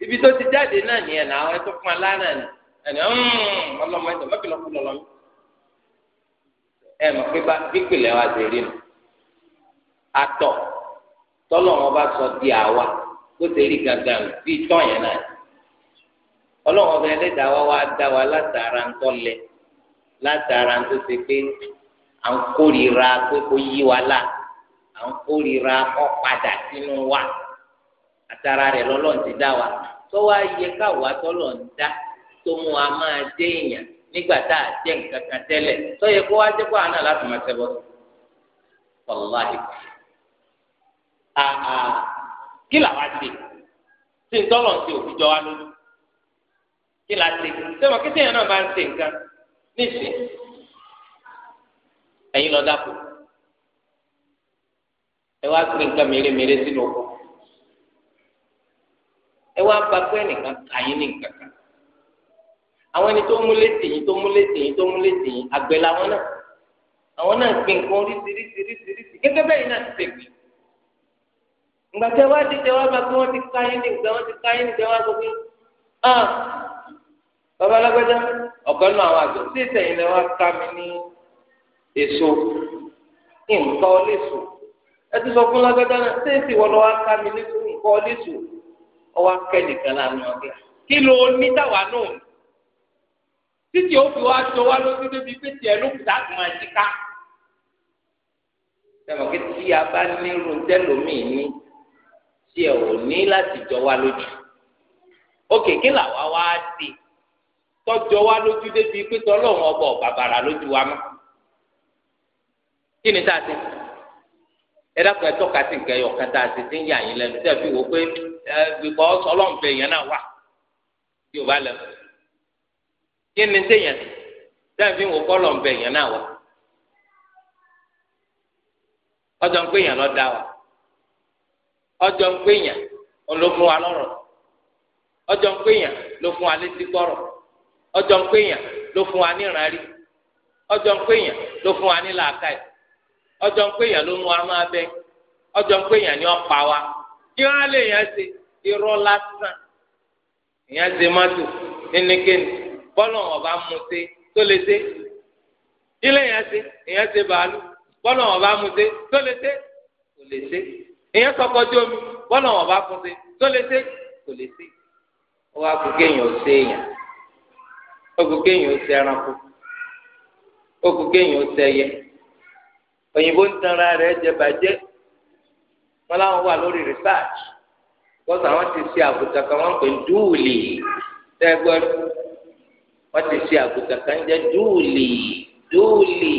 ibi tó ti jáde náà nìyẹn náà ẹtú pọn la náà ni ẹni ọlọmọ ẹtọ mọ́tò lọ́kù lọ́lọ́ mi ẹ mọ̀ pé bá pípìlẹ̀ wa ti rí nu atọ̀ tọ́lọ̀ wọn bá sọ di àwa kó ti rí gàgà bíi tọ́ yẹn náà ọlọ́wọ́n bẹ ẹlẹ́dàá wa wá dá wa látara ńtọ́ lẹ́ẹ̀ látara tó ṣe pé à ń kórìíra pé kó yí wa la à ń kórìíra kó padà sínú wa àtara rẹ̀ lọ́lọ́run ti dá wa tó wá yẹ káwa tọ́lọ̀ ń dá tó mú wa máa dé èèyàn nígbà tá a jẹ́ nǹkan kan tẹ́lẹ̀ tó yẹ kó wá jẹ́ kó àná láti máa ṣẹbọ wàláhì àà kí làwa ṣe tí ń tọ́lọ̀ ń ṣe òfìjọ wa lójú kí la ṣe sẹ́wọ̀n kí sẹ́yìn náà bá ń ṣe nǹkan nísìn ẹ̀yin lọ dàpọ ẹ wá gbé nǹkan mèremère sínú ọkọ ẹ wá gba pé ẹnìkan kà yín ní nǹkan kan àwọn ẹni tó múlé tìyín tó múlé tìyín tó múlé tìyín àgbẹ̀ làwọn náà àwọn náà gbé nǹkan oríṣiríṣiríṣiríṣi gẹ́gẹ́ bẹ́ẹ̀ náà ti tẹ̀gbẹ́ ìgbà tẹ wá dé wá gba pé wọ́n ti ká yín ní ti ká yín wá gbogbo ah bàbá alágbèjà ọ̀kan náà àwọn àgbẹ̀ sí ìtẹ̀yìn lẹ́wọ́ ká mi ní èso nǹkan ọlẹ́sọ ẹ ti sọ fún lágbèjà náà sí èsì wọn lọ́wọ́ ká mi ní nǹkan ọlẹ́sọ ọwọ́ akẹ́nìkan láàánú ọ̀gá kí ló ní táwa náà títí ó fi wá jọ wá lójú débi pé tiẹ̀ ló kùtà tó máa jí ká sẹ́wọ̀n kí tí a bá nírú tẹ́lómìn ní tí ẹ ò ní láti jọ wá lójú òkè kí làwa wá dé. tọjọ wa lójú débi pé ọbọ bàbàrà lójú wa mọ kí ni tá a ti ẹ dákun ẹ tọ́ka sí nǹkan ẹyọ kan tá a ti lẹ́nu tẹ fi wò pé ẹ bìkọ Ọlọ́run yẹn náà wà tí o bá lẹ́nu kí ni téèyàn tẹ fi wò kọ yẹn náà wà da wa ń ló fún wa ọjọ́ ń ló fún wa ní ìrànlẹ́ ọjọ́ ń ló fún wa ní làákàyè ọjọ́ ń ló mú wa máa bẹ ọjọ́ ń ni ó pa wa kí wọ́n lè yàn ṣe irọ́ lásán ìyàn ṣe mọ́tò nínúkéni bọ́lọ̀ wọn bá mú ṣe tó lè ṣe ilé yẹn ṣe ìyẹn ṣe bàálù bọ́lá wọn bá mú ṣe tó lè ṣe kò lè ṣe ìyẹn sọkọ tí omi bọ́lá wọn bá fún ṣe tó lè ṣe kò lè ṣe ó wá kó kéèyàn ṣe èèyàn ogun kéèyàn ó ṣe ẹranko ogun kéèyàn ó ṣe ẹyẹ òyìnbó ń tanra rẹ̀ jẹ bàjẹ́ wọn làwọn wà lórí research bọ́sà wọn ti ṣe àgùntàn kan wọn pè dúùlì tẹ́gbọ́n wọn ti ṣe àgùntàn kan jẹ dúùlì dúùlì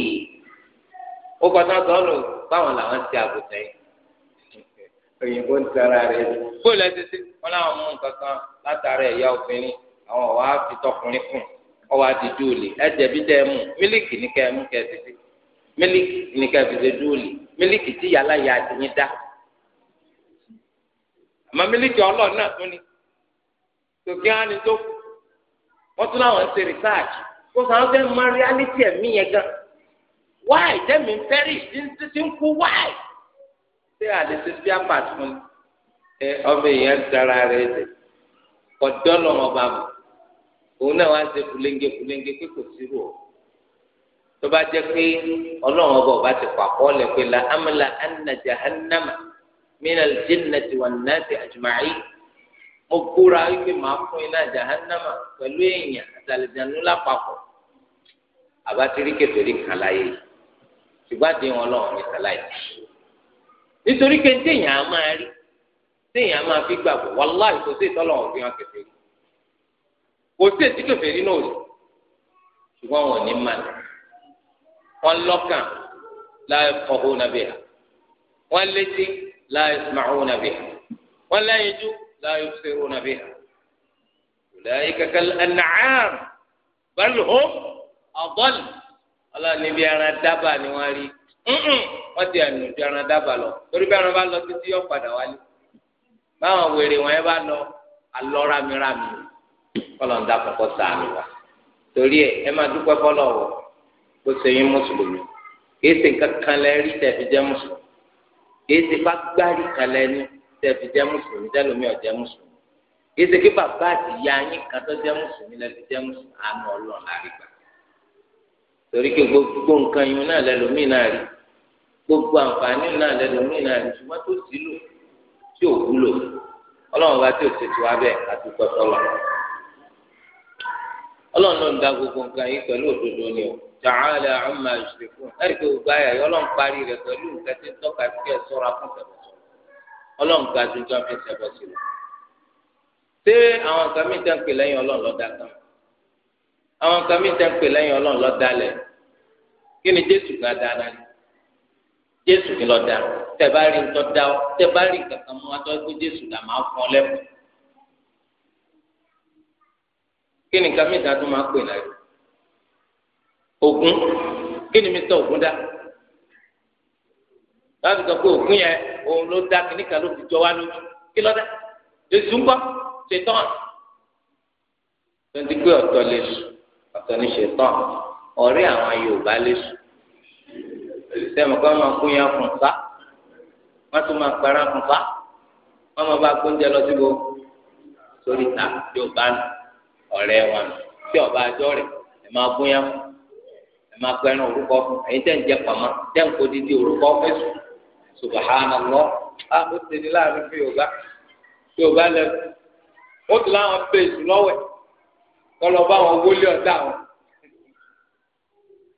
ó kọjá sọ́nù báwọn làwọn ṣe àgùntàn yìí òyìnbó ń tara rẹ bóòlù ẹ ti ṣe wọn làwọn mú nǹkan kan látara ẹ̀yà obìnrin àwọn ọ̀wá fi tọkùnrin kùn ọwọ́ àti dúòlì ẹ̀jẹ̀ bí dẹ́ mú mílíkì ní kẹ́ẹ̀mú miliki mílíkì ní kẹ́ẹ̀sì ṣe dúòlì mílíkì tí yàrá yà ti yín dá àmọ́ mílíkì ọlọ́ọ̀ náà tún ni tòkí á ní tó wọ́n tún láwọn ń ṣe rìsáàjì kó sàwọn fẹ́ mọ reality ẹ̀mí yẹn gan wáì tẹ́mi ń fẹ́rì títí ń kú wáì ṣé àlè ṣe fi àpàtì fún ọmọ èèyàn dára rẹ̀ ọ̀dọ́ lọ́wọ́ bá mi òun náà wá ń ṣe kúlẹ́ńgé kúlẹ́ńgé pé kò sí rò ó tó bá jẹ́ pé ọlọ́run ọba ọba ti pàpọ́ lẹ̀ pé la amala anna jahannama minal jinnati wan nasi ajma'i mo búra wípé màá fún iná jahannama pẹ̀lú èèyàn àtàlẹ̀dànù lápapọ̀ àbátiri kẹfẹ́rí kan láyé ṣùgbọ́n àdéhùn ọlọ́run ní kàláyé nítorí pé téèyàn á máa rí téèyàn á máa fi gbàgbọ́ wàláì kò sí ìtọ́lọ́run fi hàn kẹfẹ́rí kò sí ètí kèfèrí náà rí ṣùgbọ́n wọn ò ní mà ní wọn lọ́kàn láì fọwọ́ nàbẹ̀ yà wọn létí láì màwọ́ nàbẹ̀ yà wọn lẹ́yìnjú láì fẹ́rọ́ nàbẹ̀ yà ọ̀làyé kankan ẹnàám bẹ́ẹ̀ ló ọ̀gọ́lì ọlọ́ọ̀ni bí ara dábàá ni wọ́n rí wọ́n ti ẹnu ju ẹran dábàá lọ torí bí ẹran bá lọ títí yọ padà wálé báwọn wèrè wọn yẹn bá lọ alọ́ramìramì kọlọ̀ ń dákun kọ́ sàánù wa torí ẹ ẹ máa dúpẹ́ fọlọ́ wọ kó sẹ́yìn mùsùlùmí kìí ṣe nǹkan kan lẹ́ rí tẹ̀ fi jẹ́ mùsùlùmí kìí ṣe bá gbárí kan lẹ́ ní tẹ̀ fi jẹ́ mùsùlùmí tẹ́ lómi ọ̀jẹ́ mùsùlùmí kìí ṣe kí bàbá àti ìyá yín kan tó jẹ́ mùsùlùmí lẹ́ fi jẹ́ mùsùlùmí àánú ọlọ́run láàrin gbà torí kí gbogbo nǹkan yín náà lẹ́ lómi náà rí gbogbo àǹfààní náà lẹ́ lómi náà rí ṣùgbọ́n tó sílò tí ò wúlò ọlọ́run bá tí ṣètò abẹ́ àti pẹ́ fọlọ́ ọlọ́run ló ń da gbogbo nǹkan yìí pẹ̀lú òdodo ni o ta'ala amma yushrikun ẹ̀rí pé gbogbo àyà yìí ọlọ́run parí rẹ̀ pẹ̀lú nǹkan tí ń tọ́ka sí ẹ̀ sọ́ra fún sẹ̀bọ̀ sọ̀rọ̀ ọlọ́run ga ju nǹkan fi sẹ̀bọ̀ sí lọ. ṣé àwọn nǹkan mi ń pè lẹ́yìn ọlọ́run lọ́dà kan àwọn nǹkan mi ń pè lẹ́yìn ọlọ́run lọ́dà lẹ̀ kí ni jésù ga dáná ni jésù kí lọ́dà tẹ̀ bá rí nǹkan dá tẹ̀ bá rí nǹkan kan mú kí ni nǹkan mìíràn tó máa pè náà ògún kí ni mr ògún dá láti sọ pé ògún yẹn òun ló dá kíní kan ló fi jọ wá lójú kí ló dá èsù ń bọ ṣètọ́n tonti pé ọ̀tọ̀ lè sùn ọ̀tọ̀ ní ṣètọ́n ọ̀rẹ́ àwọn Yorùbá lè sùn sẹ́mi kọ́ máa kún yẹn fún fa wọ́n tún máa pẹ́ràn fún fa wọ́n máa bá gbóúnjẹ lọ síbo sórí ta Yorùbá nù ọ̀rẹ́ wa nù tí ọba àjọ rẹ̀ ẹ̀ máa gúnyán ẹ̀ máa pẹ́ran orúkọ fún ẹ̀yin tẹ̀ ń jẹ pàmò tẹ̀ ń kó dídí orúkọ fẹ́ sùn subhanallah a ó ti ní láàrin fún yorùbá yorùbá lẹ́nu ó ti láwọn péjì lọ́wẹ̀ kọlọ bá wọn wọlé ọ̀dà wọn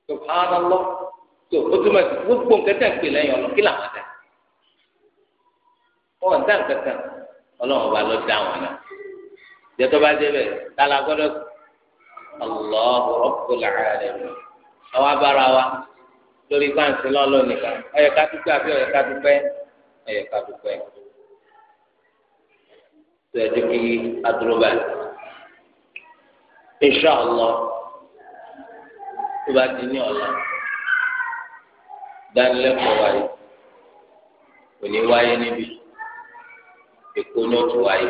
subhanallah tó o tún bá ti gbogbo nǹkan tẹ̀ ń pè lẹ́yìn ọ̀nà kí làwọn dà wọn dà nǹkan kan ọlọ́run lọ dá wọn náà jẹtọ bá débẹ tala gbọ́dọ̀ Allahu Rabbul Alamin àwa bára wa lórí pàǹsí lọlọ nìkan ọyẹ ká dúpẹ́ àbí ọyẹ ká dúpẹ́ ọyẹ ká dúpẹ́ tó ẹjọ kí adúró báyìí insha Allah tó bá di ní ọ̀la dánilẹ́kọ̀ọ́ wáyé kò wáyé níbi èkó ní ó tún wáyé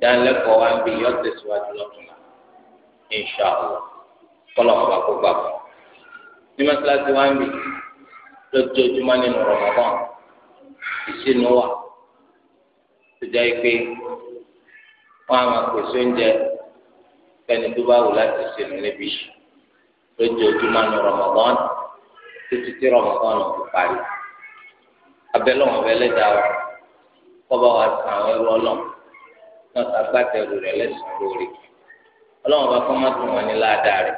ìdánilẹ́kọ̀ọ́ wa ń bí yọ tẹ̀síwájú lọ́túnla inṣàlá kọ́lọ̀ ọba kó gbà fún ní mọ́sálásí wa ń bí lójoojúmọ́ nínú Ramadan ìṣínú wa tó jẹ́ pé wọ́n á máa pèsè oúnjẹ fẹ́ni tó bá wù láti ṣèlú níbí lójoojúmọ́ nínú Ramadan títí tí Ramadan ò fi parí abẹ́lẹ́ wọn bẹ́lẹ́ dá wa kọ́ wa sàn àwọn ẹrú wọn agbátẹrù rẹ lẹsùn lórí Ọlọ́run bá kọ́ mọ́tò wọn ní ládàá rẹ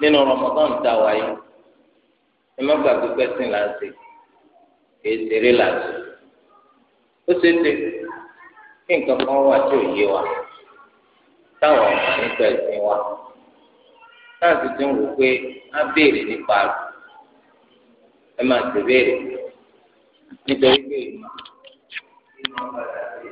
nínú Ramadan tá a wáyé ẹ má gbàgbé pẹ́sìn là ń ṣe kìí ṣeré là ń ṣe ó ṣe ṣe kí nǹkan kan wà tí ò yé wa táwọn ọmọ nípa ẹ̀sìn wa náà sì ti ń wò pé á béèrè nípa rẹ ẹ máa ṣe béèrè nítorí pé ìmọ̀ nínú ọgbà dàbí.